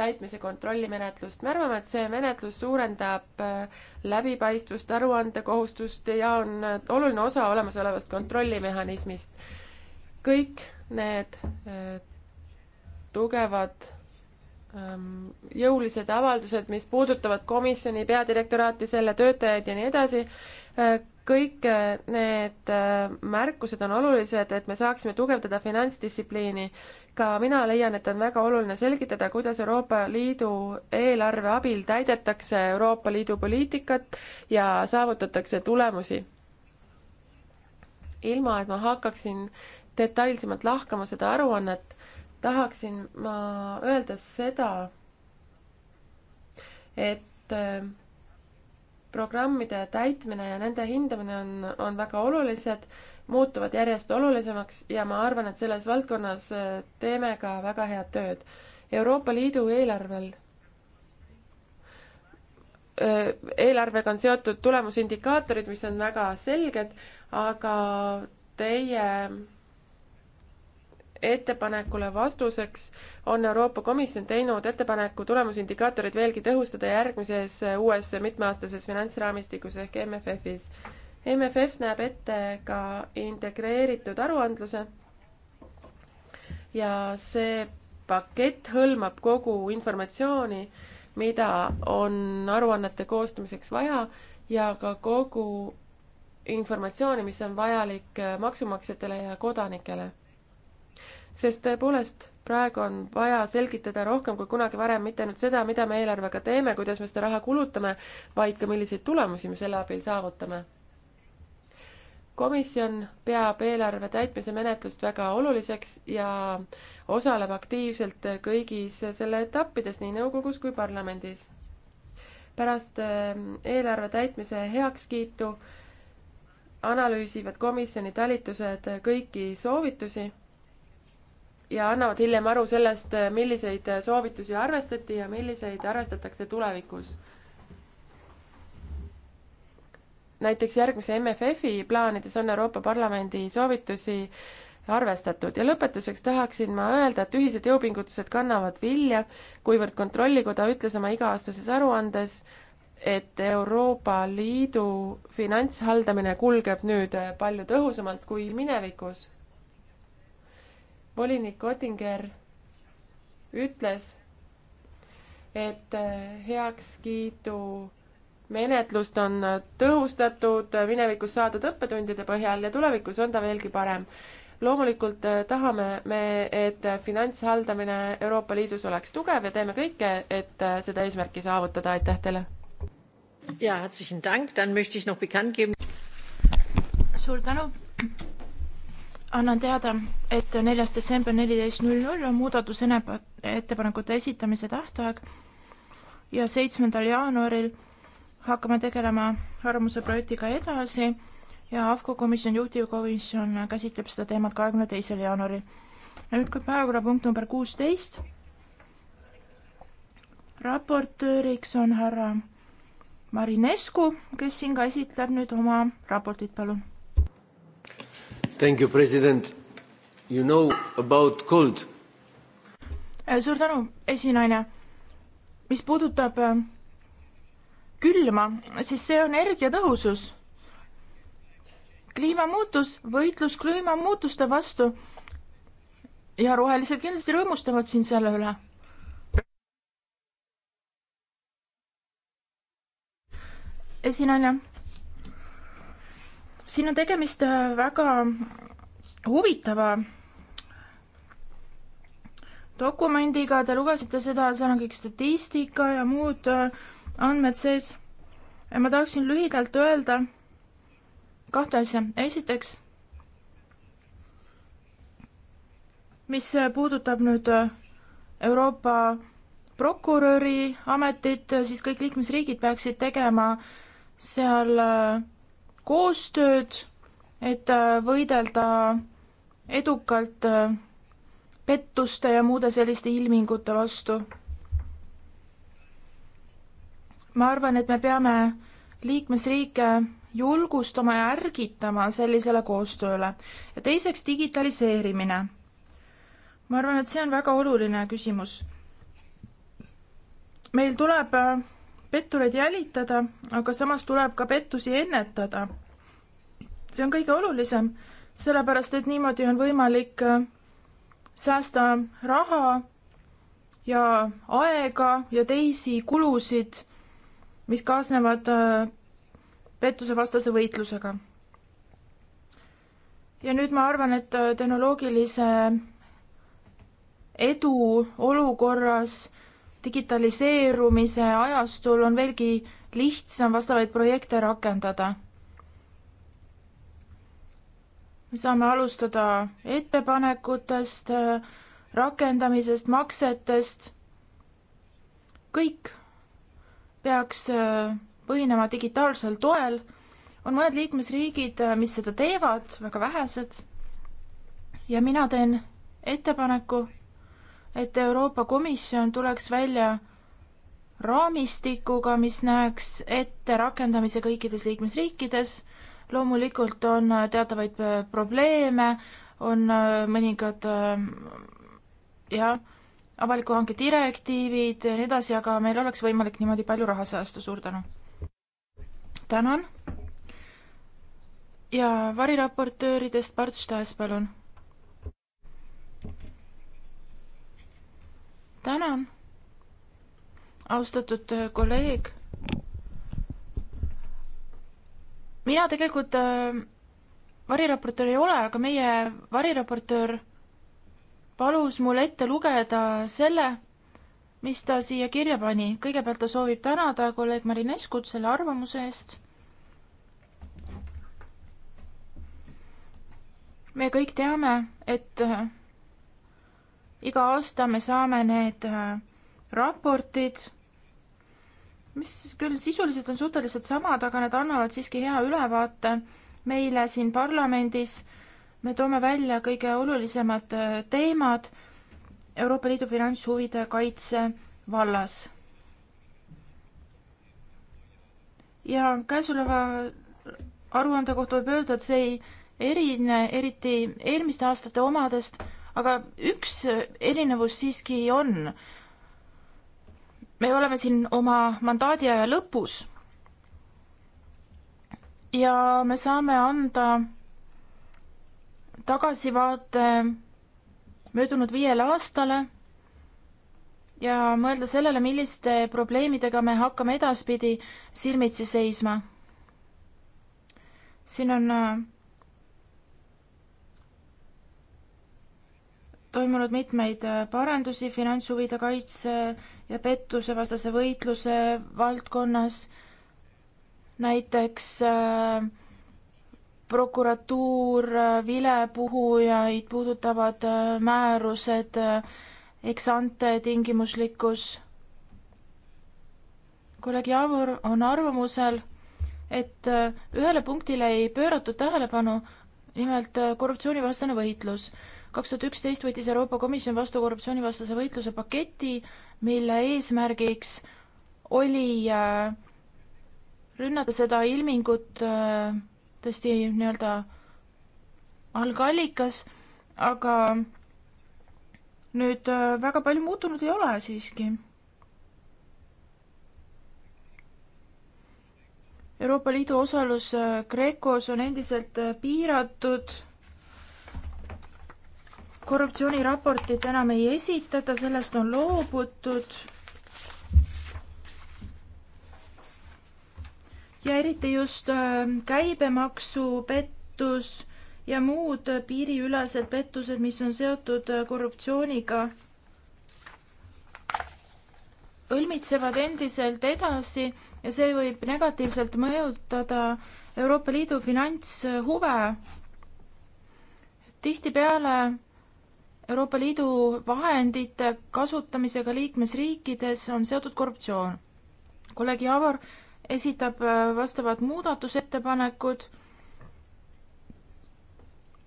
täitmise kontrollimenetlust. me arvame, et see menetlus suurendab äh, läbipaistvust, aruandekohustust ja on äh, oluline osa olemasolevast kontrollimehhanismist. kõik need äh, tugevad Ähm, jõulised avaldused, mis puudutavad komisjoni peadirektoraati, selle töötajaid ja nii edasi, äh, kõik äh, need äh, märkused on olulised, et me saaksime tugevdada finantsdistsipliini. ka mina leian, et on väga oluline selgitada, kuidas Euroopa Liidu eelarve abil täidetakse Euroopa Liidu poliitikat ja saavutatakse tulemusi. ilma, et ma hakkaksin detailsemalt lahkama seda aruannet tahaksin ma öelda seda, et äh, programmide täitmine ja nende hindamine on, on väga olulised, muutuvad järjest olulisemaks ja ma arvan, et selles valdkonnas äh, teeme ka väga head tööd. Euroopa Liidu eelarvel, äh, eelarvega on seotud tulemusindikaatorid, mis on väga selged, aga teie ettepanekule vastuseks on Euroopa Komisjon teinud ettepaneku tulemusindikaatoreid veelgi tõhustada järgmises äh, uues mitmeaastases finantsraamistikus ehk MFF-is. MFF näeb ette ka integreeritud aruandluse ja see pakett hõlmab kogu informatsiooni, mida on aruannete koostamiseks vaja ja ka kogu informatsiooni, mis on vajalik äh, maksumaksjatele ja kodanikele sest tõepoolest, praegu on vaja selgitada rohkem kui kunagi varem mitte ainult seda, mida me eelarvega teeme, kuidas me seda raha kulutame, vaid ka milliseid tulemusi me selle abil saavutame. komisjon peab eelarve täitmise menetlust väga oluliseks ja osaleb aktiivselt kõigis selle etappides, nii nõukogus kui parlamendis. pärast ehm, eelarve täitmise heakskiitu analüüsivad komisjoni talitused kõiki soovitusi ja annavad hiljem aru sellest, milliseid soovitusi arvestati ja milliseid arvestatakse tulevikus. näiteks järgmise MFF-i plaanides on Euroopa Parlamendi soovitusi arvestatud ja lõpetuseks tahaksin ma öelda, et ühised jõupingutused kannavad vilja, kuivõrd Kontrollikoda ütles oma iga-aastases aruandes, et Euroopa Liidu finantshaldamine kulgeb nüüd palju tõhusamalt kui minevikus volinik Ottinger ütles, et eh, heakskiidu menetlust on tõhustatud minevikus saadud õppetundide põhjal ja tulevikus on ta veelgi parem. loomulikult eh, tahame me, et finantshaldamine Euroopa Liidus oleks tugev ja teeme kõike, et eh, seda eesmärki saavutada, aitäh teile! jaa, herzlichen Dank, dann möchte ich noch bekannt geben. suur tänu! annan teada, et neljas detsember neliteist null null on muudatusettepanekute esitamise tähtaeg ja seitsmendal jaanuaril hakkame tegelema arvamuse projektiga edasi ja AFCO komisjon, juhtivkomisjon käsitleb seda teemat kahekümne teisel jaanuaril. ja nüüd, kui päevakorrapunkt number kuusteist, raportööriks on härra Marinescu, kes siin ka esitleb nüüd oma raportit, palun Thank you, president. You know about cold. Äh, suur tänu, esinaine. mis puudutab äh, külma, siis see on energiatõhusus. kliimamuutus, võitlus kliimamuutuste vastu. ja rohelised kindlasti rõõmustavad siin selle üle. esinaine siin on tegemist äh, väga huvitava dokumendiga, te lugesite seda, seal on kõik statistika ja muud äh, andmed sees. ma tahaksin lühidalt öelda kahte asja. esiteks, mis puudutab nüüd äh, Euroopa prokuröri ametit, siis kõik liikmesriigid peaksid tegema seal äh, koostööd, et äh, võidelda edukalt äh, pettuste ja muude selliste ilmingute vastu. ma arvan, et me peame liikmesriike julgustama ja ärgitama sellisele koostööle. ja teiseks digitaliseerimine. ma arvan, et see on väga oluline küsimus. meil tuleb äh, pettureid jälitada, aga samas tuleb ka pettusi ennetada. see on kõige olulisem, sellepärast et niimoodi on võimalik äh, säästa raha ja aega ja teisi kulusid, mis kaasnevad äh, pettusevastase võitlusega. ja nüüd ma arvan, et äh, tehnoloogilise edu olukorras digitaliseerumise ajastul on veelgi lihtsam vastavaid projekte rakendada. me saame alustada ettepanekutest, rakendamisest, maksetest. kõik peaks äh, põhinema digitaalsel toel. on mõned liikmesriigid, äh, mis seda teevad, väga vähesed. ja mina teen ettepaneku et Euroopa Komisjon tuleks välja raamistikuga, mis näeks ette rakendamise kõikides liikmesriikides. loomulikult on äh, teatavaid äh, probleeme, on äh, mõningad jah, avaliku hanke direktiivid ja nii edasi, aga meil oleks võimalik niimoodi palju raha säästa, suur tänu! tänan! ja variraportööridest Parts Staes, palun tänan, austatud kolleeg. mina tegelikult äh, variraportöör ei ole, aga meie variraportöör palus mul ette lugeda selle, mis ta siia kirja pani. kõigepealt ta soovib tänada kolleeg Marineskut selle arvamuse eest. me kõik teame, et äh, iga aasta me saame need äh, raportid, mis küll sisuliselt on suhteliselt samad, aga need annavad siiski hea ülevaate meile siin parlamendis. me toome välja kõige olulisemad äh, teemad Euroopa Liidu finantshuvide kaitse vallas. ja käesoleva aruande kohta võib öelda, et see ei erine eriti eelmiste aastate omadest, aga üks äh, erinevus siiski on. me oleme siin oma mandaadi aja lõpus. ja me saame anda tagasivaate möödunud viiele aastale ja mõelda sellele, milliste probleemidega me hakkame edaspidi silmitsi seisma. siin on äh, toimunud mitmeid äh, parendusi finantshuvide kaitse ja pettusevastase võitluse valdkonnas. näiteks äh, prokuratuur, äh, vilepuhujaid puudutavad äh, määrused äh,, eksante tingimuslikkus. kolleeg Javor on arvamusel, et äh, ühele punktile ei pööratud tähelepanu, nimelt korruptsioonivastane võitlus kaks tuhat üksteist võttis Euroopa Komisjon vastu korruptsioonivastase võitluse paketi, mille eesmärgiks oli äh, rünnata seda ilmingut äh, tõesti nii-öelda algallikas, aga nüüd äh, väga palju muutunud ei ole siiski. Euroopa Liidu osalus GRECO-s on endiselt piiratud korruptsiooniraportit enam ei esitata, sellest on loobutud. ja eriti just äh, käibemaksupettus ja muud piiriülesed pettused, mis on seotud äh, korruptsiooniga, õlmitsevad endiselt edasi ja see võib negatiivselt mõjutada Euroopa Liidu finantshuve. tihtipeale Euroopa Liidu vahendite kasutamisega liikmesriikides on seotud korruptsioon. kolleeg Javor esitab äh, vastavad muudatusettepanekud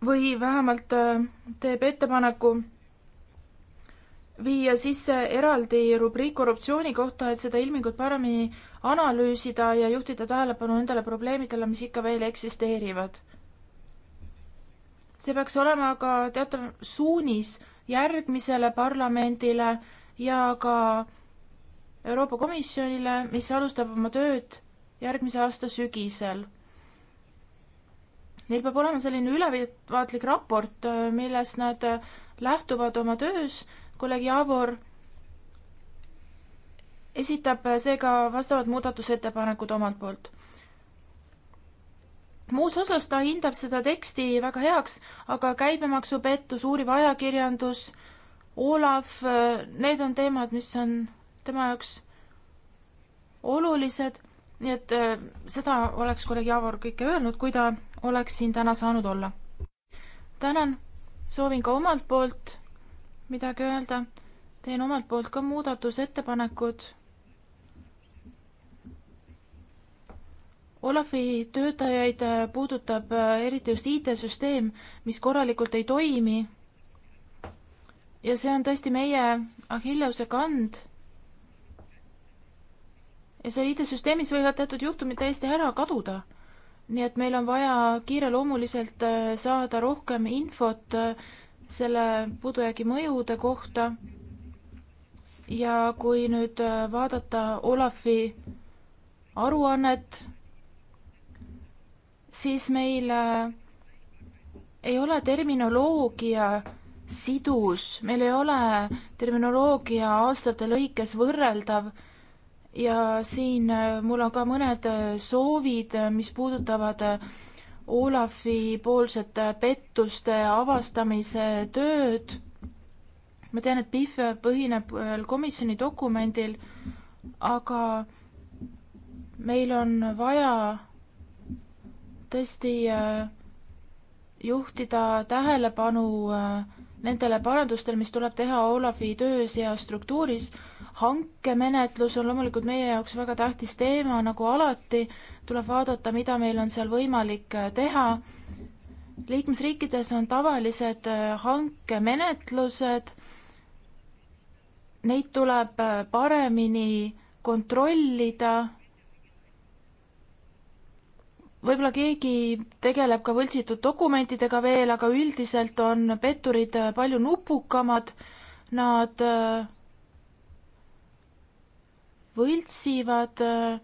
või vähemalt äh, teeb ettepaneku viia sisse eraldi rubriik korruptsiooni kohta, et seda ilmingut paremini analüüsida ja juhtida tähelepanu nendele probleemidele, mis ikka veel eksisteerivad see peaks olema ka teatav suunis järgmisele parlamendile ja ka Euroopa Komisjonile, mis alustab oma tööd järgmise aasta sügisel. Neil peab olema selline ülevaatlik raport, millest nad lähtuvad oma töös. kolleeg Javor esitab seega vastavad muudatusettepanekud omalt poolt muus osas ta hindab seda teksti väga heaks, aga käibemaksupettus, uuriv ajakirjandus, Olav, need on teemad, mis on tema jaoks olulised, nii et äh, seda oleks kolleeg Javor kõike öelnud, kui ta oleks siin täna saanud olla. tänan, soovin ka omalt poolt midagi öelda, teen omalt poolt ka muudatusettepanekud Olavi töötajaid äh, puudutab äh, eriti just IT-süsteem, mis korralikult ei toimi. ja see on tõesti meie Achilleuse kand. ja seal IT-süsteemis võivad teatud juhtumid täiesti ära kaduda. nii et meil on vaja kiireloomuliselt äh, saada rohkem infot selle puudujäägi mõjude kohta. ja kui nüüd vaadata Olavi aruannet siis meil äh, ei ole terminoloogia sidus, meil ei ole terminoloogia aastate lõikes võrreldav ja siin äh, mul on ka mõned äh, soovid, mis puudutavad Olafi poolset pettuste avastamise tööd. ma tean, et PIF põhineb ühel komisjoni dokumendil, aga meil on vaja tõesti äh, juhtida tähelepanu äh, nendele parandustele, mis tuleb teha Olavi töös ja struktuuris. hankemenetlus on loomulikult meie jaoks väga tähtis teema, nagu alati, tuleb vaadata, mida meil on seal võimalik äh, teha. liikmesriikides on tavalised hankemenetlused, neid tuleb paremini kontrollida võib-olla keegi tegeleb ka võltsitud dokumentidega veel, aga üldiselt on petturid äh, palju nupukamad, nad äh, võltsivad äh,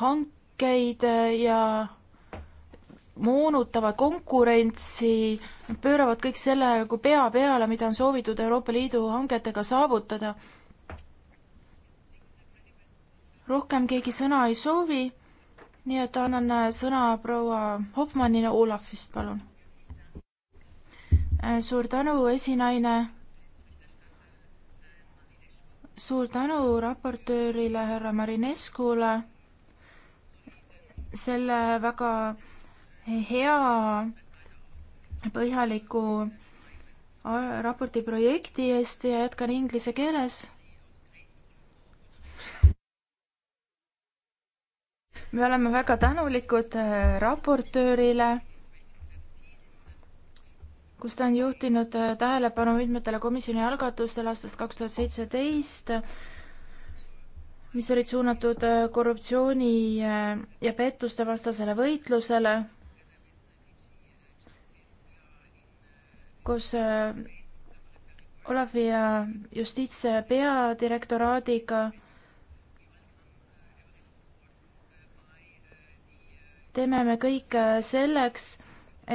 hankeid ja moonutavad konkurentsi, pööravad kõik selle nagu pea peale, mida on soovitud Euroopa Liidu hangetega saavutada. rohkem keegi sõna ei soovi nii et annan äh, sõna proua Hoffmannile Olafist, palun. Äh, suur tänu, esinaine. suur tänu raportöörile härra Marineskule selle väga hea põhjaliku äh, raporti projekti eest ja jätkan inglise keeles me oleme väga tänulikud äh, raportöörile, kus ta on juhtinud äh, tähelepanu mitmetele komisjoni algatustele aastast kaks tuhat seitseteist, mis olid suunatud äh, korruptsiooni ja pettuste vastasele võitlusele, kus Olavi ja justiitspeadirektoraadiga teeme me kõik äh, selleks,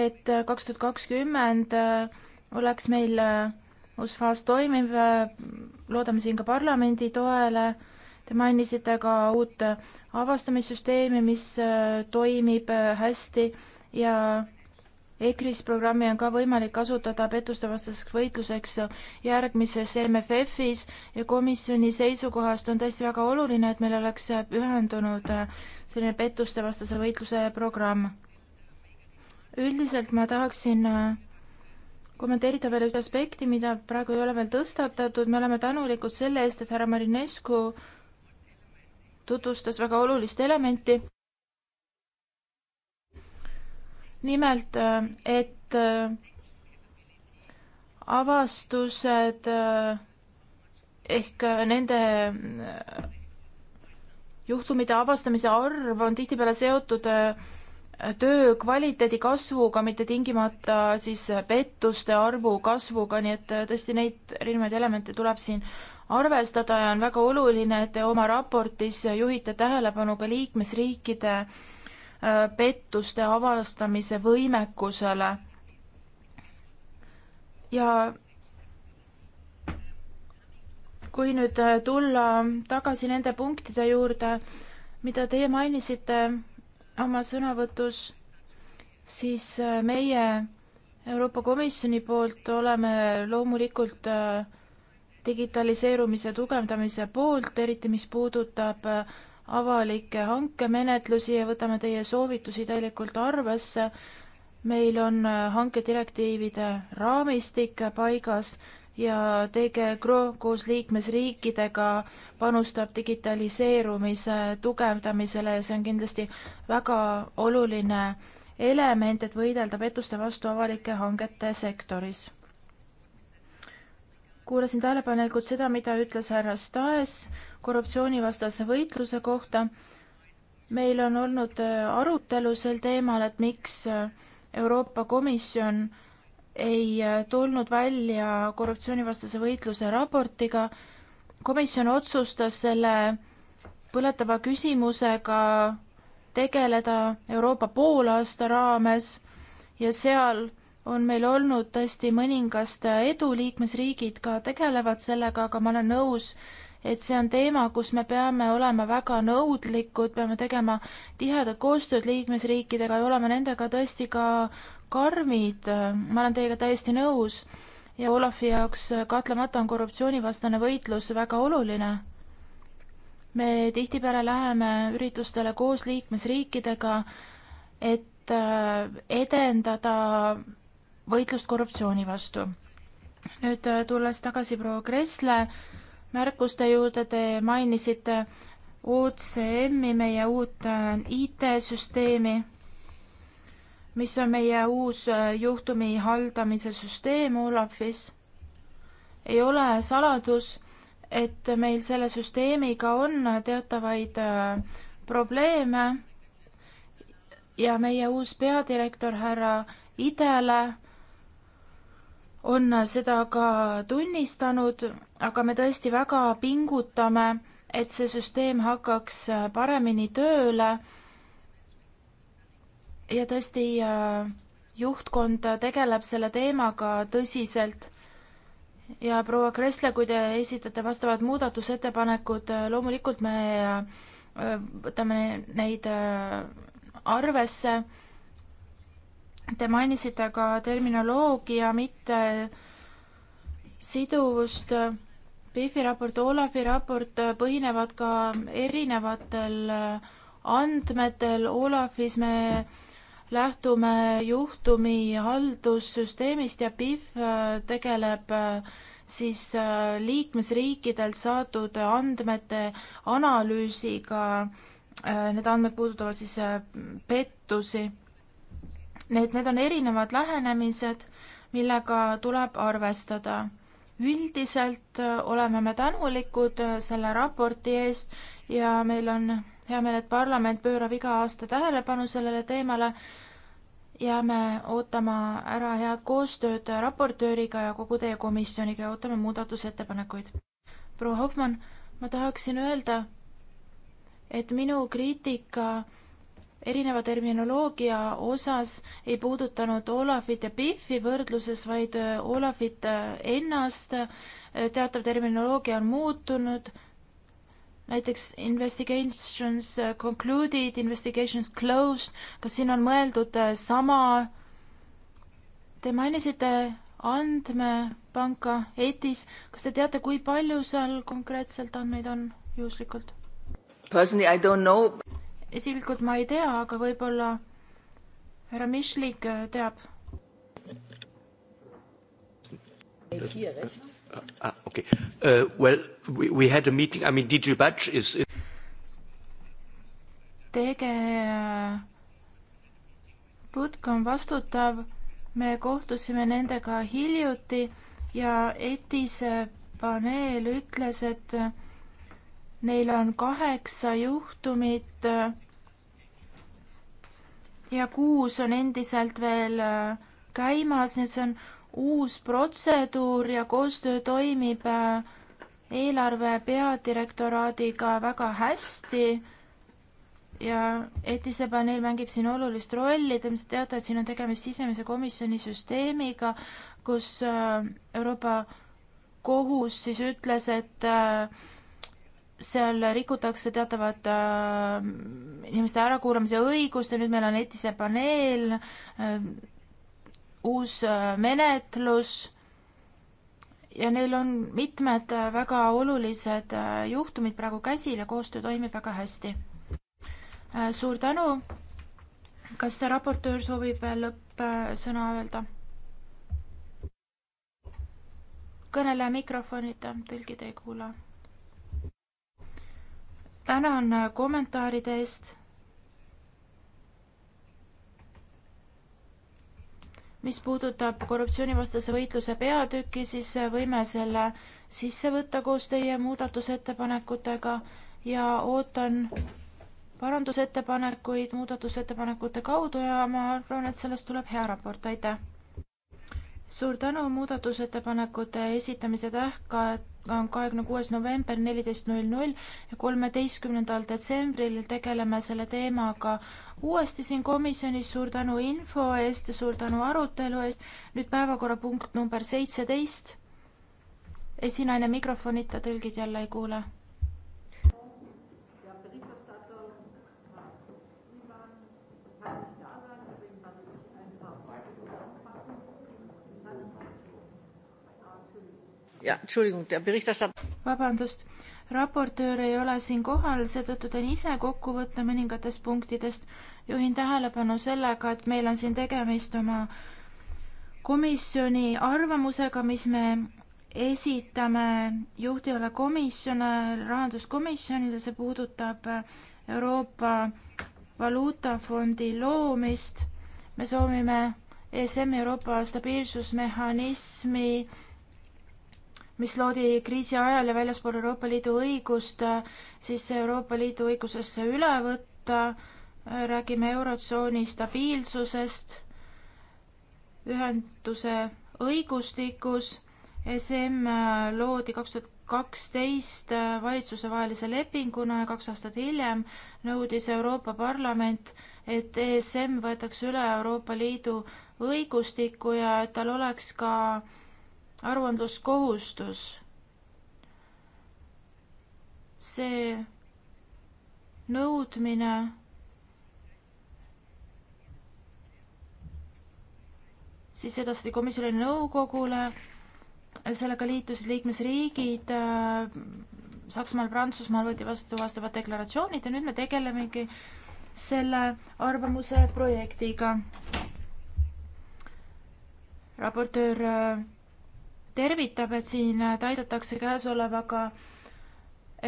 et äh, kaks tuhat kakskümmend äh, oleks meil uus faas toimiv, loodame siin ka parlamendi toele. Te mainisite ka uut avastamissüsteemi, mis toimib hästi ja ECRIS programmi on ka võimalik kasutada pettustevastaseks võitluseks järgmises MFF-is ja komisjoni seisukohast on tõesti väga oluline, et meil oleks ühendunud selline pettustevastase võitluse programm. üldiselt ma tahaksin äh, kommenteerida veel ühte aspekti, mida praegu ei ole veel tõstatatud, me oleme tänulikud selle eest, et härra Marinescu tutvustas väga olulist elementi nimelt, äh, et äh, avastused äh, ehk nende juhtumite avastamise arv on tihtipeale seotud töö kvaliteedi kasvuga, mitte tingimata siis pettuste arvu kasvuga, nii et tõesti neid erinevaid elemente tuleb siin arvestada ja on väga oluline, et te oma raportis juhite tähelepanu ka liikmesriikide äh, pettuste avastamise võimekusele. ja kui nüüd tulla tagasi nende punktide juurde, mida teie mainisite oma sõnavõtus, siis meie Euroopa Komisjoni poolt oleme loomulikult äh, digitaliseerumise tugevdamise poolt, eriti mis puudutab äh, avalikke hankemenetlusi ja võtame teie soovitusi täielikult arvesse. meil on äh, hankedirektiivide raamistik paigas ja TG Gro koos liikmesriikidega panustab digitaliseerumise tugevdamisele ja see on kindlasti väga oluline element, et võidelda pettuste vastu avalike hangete sektoris. kuulasin tähelepanelikult seda, mida ütles härra Staes korruptsioonivastase võitluse kohta. meil on olnud äh, arutelu sel teemal, et miks äh, Euroopa Komisjon ei äh, tulnud välja korruptsioonivastase võitluse raportiga. komisjon otsustas selle põletava küsimusega tegeleda Euroopa poolaasta raames ja seal on meil olnud tõesti mõningast edu, liikmesriigid ka tegelevad sellega, aga ma olen nõus äh, et see on teema, kus me peame olema väga nõudlikud, peame tegema tihedat koostööd liikmesriikidega ja olema nendega tõesti ka karmid, ma olen teiega täiesti nõus ja Olafi jaoks kahtlemata on korruptsioonivastane võitlus väga oluline. me tihtipeale läheme üritustele koos liikmesriikidega, et äh, edendada võitlust korruptsiooni vastu. nüüd äh, tulles tagasi proua Kressle märkuste juurde te mainisite OCM-i, meie uut äh, IT-süsteemi, mis on meie uus äh, juhtumi haldamise süsteem Olafis. ei ole saladus, et meil selle süsteemiga on teatavaid äh, probleeme ja meie uus peadirektor härra Idele on seda ka tunnistanud, aga me tõesti väga pingutame, et see süsteem hakkaks paremini tööle. ja tõesti äh, juhtkond tegeleb selle teemaga tõsiselt ja proua Kressle, kui te esitate vastavad muudatusettepanekud, äh, loomulikult me äh, võtame neid arvesse Te mainisite ka terminoloogia mitte siduvust. PIFi raport, Olavi raport põhinevad ka erinevatel andmetel. Olavis me lähtume juhtumi haldussüsteemist ja PIF tegeleb siis liikmesriikidelt saadud andmete analüüsiga. Need andmed puudutavad siis pettusi Need, need on erinevad lähenemised, millega tuleb arvestada. üldiselt äh, oleme me tänulikud äh, selle raporti eest ja meil on hea meel, et parlament pöörab iga aasta tähelepanu sellele teemale. jääme ootama ära head koostööd raportööriga ja kogu teie komisjoniga ja ootame muudatusettepanekuid. proua Hoffmann, ma tahaksin öelda, et minu kriitika erineva terminoloogia osas ei puudutanud Olafit ja Biffi võrdluses, vaid äh, Olafit äh, ennast. Äh, teatav terminoloogia on muutunud, näiteks investigations concluded, investigations closed, kas siin on mõeldud sama? Te mainisite andmepanka ETIs, kas te teate, kui palju seal konkreetselt andmeid on juhuslikult? Personally I don't know isiklikult ma ei tea, aga võib-olla härra Mišlik äh, teab. Uh, ah, ah, okay. Uh, well, we, we had a meeting. I mean, DG Batch is. is tege-, äh, Putk on vastutav, me kohtusime nendega hiljuti ja ETIS-e äh, paneel ütles, et neil on kaheksa juhtumit ja kuus on endiselt veel äh, käimas, nii et see on uus protseduur ja koostöö toimib äh, eelarve peadirektoraadiga väga hästi ja Etise paneel mängib siin olulist rolli, te ilmselt teate, et siin on tegemist sisemise komisjoni süsteemiga, kus äh, Euroopa kohus siis ütles, et äh, seal rikutakse teatavat äh, inimeste ärakuulamise õigust ja nüüd meil on eetilise paneel äh,, uus äh, menetlus ja neil on mitmed äh, väga olulised äh, juhtumid praegu käsil ja koostöö toimib väga hästi äh,. suur tänu. kas raportöör soovib lõppsõna äh, öelda? kõneleja mikrofonita, tõlgid ei kuula tänan äh, kommentaaride eest. mis puudutab korruptsioonivastase võitluse peatükki, siis äh, võime selle sisse võtta koos teie muudatusettepanekutega ja ootan parandusettepanekuid muudatusettepanekute kaudu ja ma arvan, et sellest tuleb hea raport, aitäh! suur tänu muudatusettepanekute esitamise tähka, et kahekümne kuues november neliteist null null ja kolmeteistkümnendal detsembril tegeleme selle teemaga uuesti siin komisjonis. suur tänu info eest ja suur tänu arutelu eest. nüüd päevakorrapunkt number seitseteist. esinaine mikrofonita, tõlgid jälle ei kuule vabandust, raportöör ei ole siin kohal, seetõttu teen ise kokkuvõtte mõningatest punktidest. juhin tähelepanu sellega, et meil on siin tegemist oma komisjoni arvamusega, mis me esitame juhtivale komisjonile, rahanduskomisjonile, see puudutab Euroopa Valuutafondi loomist. me soovime ESM-i Euroopa stabiilsusmehhanismi mis loodi kriisi ajal ja väljaspool Euroopa Liidu õigust, siis Euroopa Liidu õigusesse üle võtta, räägime Eurotsooni stabiilsusest, ühenduse õigustikus, ESM loodi kaks tuhat kaksteist valitsusevahelise lepinguna ja kaks aastat hiljem nõudis Euroopa Parlament, et ESM võetakse üle Euroopa Liidu õigustikku ja et tal oleks ka äh, aruandluskohustus. see nõudmine siis edastati komisjoni nõukogule, sellega liitusid liikmesriigid, Saksamaal, Prantsusmaal võeti vastu vastavad deklaratsioonid ja nüüd me tegelemegi selle arvamuse projektiga. raportöör tervitab, et siin täidetakse käesolevaga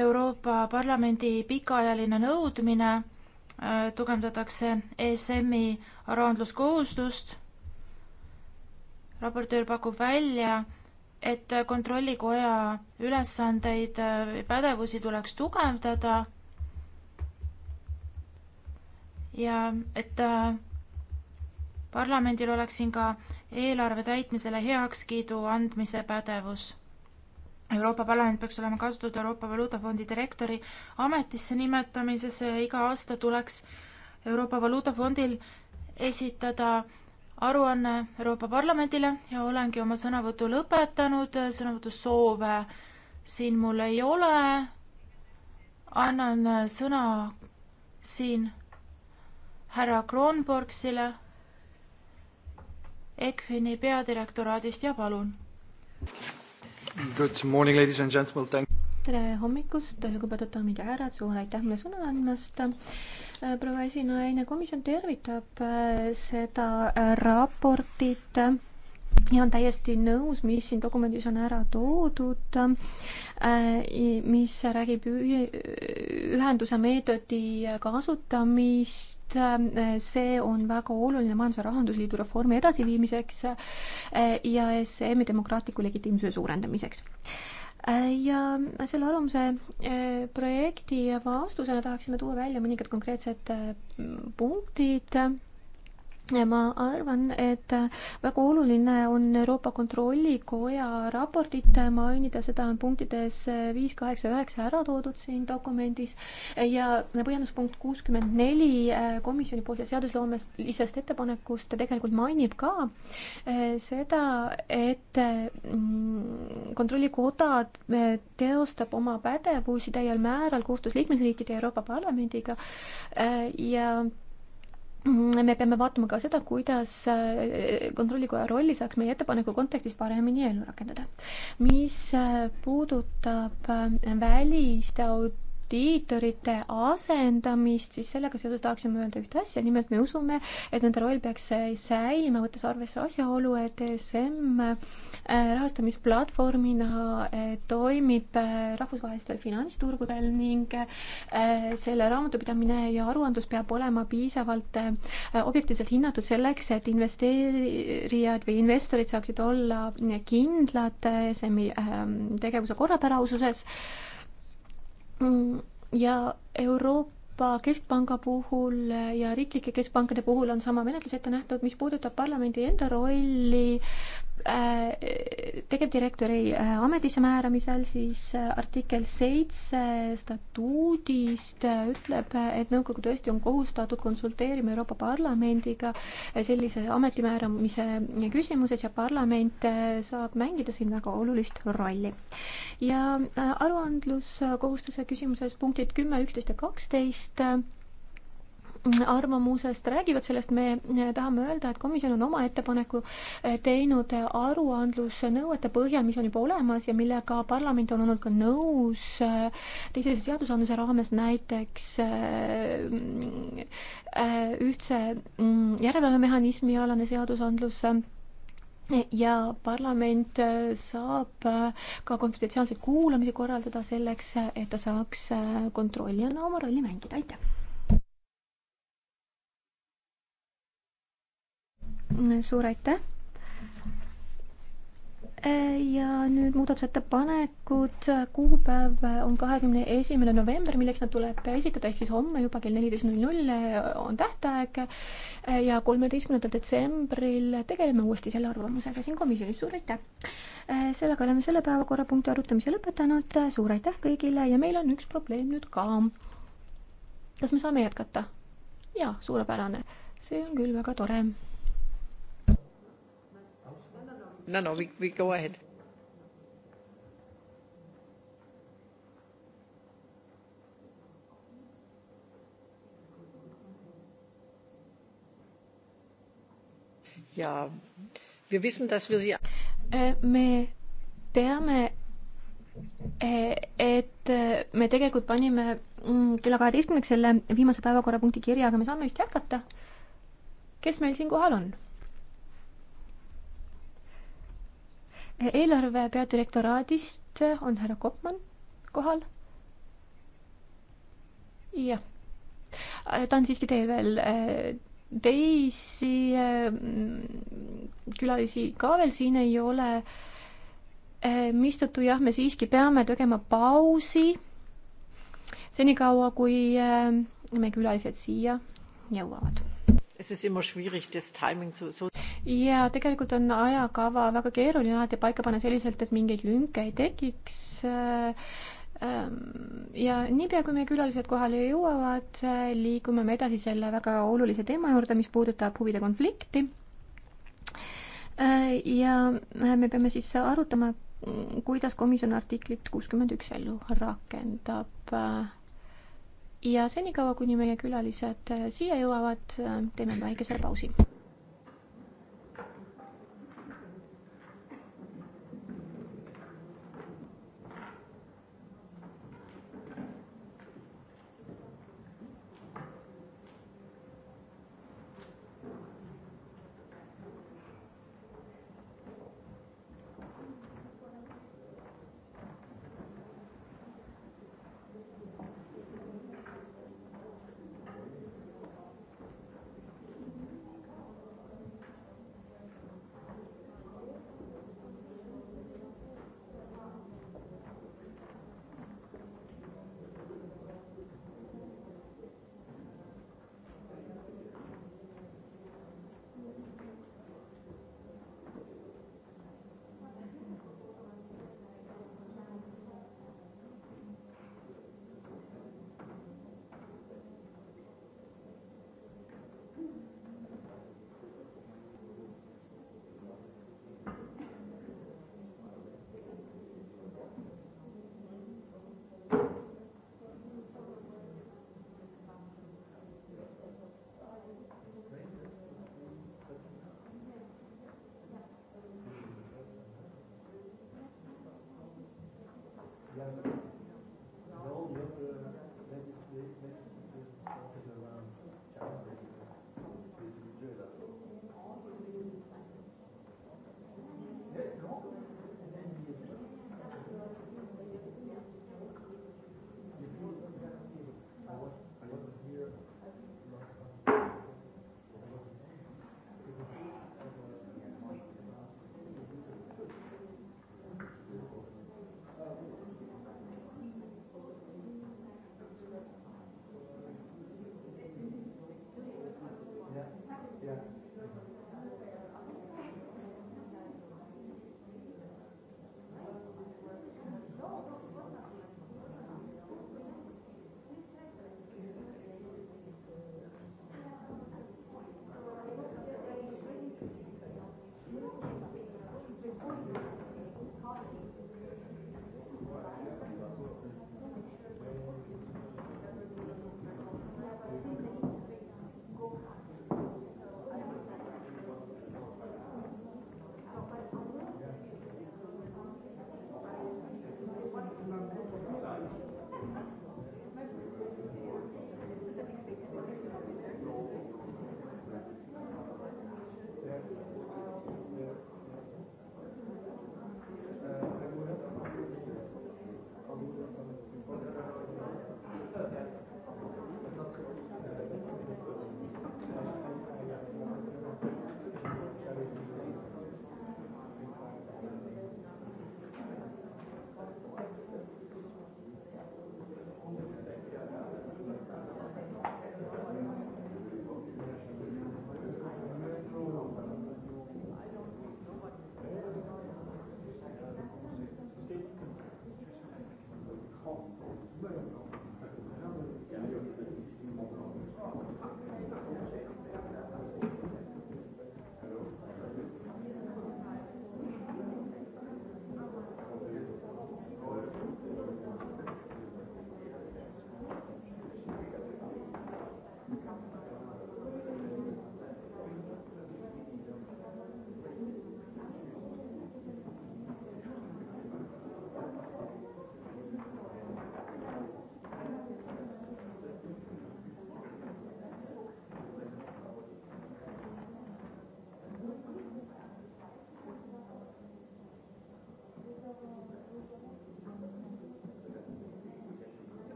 Euroopa Parlamendi pikaajaline nõudmine, äh, tugevdatakse ESM-i aruandluskohustust. raportöör pakub välja, et kontrollikoja ülesandeid, äh, pädevusi tuleks tugevdada ja et äh, parlamendil oleks siin ka eelarve täitmisele heakskiidu andmise pädevus. Euroopa Parlament peaks olema kaasatud Euroopa Valuutafondi direktori ametisse nimetamisesse ja iga aasta tuleks Euroopa Valuutafondil esitada aruanne Euroopa Parlamendile ja olengi oma sõnavõtu lõpetanud, sõnavõtusoove siin mul ei ole. annan sõna siin härra Kronborgsile ECFIN-i peadirektoraadist ja palun. Good morning, ladies and gentlemen, thank tere hommikust, lugupeetud daamid ja härrad, suur aitäh mulle sõna andmast. Äh, proua esinaine, komisjon tervitab äh, seda raportit ja on täiesti nõus, mis siin dokumendis on ära toodud, äh, mis räägib ühenduse meetodi kasutamist, äh, see on väga oluline Majandus- ja Rahandusliidu reformi edasiviimiseks äh, ja ESM-i demokraatliku legitiimsuse suurendamiseks ja selle alumuse projekti vastusena tahaksime tuua välja mõningad konkreetsed punktid ma arvan, et väga oluline on Euroopa Kontrollikoja raportit mainida, seda on punktides viis, kaheksa, üheksa ära toodud siin dokumendis ja põhjenduspunkt kuuskümmend neli eh, komisjonipoolse seadusloomelisest ettepanekust tegelikult mainib ka eh, seda, et mm, kontrollikoda eh, teostab oma pädevusi täiel määral koostöös liikmesriikide ja Euroopa Parlamendiga ja Mm, me peame vaatama ka seda, kuidas äh, kontrollikoja rolli saaks meie ettepaneku kontekstis paremini ellu rakendada. mis äh, puudutab äh, väliste aud-, audiitorite asendamist, siis sellega seoses tahaksime öelda ühte asja, nimelt me usume, et nende roll peaks säilima, võttes arvesse asjaolu, et ESM äh, rahastamisplatvormina äh, toimib äh, rahvusvahelistel finantsturgudel ning selle raamatupidamine ja aruandlus peab olema piisavalt objektiivselt hinnatud selleks, et investeerijad või investorid saaksid olla kindlad ESM-i ähm, tegevuse korrapäralisuses Mm, ja Euroopa Keskpanga puhul ja riiklike keskpankade puhul on sama menetlus ette nähtud, mis puudutab parlamendi enda rolli Äh, tegevdirektori äh, ametisse määramisel, siis äh, artikkel seitse statuudist ütleb, et nõukogu tõesti on kohustatud konsulteerima Euroopa Parlamendiga sellise ameti määramise küsimuses ja parlament saab mängida siin väga olulist rolli. ja aruandluskohustuse küsimuses punktid kümme, üksteist ja kaksteist arvamusest räägivad sellest, me tahame öelda, et komisjon on oma ettepaneku eh, teinud aruandlusnõuete põhjal, mis on juba olemas ja millega parlament on olnud ka nõus eh, teise seadusandluse raames, näiteks eh, mm, ühtse mm, järelevalvemehhanismi alane seadusandlus ja parlament saab ka konfidentsiaalseid kuulamisi korraldada selleks, et ta saaks kontrollijana oma rolli mängida, aitäh! suur aitäh! ja nüüd muudatusettepanekud, kuupäev on kahekümne esimene november, milleks nad tuleb esitada, ehk siis homme juba kell neliteist null null on tähtaeg ja kolmeteistkümnendal detsembril tegeleme uuesti selle arvamusega siin komisjonis, suur aitäh! sellega oleme selle päevakorrapunkti arutamise lõpetanud, suur aitäh kõigile ja meil on üks probleem nüüd ka. kas me saame jätkata? jaa, suurepärane, see on küll väga tore No, no, we, we go ahead. Ja, wir wissen, dass wir sie. Äh, me teame, äh, et äh, me tegelikult panime mm, kella kaheteistkümneks selle viimase päevakorrapunkti kirja, aga me saame vist jätkata. kes meil siin kohal on? eelarve peadirektoraadist on härra Kopman kohal. jah, ta on siiski teil veel äh, teisi äh, külalisi ka veel siin ei ole. Äh, mistõttu jah, me siiski peame tegema pausi senikaua, kui me külalised siia jõuavad ja tegelikult on ajakava väga keeruline alati paika panna selliselt, et mingeid lünke ei tekiks. Äh, ähm, ja niipea, kui meie külalised kohale jõuavad, äh, liigume me edasi selle väga olulise teema juurde, mis puudutab huvide konflikti. Äh, ja me peame siis arutama, kuidas komisjon artiklit kuuskümmend üks ellu rakendab ja senikaua, kuni meie külalised äh, siia jõuavad, äh, teeme väikese pausi.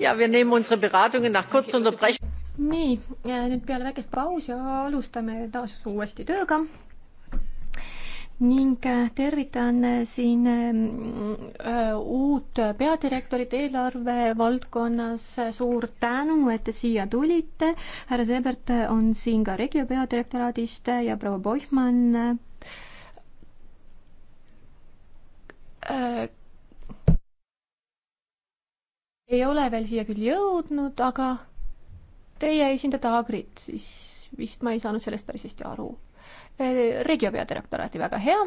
ja wir nehmen unsere Beratungen nach kurzer Unterbrechung. nii, nüüd peale väikest pausi alustame taas uuesti tööga. ning äh, tervitan äh, siin äh, uut peadirektorit eelarve valdkonnas. suur tänu, et te siia tulite. härra Sebert on siin ka Regio peadirektoraadist ja proua Poihmann ei ole veel siia küll jõudnud, aga teie esindate Agrit, siis vist ma ei saanud sellest päris hästi aru. Eh, Regio peadirektoraati väga hea,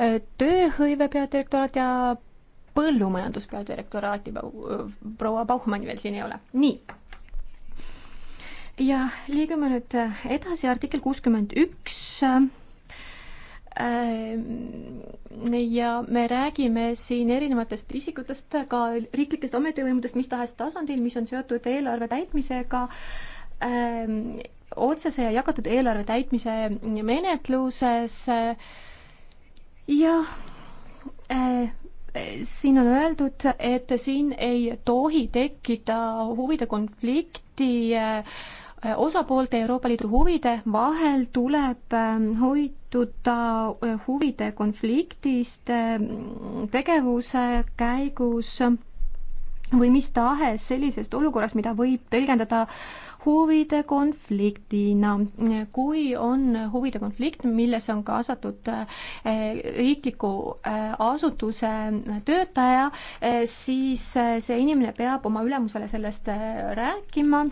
eh, tööhõive peadirektoraat ja põllumajandus peadirektoraati eh, proua Bauchmanni veel siin ei ole, nii. ja liigume nüüd edasi, artikkel kuuskümmend üks Äh, ja me räägime siin erinevatest isikutest, ka riiklikest ametivõimudest mis tahes tasandil, mis on seotud eelarve täitmisega ähm, otsese ja jagatud eelarve täitmise menetluses äh, ja äh, siin on öeldud, et siin ei tohi tekkida huvide konflikti äh, osapoolte Euroopa Liidu huvide vahel tuleb ähm, hoiduda äh, huvide konfliktist ähm, tegevuse käigus või mis tahes sellisest olukorrast, mida võib tõlgendada huvide konfliktina. kui on huvide konflikt, milles on kaasatud eh, riikliku eh, asutuse töötaja, eh, siis see inimene peab oma ülemusele sellest rääkima.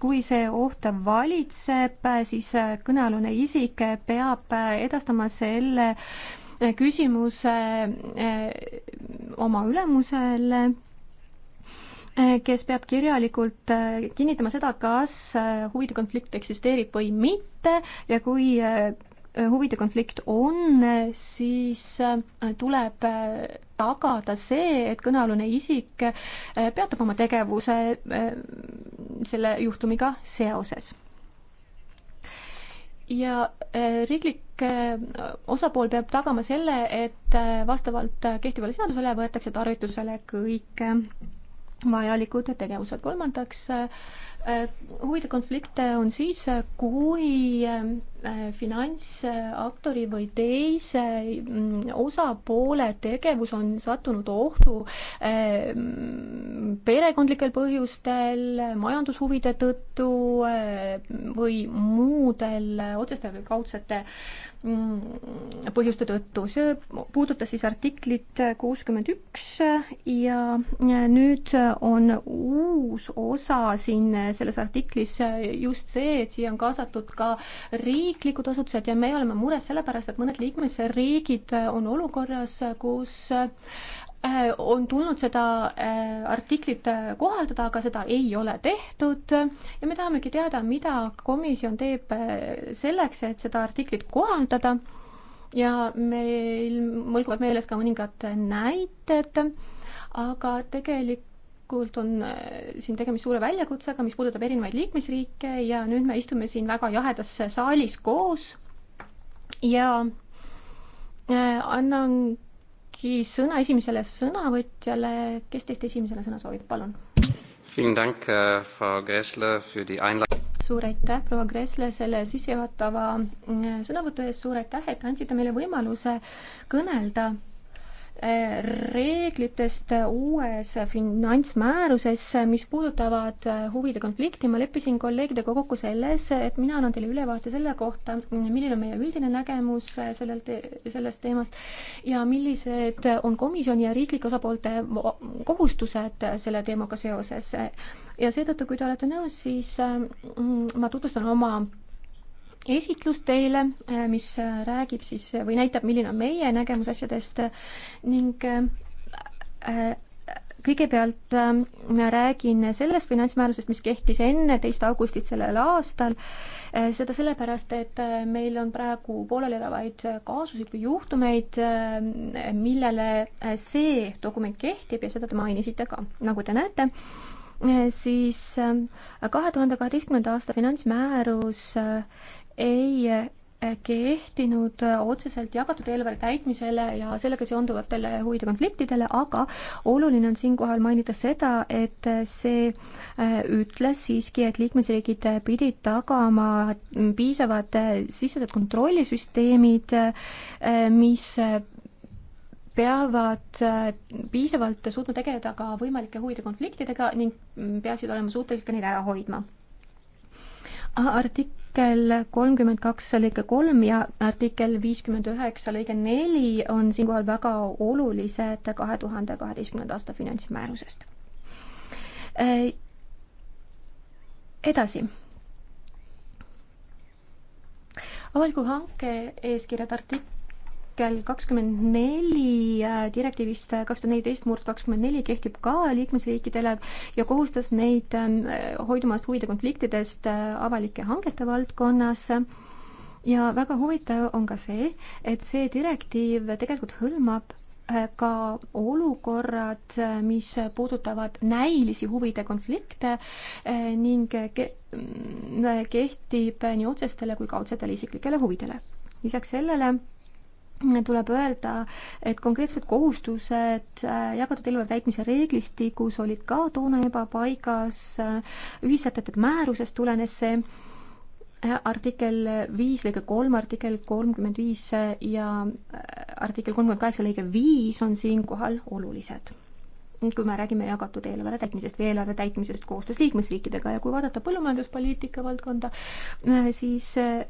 kui see oht valitseb, siis kõnealune isik peab edastama selle küsimuse oma ülemusele Äh, kes peab kirjalikult äh, kinnitama seda, kas äh, huvide konflikt eksisteerib või mitte ja kui huvide konflikt on, siis tuleb tagada see, et kõnealune isik peatab oma tegevuse selle juhtumiga seoses ja riiklik osapool peab tagama selle, et vastavalt kehtivale seadusele võetakse tarvitusele kõik vajalikud tegevused. kolmandaks, äh, huvide konflikte on siis, kui äh, Äh, finantsaktori või teise mm, osapoole tegevus on sattunud ohtu äh, perekondlikel põhjustel, majandushuvide tõttu äh, või muudel otseste või kaudsete mm, põhjuste tõttu. see puudutas siis artiklit kuuskümmend üks ja nüüd on uus osa siin selles artiklis just see, et siia on kaasatud ka riik, riiklikud asutused ja me oleme mures sellepärast, et mõned liikmesriigid äh, on olukorras, kus äh, on tulnud seda äh, artiklit kohaldada, aga seda ei ole tehtud ja me tahamegi teada, mida komisjon teeb selleks, et seda artiklit kohaldada. ja meil mõlguvad meeles ka mõningad näited, aga tegelik loomulikult on äh, siin tegemist suure väljakutsega, mis puudutab erinevaid liikmesriike ja nüüd me istume siin väga jahedas saalis koos ja äh, annangi sõna esimesele sõnavõtjale, kes teist esimesena sõna soovib, palun. Äh, suur aitäh, proua Gressle, selle sissejuhatava sõnavõtu eest, suur aitäh, et andsite meile võimaluse kõnelda reeglitest uues finantsmääruses, mis puudutavad huvide konflikti, ma leppisin kolleegidega kokku selles, et mina annan teile ülevaate selle kohta, milline on meie üldine nägemus sellel te-, sellest teemast ja millised on komisjoni ja riiklike osapoolte kohustused selle teemaga seoses. ja seetõttu, kui te olete nõus, siis mm, ma tutvustan oma esitlus teile, äh, mis äh, räägib siis äh, või näitab, milline on meie nägemus asjadest ning kõigepealt räägin sellest finantsmäärusest, mis kehtis enne teist augustit sellel aastal. seda sellepärast, et meil on praegu pooleliolevaid kaasuseid või juhtumeid, millele see dokument kehtib ja seda te mainisite ka, nagu te näete siis kahe tuhande kaheteistkümnenda aasta finantsmäärus ei eh, kehtinud eh, otseselt jagatud eelarve täitmisele ja sellega seonduvatele huvide konfliktidele, aga oluline on siinkohal mainida seda, et eh, see ütles siiski, et liikmesriigid pidid tagama piisavad sisesed kontrollisüsteemid, mis peavad piisavalt suutma tegeleda ka võimalike huvide konfliktidega ning mm, peaksid olema suutelised ka neid ära hoidma artik-, artikkel kolmkümmend kaks lõike kolm ja artikkel viiskümmend üheksa lõige neli on siinkohal väga olulised kahe tuhande kaheteistkümnenda aasta finantsmäärusest. edasi. avaliku hanke eeskirjad artik-, artikkel kakskümmend neli äh, direktiivist kaks tuhat neliteist murd kakskümmend neli kehtib ka liikmesriikidele ja kohustas neid ähm, hoidumast huvide konfliktidest äh, avalike hangete valdkonnas ja väga huvitav on ka see, et see direktiiv tegelikult hõlmab äh, ka olukorrad, mis puudutavad näilisi huvide konflikte ning mm, kehtib nii otsestele kui kaudsetele isiklikele huvidele. lisaks sellele tuleb öelda, et konkreetsed kohustused äh, jagatud eelarve täitmise reeglistikus olid ka toona ebapaigas, ühissätete määrusest tulenes see, äh, artikkel viis lõige kolm, artikkel kolmkümmend viis ja äh, artikkel kolmkümmend kaheksa lõige viis on siinkohal olulised kui me räägime jagatud eelarve täitmisest või eelarve täitmisest koostöös liikmesriikidega ja kui vaadata põllumajanduspoliitika valdkonda, äh, siis äh,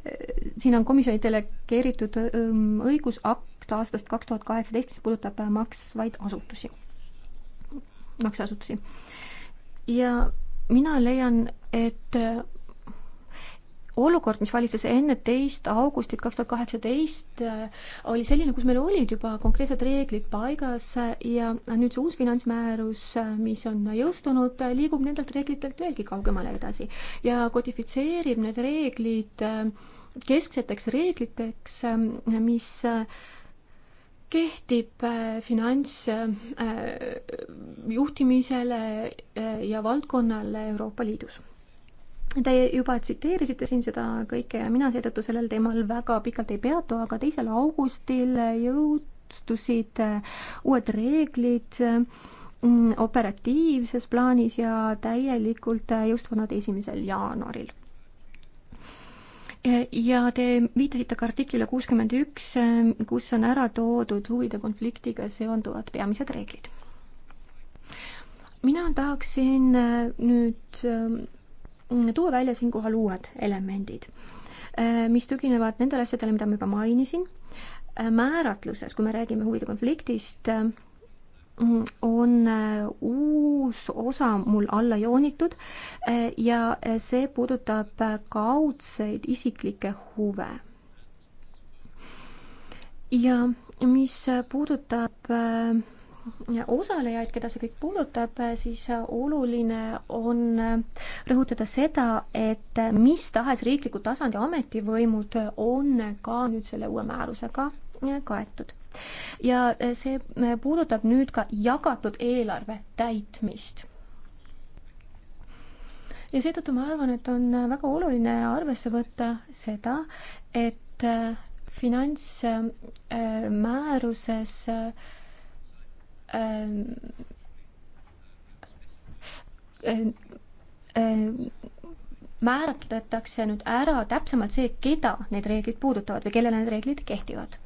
siin on komisjoni delegeeritud ähm, õigusakt aastast kaks tuhat kaheksateist, mis puudutab äh, maksvaid asutusi, makseasutusi. ja mina leian, et olukord, mis valitses enne teist augustit kaks tuhat kaheksateist, äh, oli selline, kus meil olid juba konkreetsed reeglid paigas äh, ja nüüd see uus finantsmäärus, äh, mis on jõustunud, liigub nendelt reeglitelt veelgi kaugemale edasi ja kodifitseerib need reeglid keskseteks reegliteks, mis kehtib finantsjuhtimisele ja valdkonnale Euroopa Liidus Te juba tsiteerisite siin seda kõike ja mina seetõttu sellel teemal väga pikalt ei peatu, aga teisel augustil jõustusid äh, uued reeglid mm, operatiivses plaanis ja täielikult äh, jõustuvad nad esimesel jaanuaril ja te viitasite ka artiklile kuuskümmend üks, äh, kus on ära toodud huvide konfliktiga seonduvad peamised reeglid. mina tahaksin nüüd Mm, tuua välja siinkohal uued elemendid, äh, mis tuginevad nendele asjadele, mida ma juba mainisin. Äh, määratluses, kui me räägime huvide konfliktist, äh, mm, on uus osa mul alla joonitud ja see puudutab kaudseid isiklikke huve. ja mis puudutab äh, osalejaid, keda see kõik puudutab, eh, siis eh, oluline on eh, rõhutada seda, et mis tahes riikliku tasandi ametivõimud on ka nüüd selle uue määrusega kaetud. ja see puudutab nüüd ka jagatud eelarve täitmist ja seetõttu ma arvan, et on väga oluline arvesse võtta seda, et finantsmääruses äh, Ähm, äh, äh, määratletakse nüüd ära täpsemalt see, keda need reeglid puudutavad või kellele need reeglid kehtivad.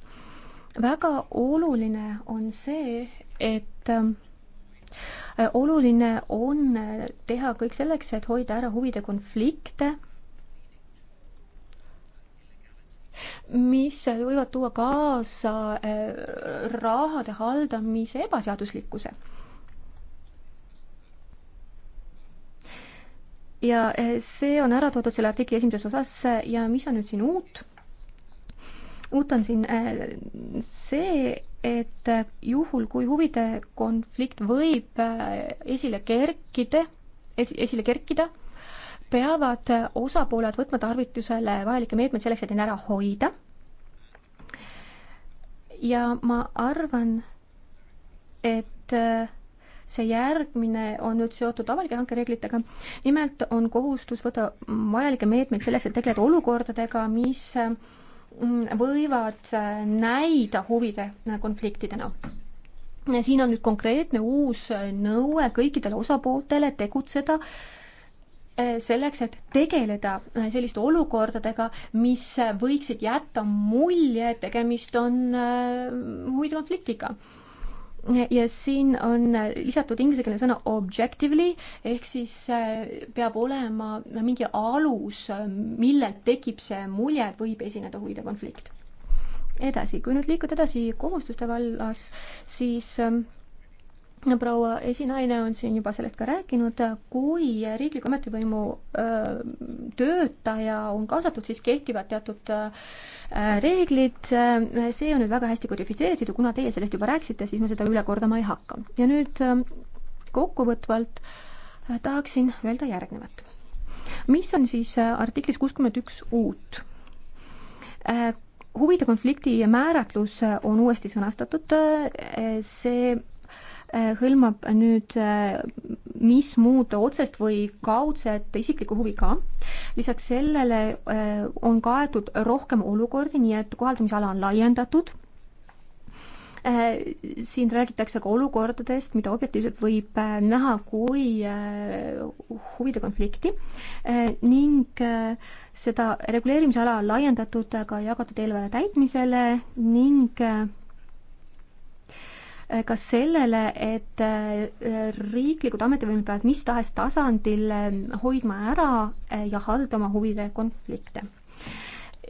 väga oluline on see, et äh, oluline on teha kõik selleks, et hoida ära huvide konflikte mis võivad tuua kaasa äh, rahade haldamise ebaseaduslikkuse. ja äh, see on ära toodud selle artikli esimeses osas äh, ja mis on nüüd siin uut? uut on siin see, et juhul, kui huvide konflikt võib esile kerkida, esile kerkida peavad osapooled võtma tarvitusele vajalikke meetmeid selleks, et neid ära hoida. ja ma arvan, et äh, see järgmine on nüüd seotud avalike hankereeglitega. nimelt on kohustus võtta vajalikke meetmeid selleks, et tegeleda olukordadega, mis äh, võivad äh, näida huvide konfliktidena siin on nüüd konkreetne uus nõue kõikidele osapooltele tegutseda selleks, et tegeleda äh, selliste olukordadega, mis võiksid jätta mulje, et tegemist on äh, huvide konfliktiga. ja siin on lisatud inglisekeelne sõna objectively ehk siis äh, peab olema mingi alus, millelt tekib see mulje, et võib esineda huvide konflikt. edasi, kui nüüd liikuda edasi kohustuste vallas, siis äh, proua esinaine on siin juba sellest ka rääkinud, kui riikliku ametivõimu töötaja on kaasatud, siis kehtivad teatud reeglid, see on nüüd väga hästi kodifitseeritud ja kuna teie sellest juba rääkisite, siis ma seda üle kordama ei hakka. ja nüüd kokkuvõtvalt tahaksin öelda järgnevat. mis on siis artiklis kuuskümmend üks uut? huvide konflikti määratlus on uuesti sõnastatud, see Eh, hõlmab nüüd eh, mis muud otsest või kaudset isiklikku huvi ka. lisaks sellele eh, on kaetud rohkem olukordi, nii et kohaldamisala on laiendatud. siin räägitakse ka olukordadest, mida objektiivselt võib näha kui huvide konflikti ning seda reguleerimisala on laiendatud ka jagatud eelarve täitmisele ning Äh, ka sellele, et äh, riiklikud ametivõimud peavad mis tahes tasandil ähm, hoidma ära äh, ja haldama huvide konflikte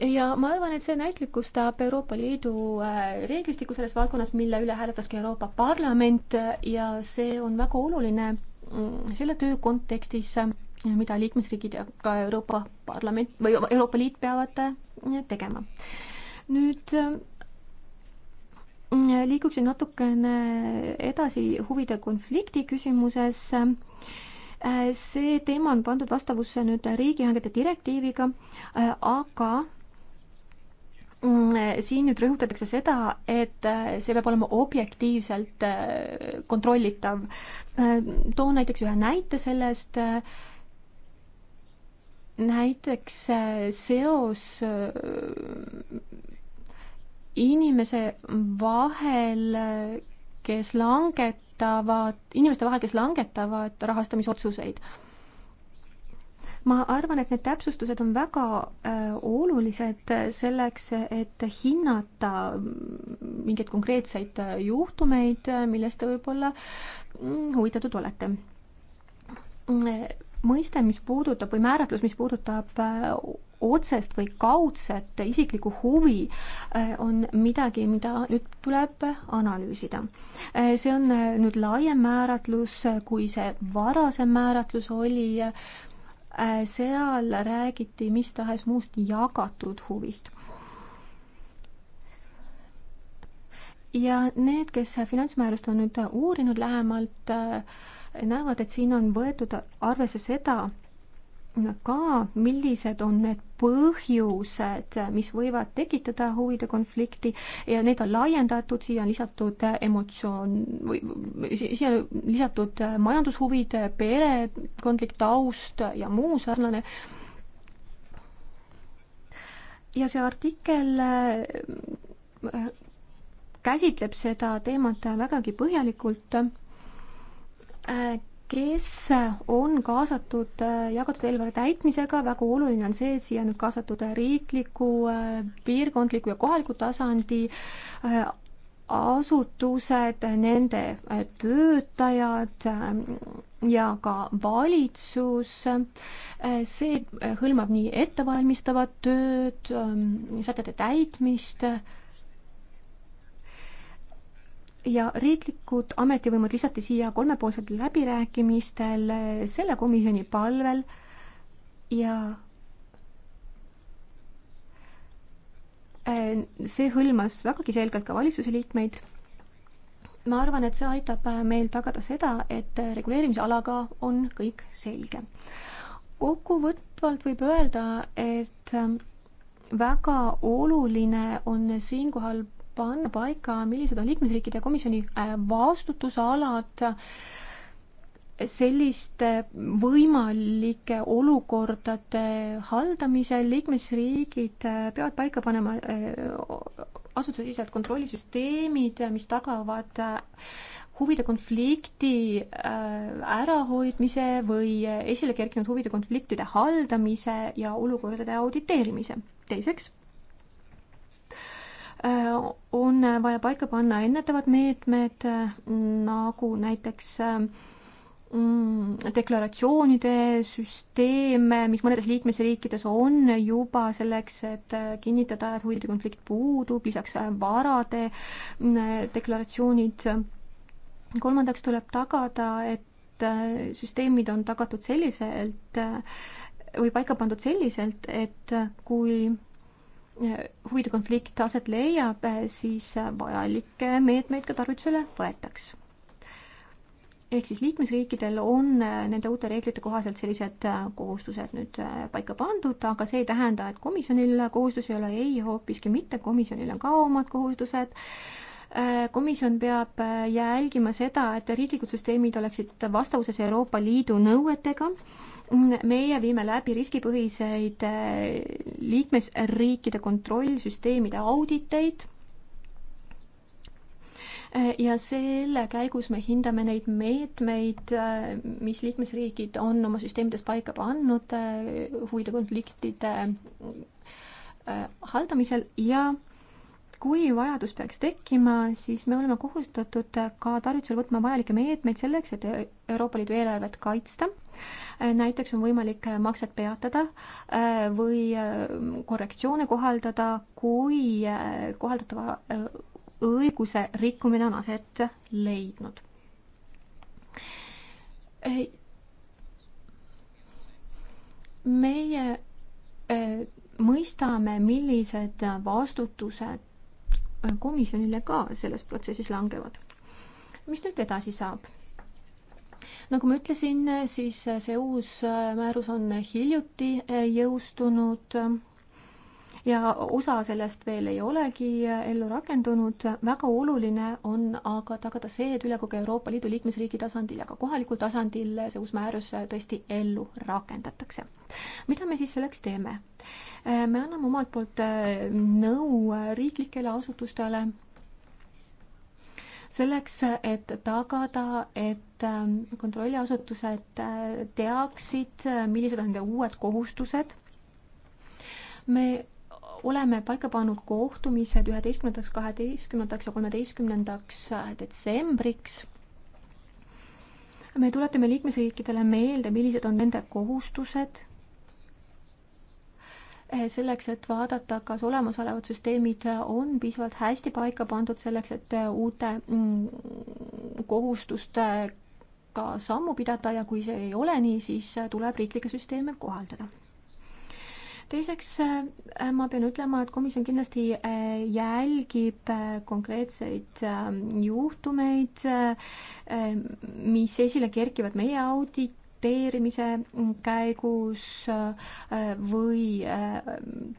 ja ma arvan, et see näitlikustab Euroopa Liidu reeglistikku selles valdkonnas, mille üle hääletas ka Euroopa Parlament ja see on väga oluline mm, selle töö kontekstis, mida liikmesriigid ja ka Euroopa Parlament või Euroopa Liit peavad tegema. nüüd liiguksin natukene edasi huvide konflikti küsimuses. Äh, see teema on pandud vastavusse nüüd riigihangete direktiiviga, äh, aga mm, siin nüüd rõhutatakse seda, et äh, see peab olema objektiivselt kontrollitav. toon näiteks ühe näite sellest, näiteks seos inimese vahel, kes langetavad, inimeste vahel, kes langetavad rahastamisotsuseid. ma arvan, et need täpsustused on väga äh, olulised selleks, et hinnata mingeid konkreetseid juhtumeid, millest te võib-olla mm, huvitatud olete mõiste, mis puudutab või määratlus, mis puudutab äh, otsest või kaudset isiklikku huvi äh, on midagi, mida nüüd tuleb analüüsida. Äh, see on äh, nüüd laiem määratlus, kui see varasem määratlus oli, seal räägiti mis tahes muust jagatud huvist. ja need, kes finantsmäärust on nüüd uurinud lähemalt, näevad, et siin on võetud arvesse seda, ka, millised on need põhjused, mis võivad tekitada huvide konflikti ja need on laiendatud, siia on lisatud emotsioon või siia on lisatud majandushuvid, perekondlik taust ja muu sarnane. ja see artikkel äh, käsitleb seda teemat vägagi põhjalikult äh, kes on kaasatud jagatud eelarve täitmisega, väga oluline on see, et siia on nüüd kaasatud riikliku, piirkondliku ja kohaliku tasandi äh, asutused, nende äh, töötajad äh, ja ka valitsus. see hõlmab nii ettevalmistavat tööd, ähm, sätete täitmist ja riiklikud ametivõimud lisati siia kolmepoolsetel läbirääkimistel selle komisjoni palvel ja äh, see hõlmas vägagi selgelt ka valitsuse liikmeid. ma arvan, et see aitab äh, meil tagada seda, et reguleerimisalaga on kõik selge. kokkuvõtvalt võib öelda, et äh, väga oluline on siinkohal panna paika, millised on liikmesriikide komisjoni äh, vastutusalad selliste võimalike olukordade haldamisel. liikmesriigid äh, peavad paika panema äh, asutusesisesed kontrollisüsteemid, mis tagavad huvide konflikti ärahoidmise või esile kerkinud huvide konfliktide haldamise ja olukordade auditeerimise. teiseks Äh, on vaja paika panna ennetavad meetmed, äh, nagu näiteks äh, deklaratsioonide süsteem, mis mõnedes liikmesriikides on juba selleks, et kinnitada, et huvide konflikt puudub, lisaks varade deklaratsioonid. kolmandaks tuleb tagada, et süsteemid on tagatud selliselt või paika pandud selliselt, et kui huvide konflikt aset leiab, siis vajalikke meetmeid ka tarvitusele võetaks. ehk siis liikmesriikidel on nende uute reeglite kohaselt sellised kohustused nüüd paika pandud, aga see ei tähenda, et komisjonil kohustusi ei ole, ei hoopiski mitte, komisjonil on ka omad kohustused komisjon peab jälgima seda, et riiklikud süsteemid oleksid vastavuses Euroopa Liidu nõuetega meie viime läbi riskipõhiseid äh, liikmesriikide kontrollsüsteemide auditeid äh, ja selle käigus me hindame neid meetmeid, äh, mis liikmesriigid on oma süsteemides paika pannud huvide konfliktide haldamisel ja kui vajadus peaks tekkima, siis me oleme kohustatud ka tarvitusele võtma vajalikke meetmeid selleks, et Euroopa Liidu eelarvet kaitsta Äh, näiteks on võimalik äh, makset peatada äh, või korrektsioone kohaldada, kui kohaldatava õiguse rikkumine on aset leidnud. meie mõistame, millised vastutused komisjonile ka selles protsessis langevad. mis nüüd edasi saab? nagu ma ütlesin, siis see uus määrus on hiljuti jõustunud ja osa sellest veel ei olegi ellu rakendunud. väga oluline on aga tagada see, et üle kogu Euroopa Liidu liikmesriigi tasandil ja ka kohalikul tasandil see uus määrus tõesti ellu rakendatakse. mida me siis selleks teeme? me anname omalt poolt nõu riiklikele asutustele selleks, et tagada, et ähm, kontrolliasutused äh, teaksid, äh, millised on nende uued kohustused. me oleme paika pannud kohtumised üheteistkümnendaks, kaheteistkümnendaks ja kolmeteistkümnendaks äh, detsembriks. me tuletame liikmesriikidele meelde, millised on nende kohustused Eh, selleks, et vaadata, kas olemasolevad süsteemid eh, on piisavalt hästi paika pandud selleks, et eh, uute mm, kohustustega sammu pidada ja kui see ei ole nii, siis tuleb riiklikke süsteeme kohaldada teiseks ma pean ütlema, et komisjon kindlasti jälgib konkreetseid juhtumeid, mis esile kerkivad meie audit projekteerimise käigus äh, või äh,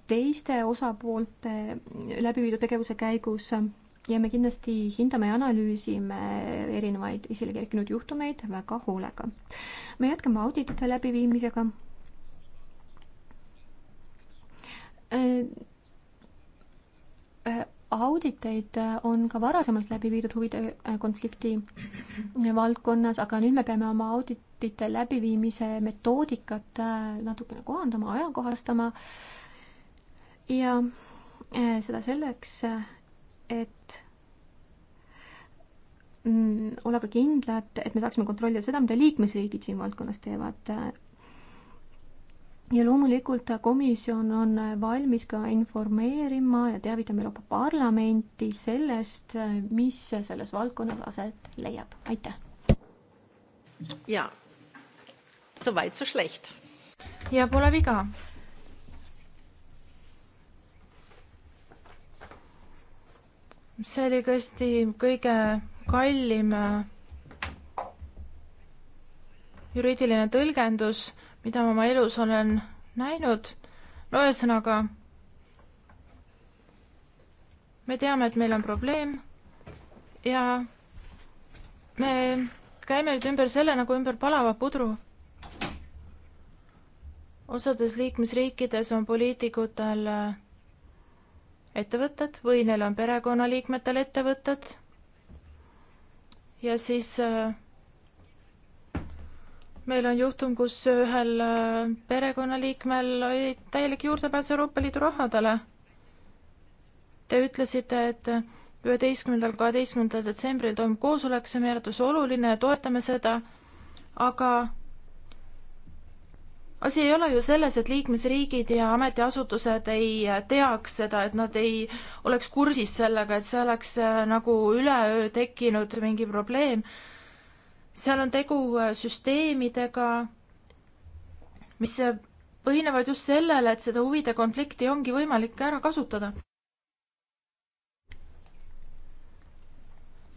teiste osapoolte läbi viidud tegevuse käigus ja me kindlasti hindame ja analüüsime erinevaid esile kerkinud juhtumeid väga hoolega. me jätkame auditite läbiviimisega äh, äh auditeid äh, on ka varasemalt läbi viidud huvide äh, konflikti äh, valdkonnas, aga nüüd me peame oma auditite läbiviimise metoodikat natukene kohandama, ajakohastama ja seda selleks, et mm, olla ka kindlad, et me saaksime kontrollida seda, mida liikmesriigid siin valdkonnas teevad ja loomulikult komisjon on valmis ka informeerima ja teavitama Euroopa Parlamenti sellest, mis selles valdkonnas aset leiab. aitäh! jaa, soweit so schlecht. ja pole viga. see oli tõesti kõige kallim juriidiline tõlgendus mida ma oma elus olen näinud. no ühesõnaga, me teame, et meil on probleem ja me käime nüüd ümber selle nagu ümber palava pudru. osades liikmesriikides on poliitikutel äh, ettevõtted või neil on perekonnaliikmetel ettevõtted ja siis äh, meil on juhtum, kus ühel äh, perekonnaliikmel oli täielik juurdepääs Euroopa Liidu rahadele. Te ütlesite, et üheteistkümnendal, kaheteistkümnendal detsembril toimub koosolek, see on meeletus oluline ja toetame seda, aga asi ei ole ju selles, et liikmesriigid ja ametiasutused ei äh, teaks seda, et nad ei oleks kursis sellega, et see oleks äh, nagu üleöö tekkinud mingi probleem seal on tegu äh, süsteemidega, mis äh, põhinevad just sellele, et seda huvide konflikti ongi võimalik ära kasutada.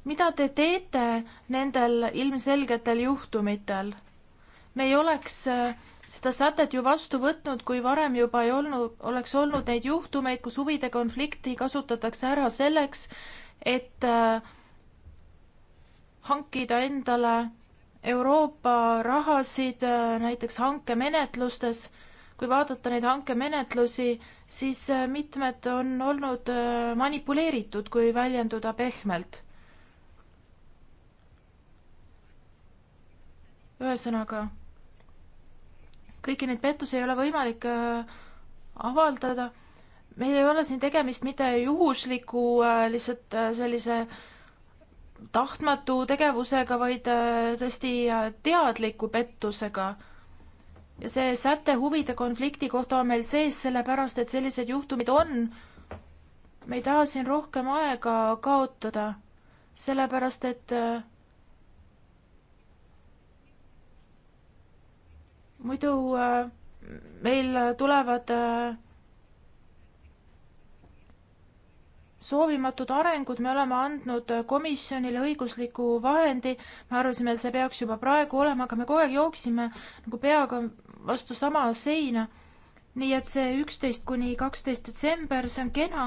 mida te teete nendel ilmselgetel juhtumitel? me ei oleks äh, seda sätet ju vastu võtnud, kui varem juba ei olnud, oleks olnud neid juhtumeid, kus huvide konflikti kasutatakse ära selleks, et äh, hankida endale Euroopa rahasid äh, näiteks hankemenetlustes. kui vaadata neid hankemenetlusi, siis äh, mitmed on olnud äh, manipuleeritud, kui väljenduda pehmelt. ühesõnaga, kõiki neid pettusi ei ole võimalik avaldada meil ei ole siin tegemist mitte juhusliku lihtsalt sellise tahtmatu tegevusega, vaid äh, tõesti teadliku pettusega. ja see säte huvide konflikti kohta on meil sees, sellepärast et sellised juhtumid on. me ei taha siin rohkem aega kaotada, sellepärast et äh, muidu äh, meil tulevad äh, soovimatud arengud, me oleme andnud komisjonile õigusliku vahendi, me arvasime, et see peaks juba praegu olema, aga me kogu aeg jooksime nagu peaga vastu sama seina. nii et see üksteist kuni kaksteist detsember, see on kena,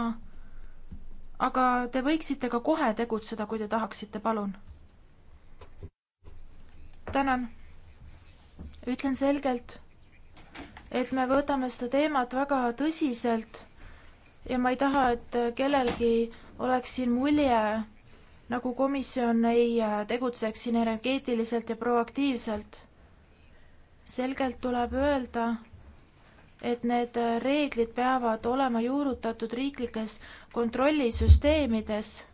aga te võiksite ka kohe tegutseda, kui te tahaksite, palun. tänan. ütlen selgelt, et me võtame seda teemat väga tõsiselt ja ma ei taha, et kellelgi oleks siin mulje, nagu komisjon ei äh, tegutseks siin energeetiliselt ja proaktiivselt. selgelt tuleb öelda, et need äh, reeglid peavad olema juurutatud riiklikes kontrollisüsteemides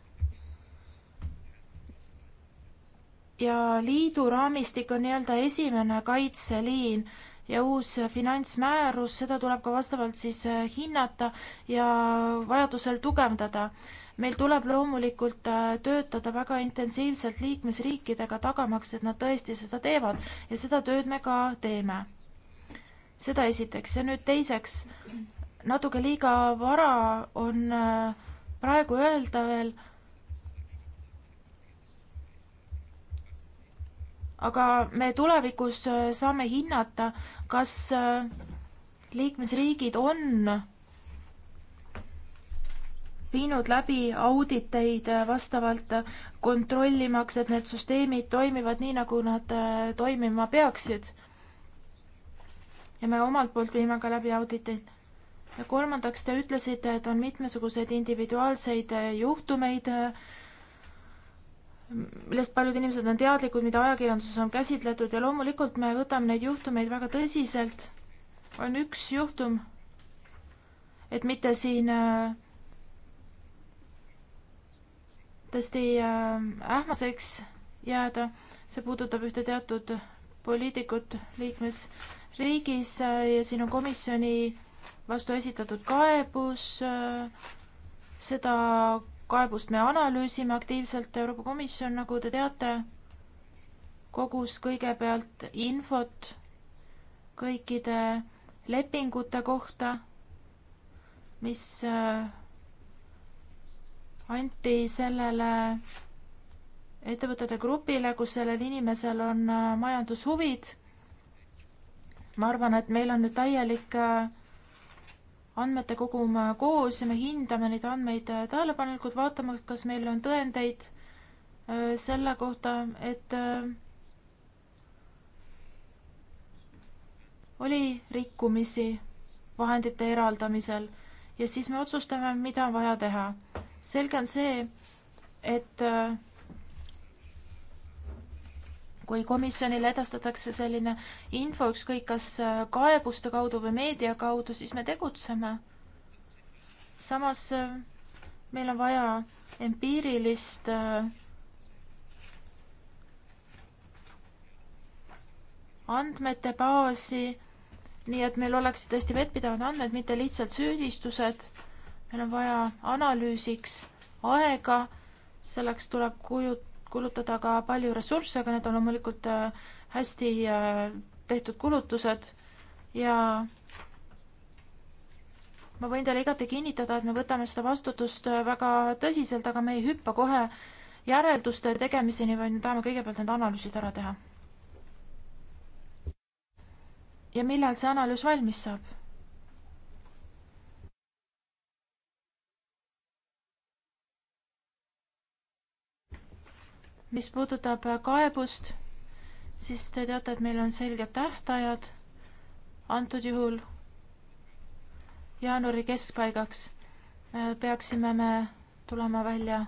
ja liidu raamistik on nii-öelda esimene kaitseliin ja uus finantsmäärus, seda tuleb ka vastavalt siis äh, hinnata ja vajadusel tugevdada. meil tuleb loomulikult äh, töötada väga intensiivselt liikmesriikidega, tagamaks, et nad tõesti seda teevad ja seda tööd me ka teeme. seda esiteks ja nüüd teiseks, natuke liiga vara on äh, praegu öelda veel aga me tulevikus äh, saame hinnata, kas äh, liikmesriigid on viinud läbi auditeid äh, vastavalt kontrollimaks, et need süsteemid toimivad nii, nagu nad toimima peaksid. ja me omalt poolt viime ka läbi auditeid. ja kolmandaks, te ütlesite, et on mitmesuguseid individuaalseid juhtumeid, millest paljud inimesed on teadlikud, mida ajakirjanduses on käsitletud ja loomulikult me võtame neid juhtumeid väga tõsiselt. on üks juhtum, et mitte siin äh, tõesti äh, ähmaseks jääda, see puudutab ühte teatud poliitikut liikmesriigis äh, ja siin on komisjoni vastu esitatud kaebus, äh, seda kaebust me analüüsime aktiivselt, Euroopa Komisjon, nagu te teate, kogus kõigepealt infot kõikide lepingute kohta, mis äh, anti sellele ettevõtete grupile, kus sellel inimesel on äh, majandushuvid. ma arvan, et meil on nüüd täielik äh, andmete kogume koos ja me hindame neid andmeid äh, tähelepanelikult, vaatame, kas meil on tõendeid äh, selle kohta, et äh, oli rikkumisi vahendite eraldamisel ja siis me otsustame, mida on vaja teha. selge on see, et äh, kui komisjonile edastatakse selline info, ükskõik kas äh, kaebuste kaudu või meedia kaudu, siis me tegutseme. samas äh, meil on vaja empiirilist äh, andmete baasi, nii et meil oleksid tõesti vettpidavad andmed, mitte lihtsalt süüdistused. meil on vaja analüüsiks aega, selleks tuleb kuju-, kulutada ka palju ressursse, aga need on loomulikult äh, hästi äh, tehtud kulutused ja ma võin teile igati kinnitada, et me võtame seda vastutust äh, väga tõsiselt, aga me ei hüppa kohe järelduste tegemiseni, vaid me tahame kõigepealt need analüüsid ära teha. ja millal see analüüs valmis saab? mis puudutab äh, kaebust, siis te teate, et meil on selged tähtajad antud juhul jaanuari keskpaigaks äh, peaksime me tulema välja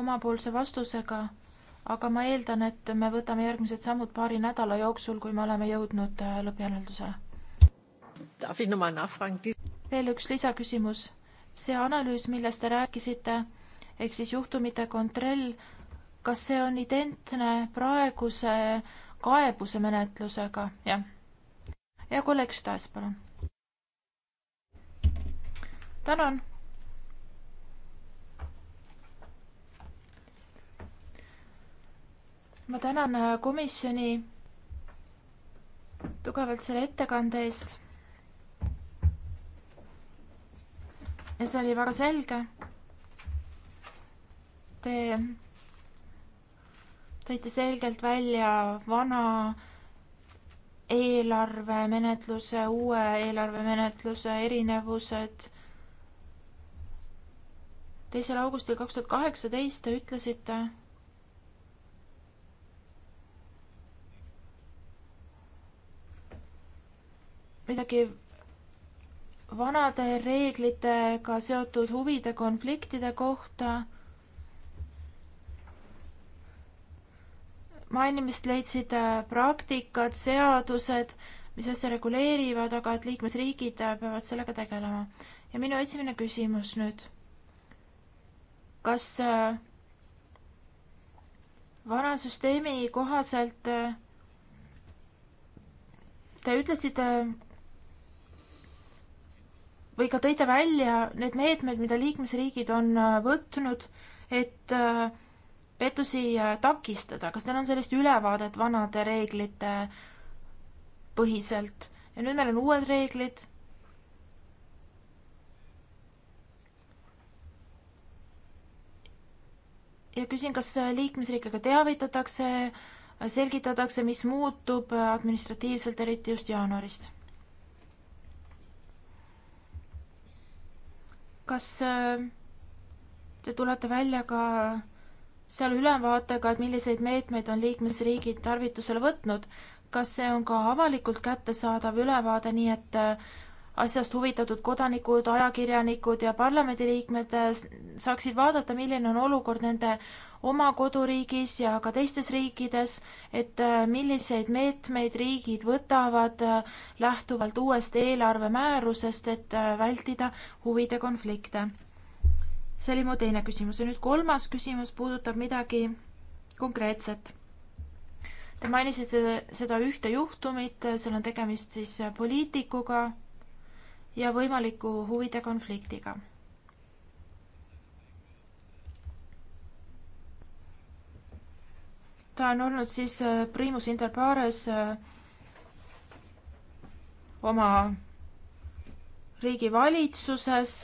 omapoolse vastusega, aga ma eeldan, et me võtame järgmised sammud paari nädala jooksul, kui me oleme jõudnud äh, lõppjäreldusele. veel üks lisaküsimus. see analüüs, millest te rääkisite, ehk siis juhtumite kontroll kas see on identne praeguse kaebuse menetlusega? jah. ja kolleeg Stas, palun. tänan. ma tänan äh, komisjoni tugevalt selle ettekande eest. ja see oli väga selge. Te tõite selgelt välja vana eelarvemenetluse, uue eelarvemenetluse erinevused. teisel augustil kaks tuhat kaheksateist te ütlesite, midagi vanade reeglitega seotud huvide konfliktide kohta mainimist leidsid äh, praktikad, seadused, mis asja reguleerivad, aga et liikmesriigid äh, peavad sellega tegelema. ja minu esimene küsimus nüüd. kas äh, vana süsteemi kohaselt te ütlesite või ka tõite välja need meetmed, mida liikmesriigid on võtnud, et äh, pettusi äh, takistada, kas teil on sellist ülevaadet vanade reeglite põhiselt ja nüüd meil on uued reeglid. ja küsin, kas äh, liikmesriikidega teavitatakse, äh, selgitatakse, mis muutub administratiivselt, eriti just jaanuarist? kas te tulete välja ka äh, seal ülevaatega, et milliseid meetmeid on liikmesriigid tarvitusele võtnud. kas see on ka avalikult kättesaadav ülevaade, nii et äh, asjast huvitatud kodanikud, ajakirjanikud ja parlamendiliikmed äh, saaksid vaadata, milline on olukord nende oma koduriigis ja ka teistes riikides, et äh, milliseid meetmeid riigid võtavad lähtuvalt uuest eelarvemäärusest, et vältida huvide konflikte see oli mu teine küsimus ja nüüd kolmas küsimus puudutab midagi konkreetset. Te mainisite seda ühte juhtumit, seal on tegemist siis poliitikuga ja võimaliku huvide konfliktiga. ta on olnud siis äh, primus inter pares äh, oma riigi valitsuses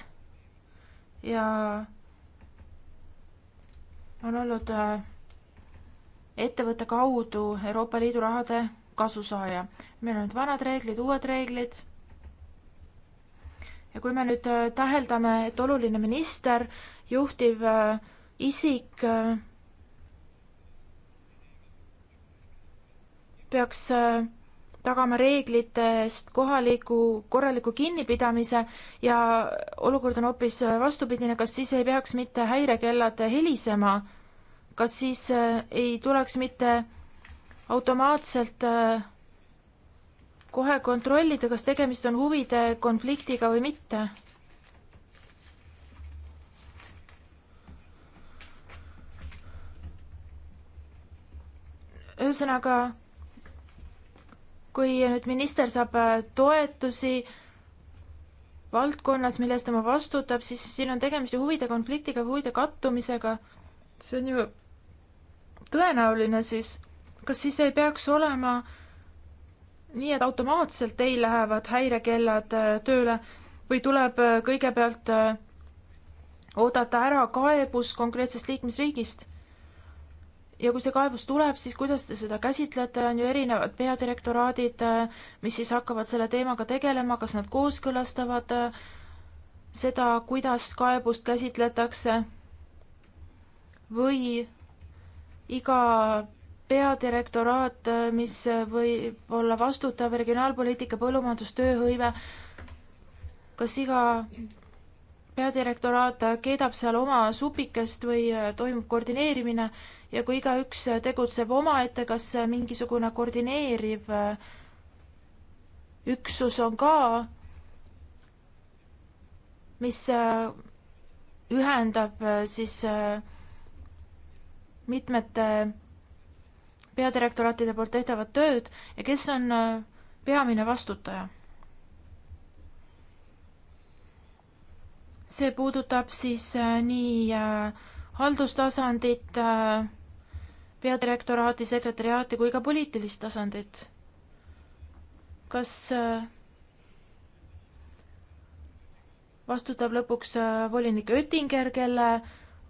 ja on olnud äh, ettevõtte kaudu Euroopa Liidu rahade kasusaaja. meil on nüüd vanad reeglid, uued reeglid. ja kui me nüüd äh, täheldame, et oluline minister, juhtiv äh, isik peaks tagama reeglitest kohaliku korraliku kinnipidamise ja olukord on hoopis vastupidine, kas siis ei peaks mitte häirekellad helisema? kas siis äh, ei tuleks mitte automaatselt äh, kohe kontrollida, kas tegemist on huvide konfliktiga või mitte? ühesõnaga kui nüüd minister saab äh, toetusi valdkonnas, milles tema vastutab, siis siin on tegemist ju huvide konfliktiga, huvide kattumisega. see on ju tõenäoline siis. kas siis ei peaks olema nii, et automaatselt teil lähevad häirekellad äh, tööle või tuleb äh, kõigepealt oodata ära kaebus konkreetsest liikmesriigist? ja kui see kaebus tuleb, siis kuidas te seda käsitlete, on ju erinevad peadirektoraadid, mis siis hakkavad selle teemaga tegelema, kas nad kooskõlastavad äh, seda, kuidas kaebust käsitletakse või iga peadirektoraat, äh, mis võib olla vastutav regionaalpoliitika, põllumajandus, tööhõive, kas iga peadirektoraat äh, keedab seal oma supikest või toimub koordineerimine ja kui igaüks tegutseb omaette, kas mingisugune koordineeriv äh, üksus on ka, mis äh, ühendab äh, siis mitmete peadirektoraatide poolt tehtavat tööd ja kes on peamine vastutaja? see puudutab siis nii haldustasandit äh, peadirektoraati, sekretäriaati kui ka poliitilist tasandit. kas äh, vastutab lõpuks äh, volinik Oettinger, kelle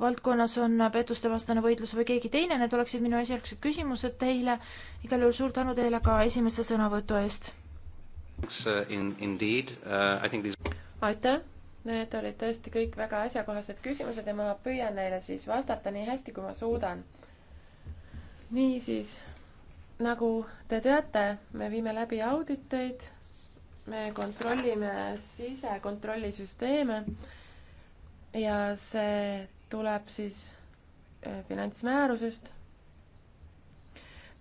valdkonnas on pettustevastane võitlus või keegi teine, need oleksid minu esialgsed küsimused teile. igal juhul suur tänu teile ka esimese sõnavõtu eest. Uh, uh, aitäh, need olid tõesti kõik väga asjakohased küsimused ja ma püüan neile siis vastata nii hästi, kui ma suudan niisiis, nagu te teate, me viime läbi auditeid, me kontrollime sisekontrollisüsteeme ja see tuleb siis äh, finantsmäärusest,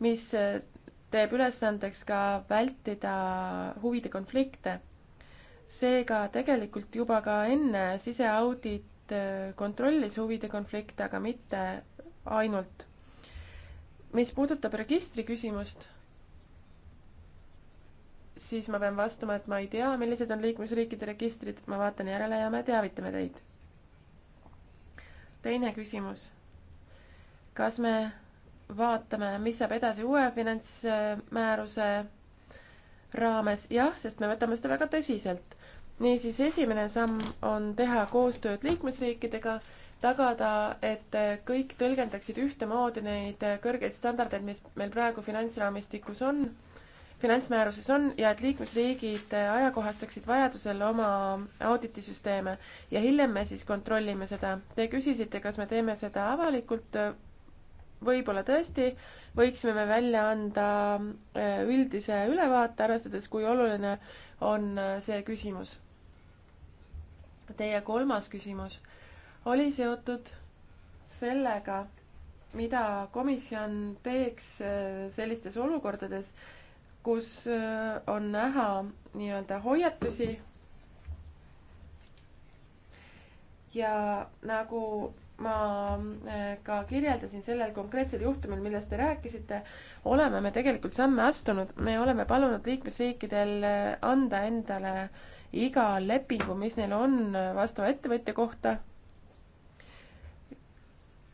mis äh, teeb ülesandeks ka vältida huvide konflikte. seega tegelikult juba ka enne siseaudit äh, kontrollis huvide konflikte, aga mitte ainult mis puudutab registri küsimust, siis ma pean vastama, et ma ei tea, millised on liikmesriikide registrid, ma vaatan järele ja me teavitame teid. teine küsimus. kas me vaatame, mis saab edasi uue finantsmääruse raames, jah, sest me võtame seda väga tõsiselt. niisiis, esimene samm on teha koostööd liikmesriikidega tagada, et kõik tõlgendaksid ühtemoodi neid kõrgeid standardeid, mis meil praegu finantsraamistikus on, finantsmääruses on ja et liikmesriigid ajakohastaksid vajadusel oma auditisüsteeme ja hiljem me siis kontrollime seda. Te küsisite, kas me teeme seda avalikult. võib-olla tõesti, võiksime me välja anda äh, üldise ülevaate, arvestades, kui oluline on äh, see küsimus. Teie kolmas küsimus oli seotud sellega, mida komisjon teeks äh, sellistes olukordades, kus äh, on näha nii-öelda hoiatusi ja nagu ma äh, ka kirjeldasin sellel konkreetsel juhtumil, millest te rääkisite, oleme me tegelikult samme astunud, me oleme palunud liikmesriikidel anda endale iga lepingu, mis neil on vastava ettevõtja kohta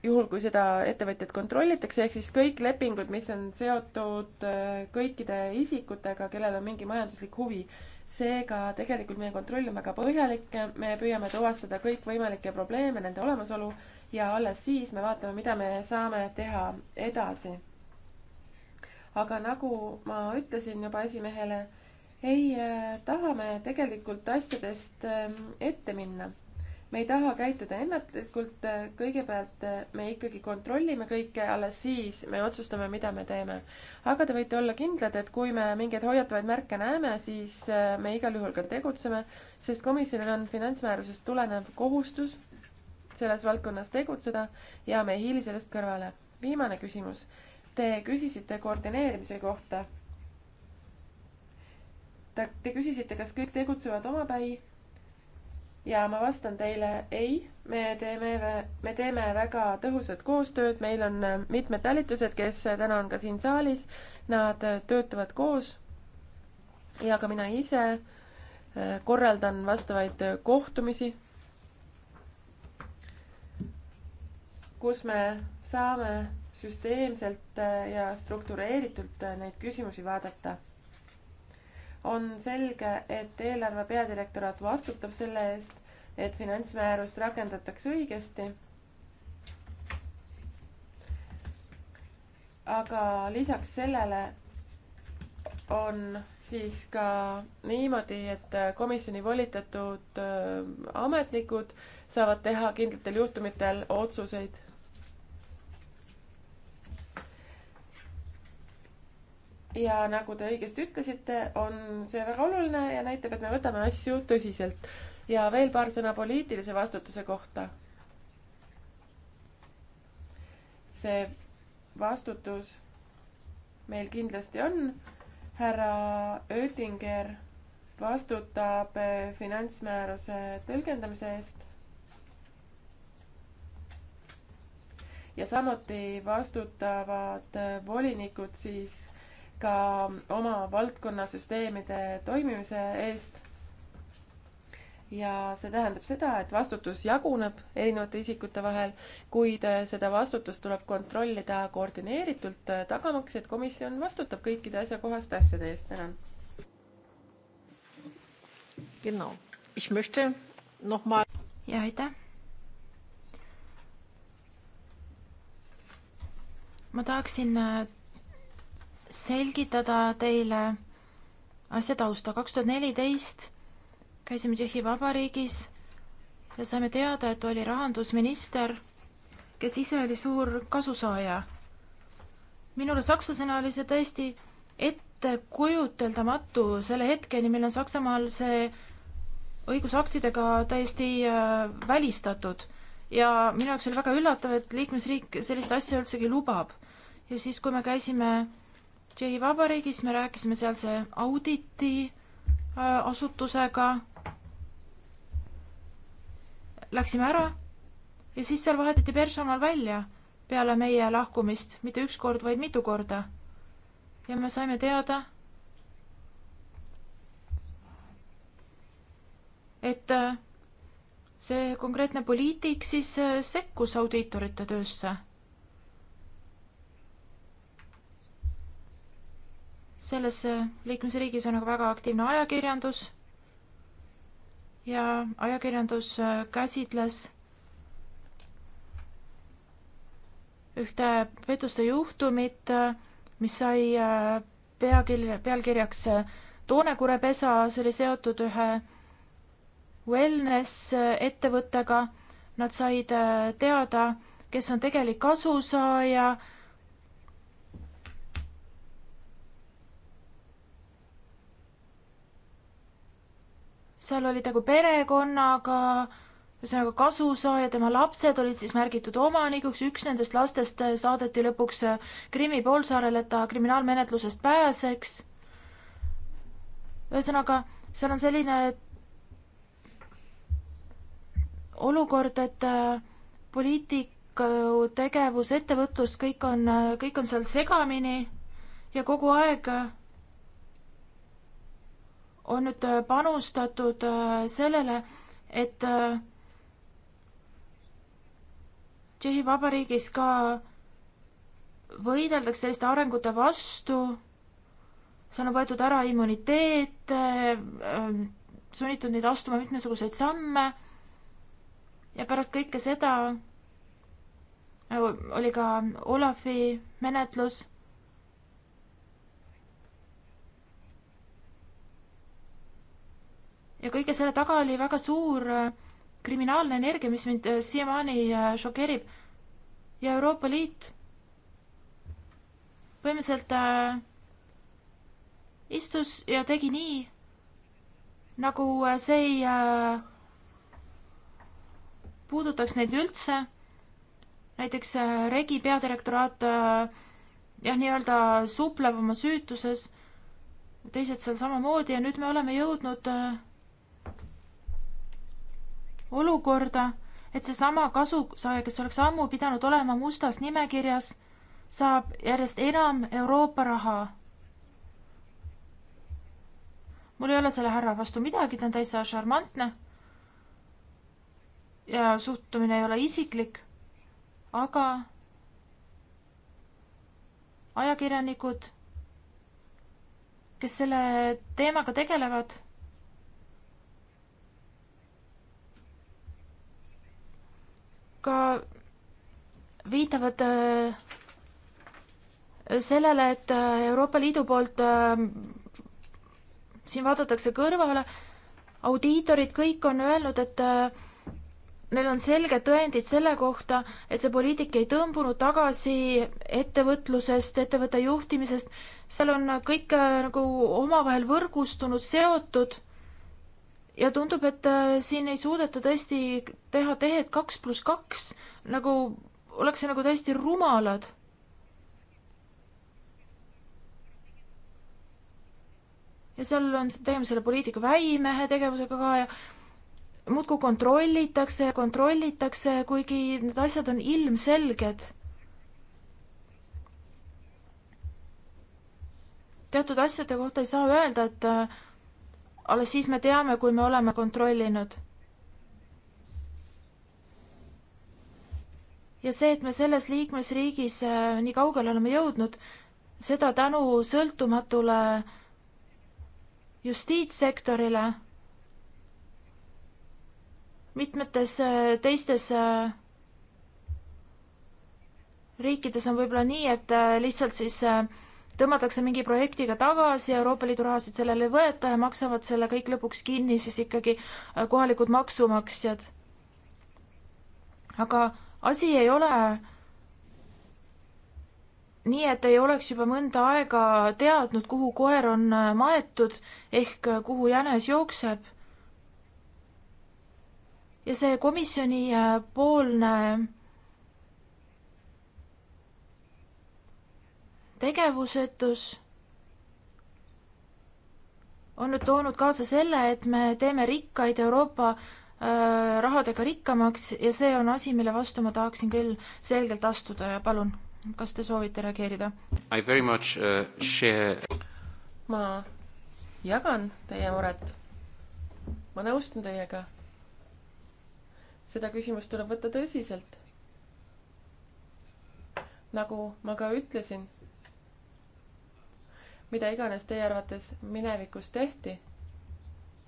juhul, kui seda ettevõtjat kontrollitakse, ehk siis kõik lepingud, mis on seotud äh, kõikide isikutega, kellel on mingi majanduslik huvi. seega tegelikult meie kontroll on väga põhjalik, me püüame tuvastada kõikvõimalikke probleeme, nende olemasolu ja alles siis me vaatame, mida me saame teha edasi. aga nagu ma ütlesin juba esimehele, ei, äh, tahame tegelikult asjadest ähm, ette minna me ei taha käituda ennatlikult, kõigepealt eh, me ikkagi kontrollime kõike, alles siis me otsustame, mida me teeme. aga te võite olla kindlad, et kui me mingeid hoiatavaid märke näeme, siis eh, me igal juhul ka tegutseme, sest komisjonil on finantsmäärusest tulenev kohustus selles valdkonnas tegutseda ja me ei hiili sellest kõrvale. viimane küsimus. Te küsisite koordineerimise kohta. Te küsisite, kas kõik tegutsevad omapäi ja ma vastan teile ei, me teeme, me teeme väga tõhusat koostööd, meil on äh, mitmed talitused, kes äh, täna on ka siin saalis, nad äh, töötavad koos ja ka mina ise korraldan vastavaid kohtumisi, kus me saame süsteemselt ja struktureeritult neid küsimusi vaadata on selge, et eelarve peadirektoraat vastutab selle eest, et finantsmäärust rakendatakse õigesti. aga lisaks sellele on siis ka niimoodi, et komisjoni volitatud äh, ametnikud saavad teha kindlatel juhtumitel otsuseid ja nagu te õigesti ütlesite, on see väga oluline ja näitab, et me võtame asju tõsiselt. ja veel paar sõna poliitilise vastutuse kohta. see vastutus meil kindlasti on. härra Oettinger vastutab eh, finantsmääruse tõlgendamise eest. ja samuti vastutavad eh, volinikud siis ka oma valdkonna süsteemide toimimise eest. ja see tähendab seda, et vastutus jaguneb erinevate isikute vahel, kuid äh, seda vastutust tuleb kontrollida koordineeritult, äh, tagamaks, et komisjon vastutab kõikide asjakohaste asjade eest. tänan. Genau. Ich möchte noch mal. Ja, aitäh. ma tahaksin äh, selgitada teile asja tausta. kaks tuhat neliteist käisime Tšehhi Vabariigis ja saime teada, et oli rahandusminister, kes ise oli suur kasusaaja. minule sakslasena oli see täiesti ettekujuteldamatu selle hetkeni, mil on Saksamaal see õigusaktidega täiesti äh, välistatud ja minu jaoks oli väga üllatav, et liikmesriik sellist asja üldsegi lubab. ja siis, kui me käisime Tšehhi Vabariigis, me rääkisime sealse auditi äh, asutusega. Läksime ära ja siis seal vahetati personal välja peale meie lahkumist, mitte üks kord, vaid mitu korda. ja me saime teada, et äh, see konkreetne poliitik siis äh, sekkus audiitorite töösse selles äh, liikmesriigis on aga väga aktiivne ajakirjandus ja ajakirjandus äh, käsitles ühte pettuste juhtumit, äh, mis sai peakirja, pealkirjaks Toonekure pesa, see oli seotud ühe wellness ettevõttega. Nad said teada, kes on tegelik kasusaaja seal oli tegu perekonnaga, ühesõnaga kasusaaja, tema lapsed olid siis märgitud omanikuks, üks nendest lastest saadeti lõpuks Krimmi poolsaarele, et ta kriminaalmenetlusest pääseks. ühesõnaga, seal on selline olukord, et äh, poliitiku tegevus, ettevõtlus, kõik on, kõik on seal segamini ja kogu aeg on nüüd äh, panustatud äh, sellele, et äh, Tšehhi Vabariigis ka võideldakse selliste arengute vastu, seal on võetud ära immuniteet, sunnitud neid astuma mitmesuguseid samme ja pärast kõike seda nagu oli ka Olavi menetlus ja kõige selle taga oli väga suur äh, kriminaalne energia, mis mind äh, siiamaani äh, šokeerib. ja Euroopa Liit põhimõtteliselt istus ja tegi nii, nagu see ei puudutaks neid üldse. näiteks Regi peadirektoraat jah, nii-öelda supleb oma süütuses, teised seal samamoodi ja nüüd me oleme jõudnud äh, olukorda, et seesama kasusaaja, kes oleks ammu pidanud olema mustas nimekirjas, saab järjest enam Euroopa raha. mul ei ole selle härra vastu midagi, ta on täitsa šarmantne. ja suhtumine ei ole isiklik, aga ajakirjanikud, kes selle teemaga tegelevad ka viitavad äh, sellele, et äh, Euroopa Liidu poolt äh, siin vaadatakse kõrvale, audiitorid kõik on öelnud, et neil on selged tõendid selle kohta, et see poliitik ei tõmbunud tagasi ettevõtlusest, ettevõtte juhtimisest, seal on kõik nagu omavahel võrgustunud, seotud ja tundub, et äh, siin ei suudeta tõesti teha tehet kaks pluss kaks, nagu ollakse nagu täiesti rumalad. ja seal on, teeme selle poliitika väimehe tegevusega ka ja muudkui kontrollitakse ja kontrollitakse, kuigi need asjad on ilmselged. teatud asjade kohta ei saa öelda, et äh, alles siis me teame, kui me oleme kontrollinud. ja see, et me selles liikmesriigis äh, nii kaugele oleme jõudnud, seda tänu sõltumatule justiitssektorile, mitmetes äh, teistes äh, riikides on võib-olla nii, et lihtsalt siis äh, tõmmatakse mingi projektiga tagasi, Euroopa Liidu rahasid sellele ei võeta ja maksavad selle kõik lõpuks kinni siis ikkagi äh, kohalikud maksumaksjad. aga asi ei ole nii, et ei oleks juba mõnda aega teadnud, kuhu koer on äh, maetud ehk äh, kuhu jänes jookseb. ja see komisjoni poolne tegevusetus on nüüd toonud kaasa selle, et me teeme rikkaid Euroopa äh, rahadega rikkamaks ja see on asi, mille vastu ma tahaksin küll selgelt astuda ja palun, kas te soovite reageerida? I very much uh, share ma jagan teie muret. ma nõustun teiega. seda küsimust tuleb võtta tõsiselt. nagu ma ka ütlesin mida iganes teie arvates minevikus tehti,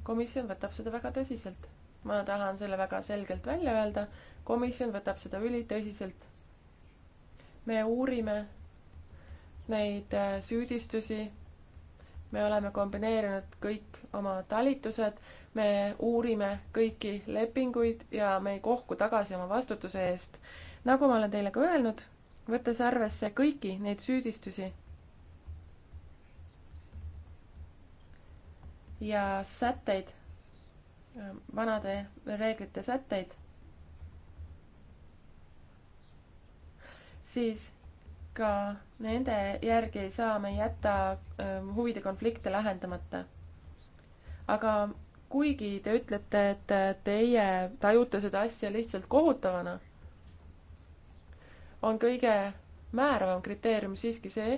komisjon võtab seda väga tõsiselt. ma tahan selle väga selgelt välja öelda, komisjon võtab seda ülitõsiselt. me uurime neid äh, süüdistusi, me oleme kombineerinud kõik oma talitused, me uurime kõiki lepinguid ja me ei kohku tagasi oma vastutuse eest. nagu ma olen teile ka öelnud, võttes arvesse kõiki neid süüdistusi ja sätteid, vanade reeglite sätteid, siis ka nende järgi ei saa me jätta ähm, huvide konflikte lahendamata. aga kuigi te ütlete, et teie tajute seda asja lihtsalt kohutavana, on kõige määravam kriteerium siiski see,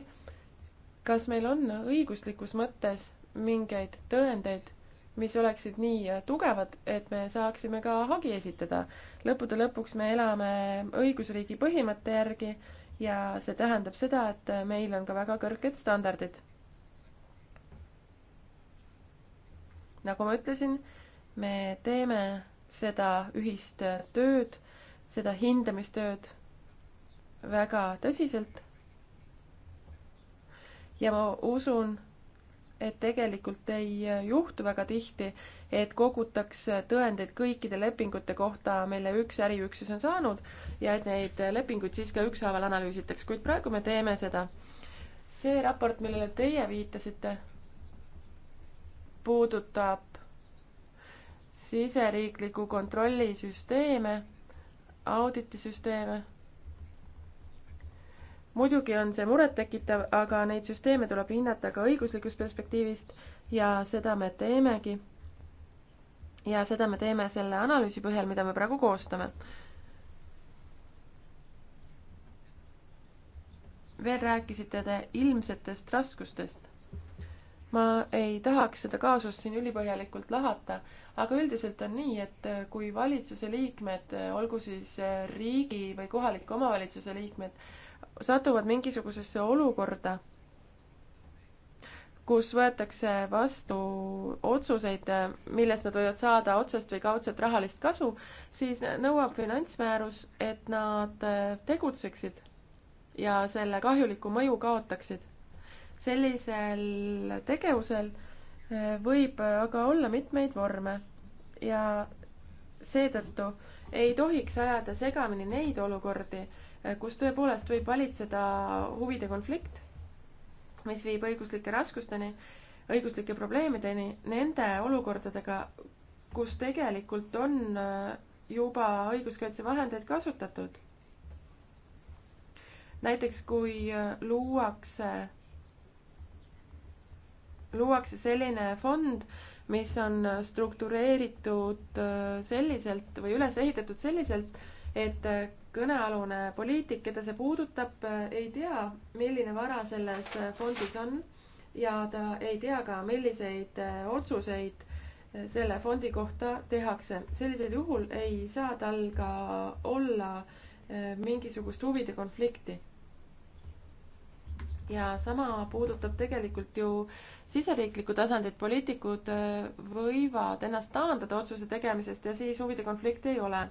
kas meil on õiguslikus mõttes mingeid tõendeid, mis oleksid nii tugevad, et me saaksime ka hagi esitada. lõppude lõpuks me elame õigusriigi põhimõtte järgi ja see tähendab seda, et meil on ka väga kõrged standardid. nagu ma ütlesin, me teeme seda ühist tööd, seda hindamistööd väga tõsiselt. ja ma usun, et tegelikult ei juhtu väga tihti, et kogutakse tõendeid kõikide lepingute kohta, mille üks äriüksus on saanud ja et neid lepinguid siis ka ükshaaval analüüsitakse, kuid praegu me teeme seda. see raport, millele teie viitasite, puudutab siseriikliku kontrollisüsteeme, auditisüsteeme muidugi on see murettekitav, aga neid süsteeme tuleb hinnata ka õiguslikust perspektiivist ja seda me teemegi. ja seda me teeme selle analüüsi põhjal, mida me praegu koostame. veel rääkisite te ilmsetest raskustest. ma ei tahaks seda kaasust siin ülipõhjalikult lahata, aga üldiselt on nii, et kui valitsuse liikmed, olgu siis riigi või kohaliku omavalitsuse liikmed, satuvad mingisugusesse olukorda, kus võetakse vastu otsuseid, millest nad võivad saada otsest või kaudset rahalist kasu, siis nõuab finantsmäärus, et nad tegutseksid ja selle kahjuliku mõju kaotaksid. sellisel tegevusel eh, võib aga olla mitmeid vorme ja seetõttu ei tohiks ajada segamini neid olukordi, Äh, kus tõepoolest võib valitseda huvide konflikt, mis viib õiguslike raskusteni, õiguslike probleemideni, nende olukordadega, kus tegelikult on äh, juba õiguskaitsevahendeid kasutatud. näiteks kui äh, luuakse, luuakse selline fond, mis on struktureeritud selliselt või üles ehitatud selliselt, et kõnealune poliitik, keda see puudutab, ei tea, milline vara selles fondis on ja ta ei tea ka, milliseid otsuseid selle fondi kohta tehakse. sellisel juhul ei saa tal ka olla eh, mingisugust huvide konflikti. ja sama puudutab tegelikult ju siseriiklikku tasandit, poliitikud eh, võivad ennast taandada otsuse tegemisest ja siis huvide konflikti ei ole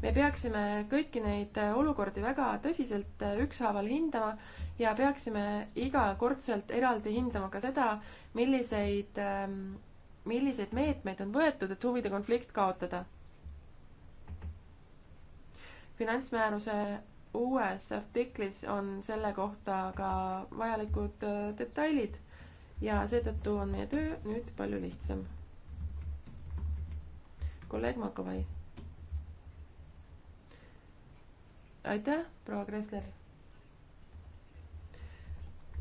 me peaksime kõiki neid äh, olukordi väga tõsiselt äh, ükshaaval hindama ja peaksime igakordselt eraldi hindama ka seda, milliseid, ähm, milliseid meetmeid on võetud, et huvide konflikt kaotada. finantsmääruse uues artiklis on selle kohta ka vajalikud äh, detailid ja seetõttu on meie töö nüüd palju lihtsam. kolleeg Makovai aitäh, proua Kressler.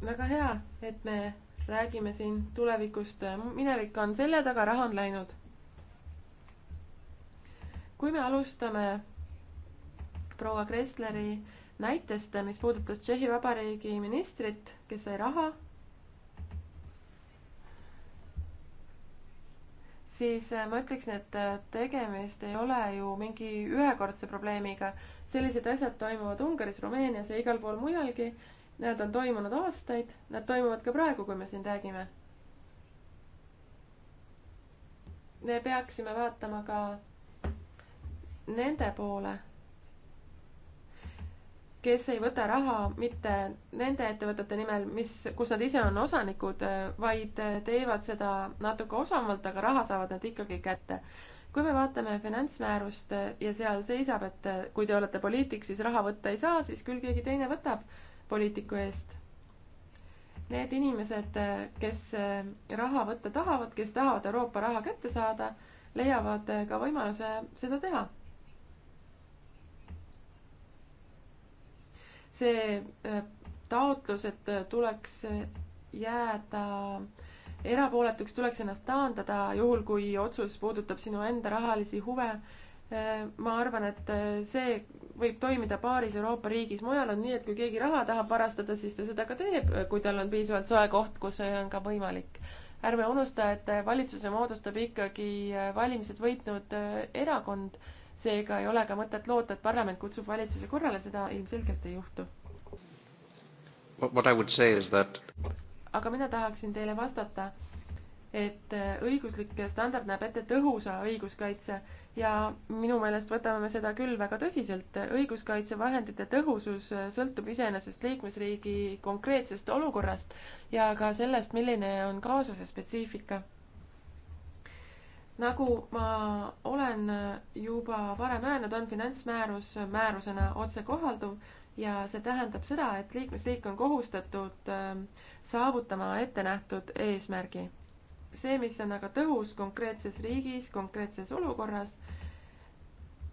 väga hea, et me räägime siin tulevikust. minevik on selja taga, raha on läinud. kui me alustame proua Kressleri näitest, mis puudutas Tšehhi Vabariigi ministrit, kes sai raha, siis ma ütleksin, et tegemist ei ole ju mingi ühekordse probleemiga sellised asjad toimuvad Ungaris, Rumeenias ja igal pool mujalgi. Nad on toimunud aastaid, nad toimuvad ka praegu, kui me siin räägime. me peaksime vaatama ka nende poole, kes ei võta raha mitte nende ettevõtete nimel, mis, kus nad ise on osanikud, vaid teevad seda natuke osavamalt, aga raha saavad nad ikkagi kätte kui me vaatame finantsmäärust ja seal seisab, et kui te olete poliitik, siis raha võtta ei saa, siis küll keegi teine võtab poliitiku eest. Need inimesed, kes raha võtta tahavad, kes tahavad Euroopa raha kätte saada, leiavad ka võimaluse seda teha. see äh, taotlus, et tuleks jääda äh, erapooletuks tuleks ennast taandada, juhul kui otsus puudutab sinu enda rahalisi huve. Äh, ma arvan, et äh, see võib toimida paaris Euroopa riigis, mujal on nii, et kui keegi raha tahab varastada, siis ta seda ka teeb, äh, kui tal on piisavalt soe koht, kus see on ka võimalik. ärme unusta, et valitsuse moodustab ikkagi valimised võitnud erakond, seega ei ole ka mõtet loota, et parlament kutsub valitsuse korrale, seda ilmselgelt ei juhtu. What I would say is that aga mina tahaksin teile vastata, et äh, õiguslik standard näeb ette tõhusa õiguskaitse ja minu meelest võtame me seda küll väga tõsiselt. õiguskaitsevahendite tõhusus äh, sõltub iseenesest liikmesriigi konkreetsest olukorrast ja ka sellest, milline on kaasuse spetsiifika. nagu ma olen äh, juba varem öelnud, on finantsmäärus määrusena otsekohalduv ja see tähendab seda, et liikmesriik on kohustatud ähm, saavutama ettenähtud eesmärgi. see, mis on aga tõhus konkreetses riigis, konkreetses olukorras,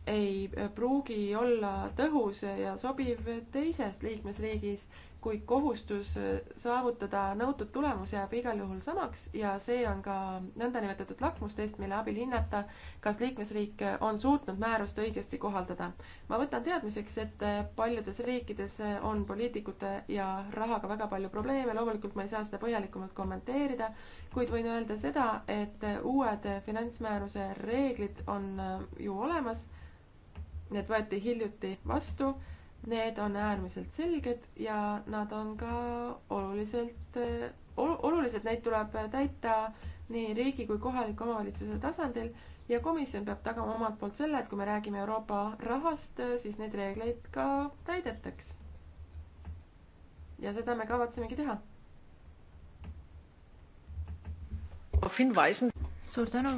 ei pruugi olla tõhus ja sobiv teises liikmesriigis kuid kohustus eh, saavutada nõutud tulemus jääb igal juhul samaks ja see on ka nõndanimetatud lakmustest, mille abil hinnata, kas liikmesriik eh, on suutnud määrust õigesti kohaldada. ma võtan teadmiseks, et eh, paljudes riikides on poliitikute ja rahaga väga palju probleeme, loomulikult ma ei saa seda põhjalikumalt kommenteerida, kuid võin öelda seda, et uued finantsmääruse reeglid on ju olemas, need võeti hiljuti vastu Need on äärmiselt selged ja nad on ka oluliselt, oluliselt neid tuleb täita nii riigi kui kohaliku omavalitsuse tasandil ja komisjon peab tagama omalt poolt selle, et kui me räägime Euroopa rahast, siis neid reegleid ka täidetaks. ja seda me kavatsemegi teha. suur tänu.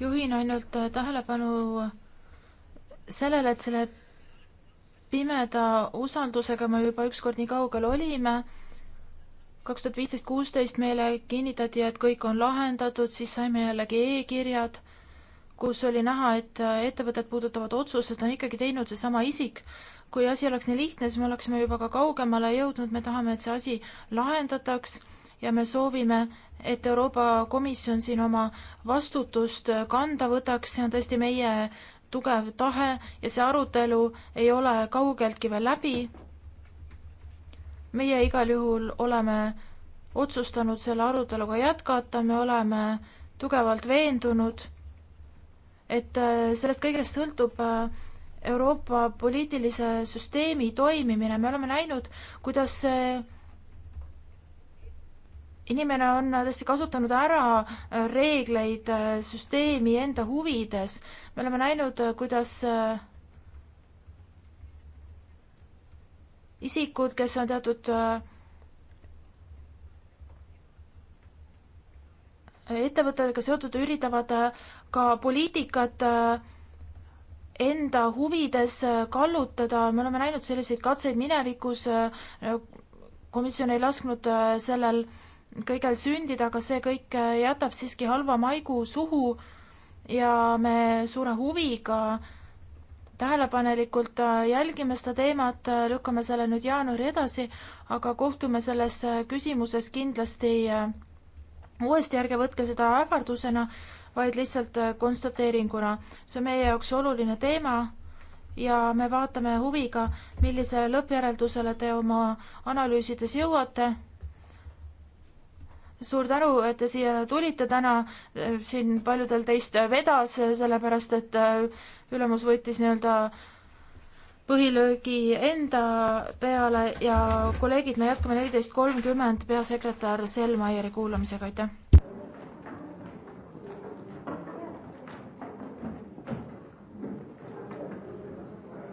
juhin ainult äh, tähelepanu sellele, et selle pimeda usaldusega me juba ükskord nii kaugel olime. kaks tuhat viisteist, kuusteist meile kinnitati, et kõik on lahendatud, siis saime jällegi e-kirjad, kus oli näha, et ettevõtet puudutavad otsused on ikkagi teinud seesama isik. kui asi oleks nii lihtne, siis me oleksime juba ka kaugemale jõudnud, me tahame, et see asi lahendataks ja me soovime, et Euroopa Komisjon siin oma vastutust kanda võtaks, see on tõesti meie tugev tahe ja see arutelu ei ole kaugeltki veel läbi. meie igal juhul oleme otsustanud selle aruteluga jätkata, me oleme tugevalt veendunud, et äh, sellest kõigest sõltub äh, Euroopa poliitilise süsteemi toimimine, me oleme näinud, kuidas see inimene on tõesti kasutanud ära äh, reegleid äh, süsteemi enda huvides. me oleme näinud, äh, kuidas isikud, kes on teatud ettevõttega seotud, üritavad ka poliitikat enda huvides kallutada, me oleme näinud selliseid katseid minevikus, komisjon ei lasknud sellel äh, kõigel sündida, aga see kõik äh, jätab siiski halva maigu suhu ja me suure huviga tähelepanelikult äh, jälgime seda teemat, äh, lükkame selle nüüd jaanuari edasi, aga kohtume selles küsimuses kindlasti uuesti, ärge võtke seda ähvardusena, vaid lihtsalt konstateeringuna. see on meie jaoks oluline teema ja me vaatame huviga, millisele lõppjäreldusele te oma analüüsides jõuate suur tänu, et te siia tulite täna, siin paljudel teist vedas, sellepärast et äh, ülemus võttis nii-öelda põhilöögi enda peale ja kolleegid, me jätkame neliteist kolmkümmend peasekretär Sel Maieri kuulamisega, aitäh!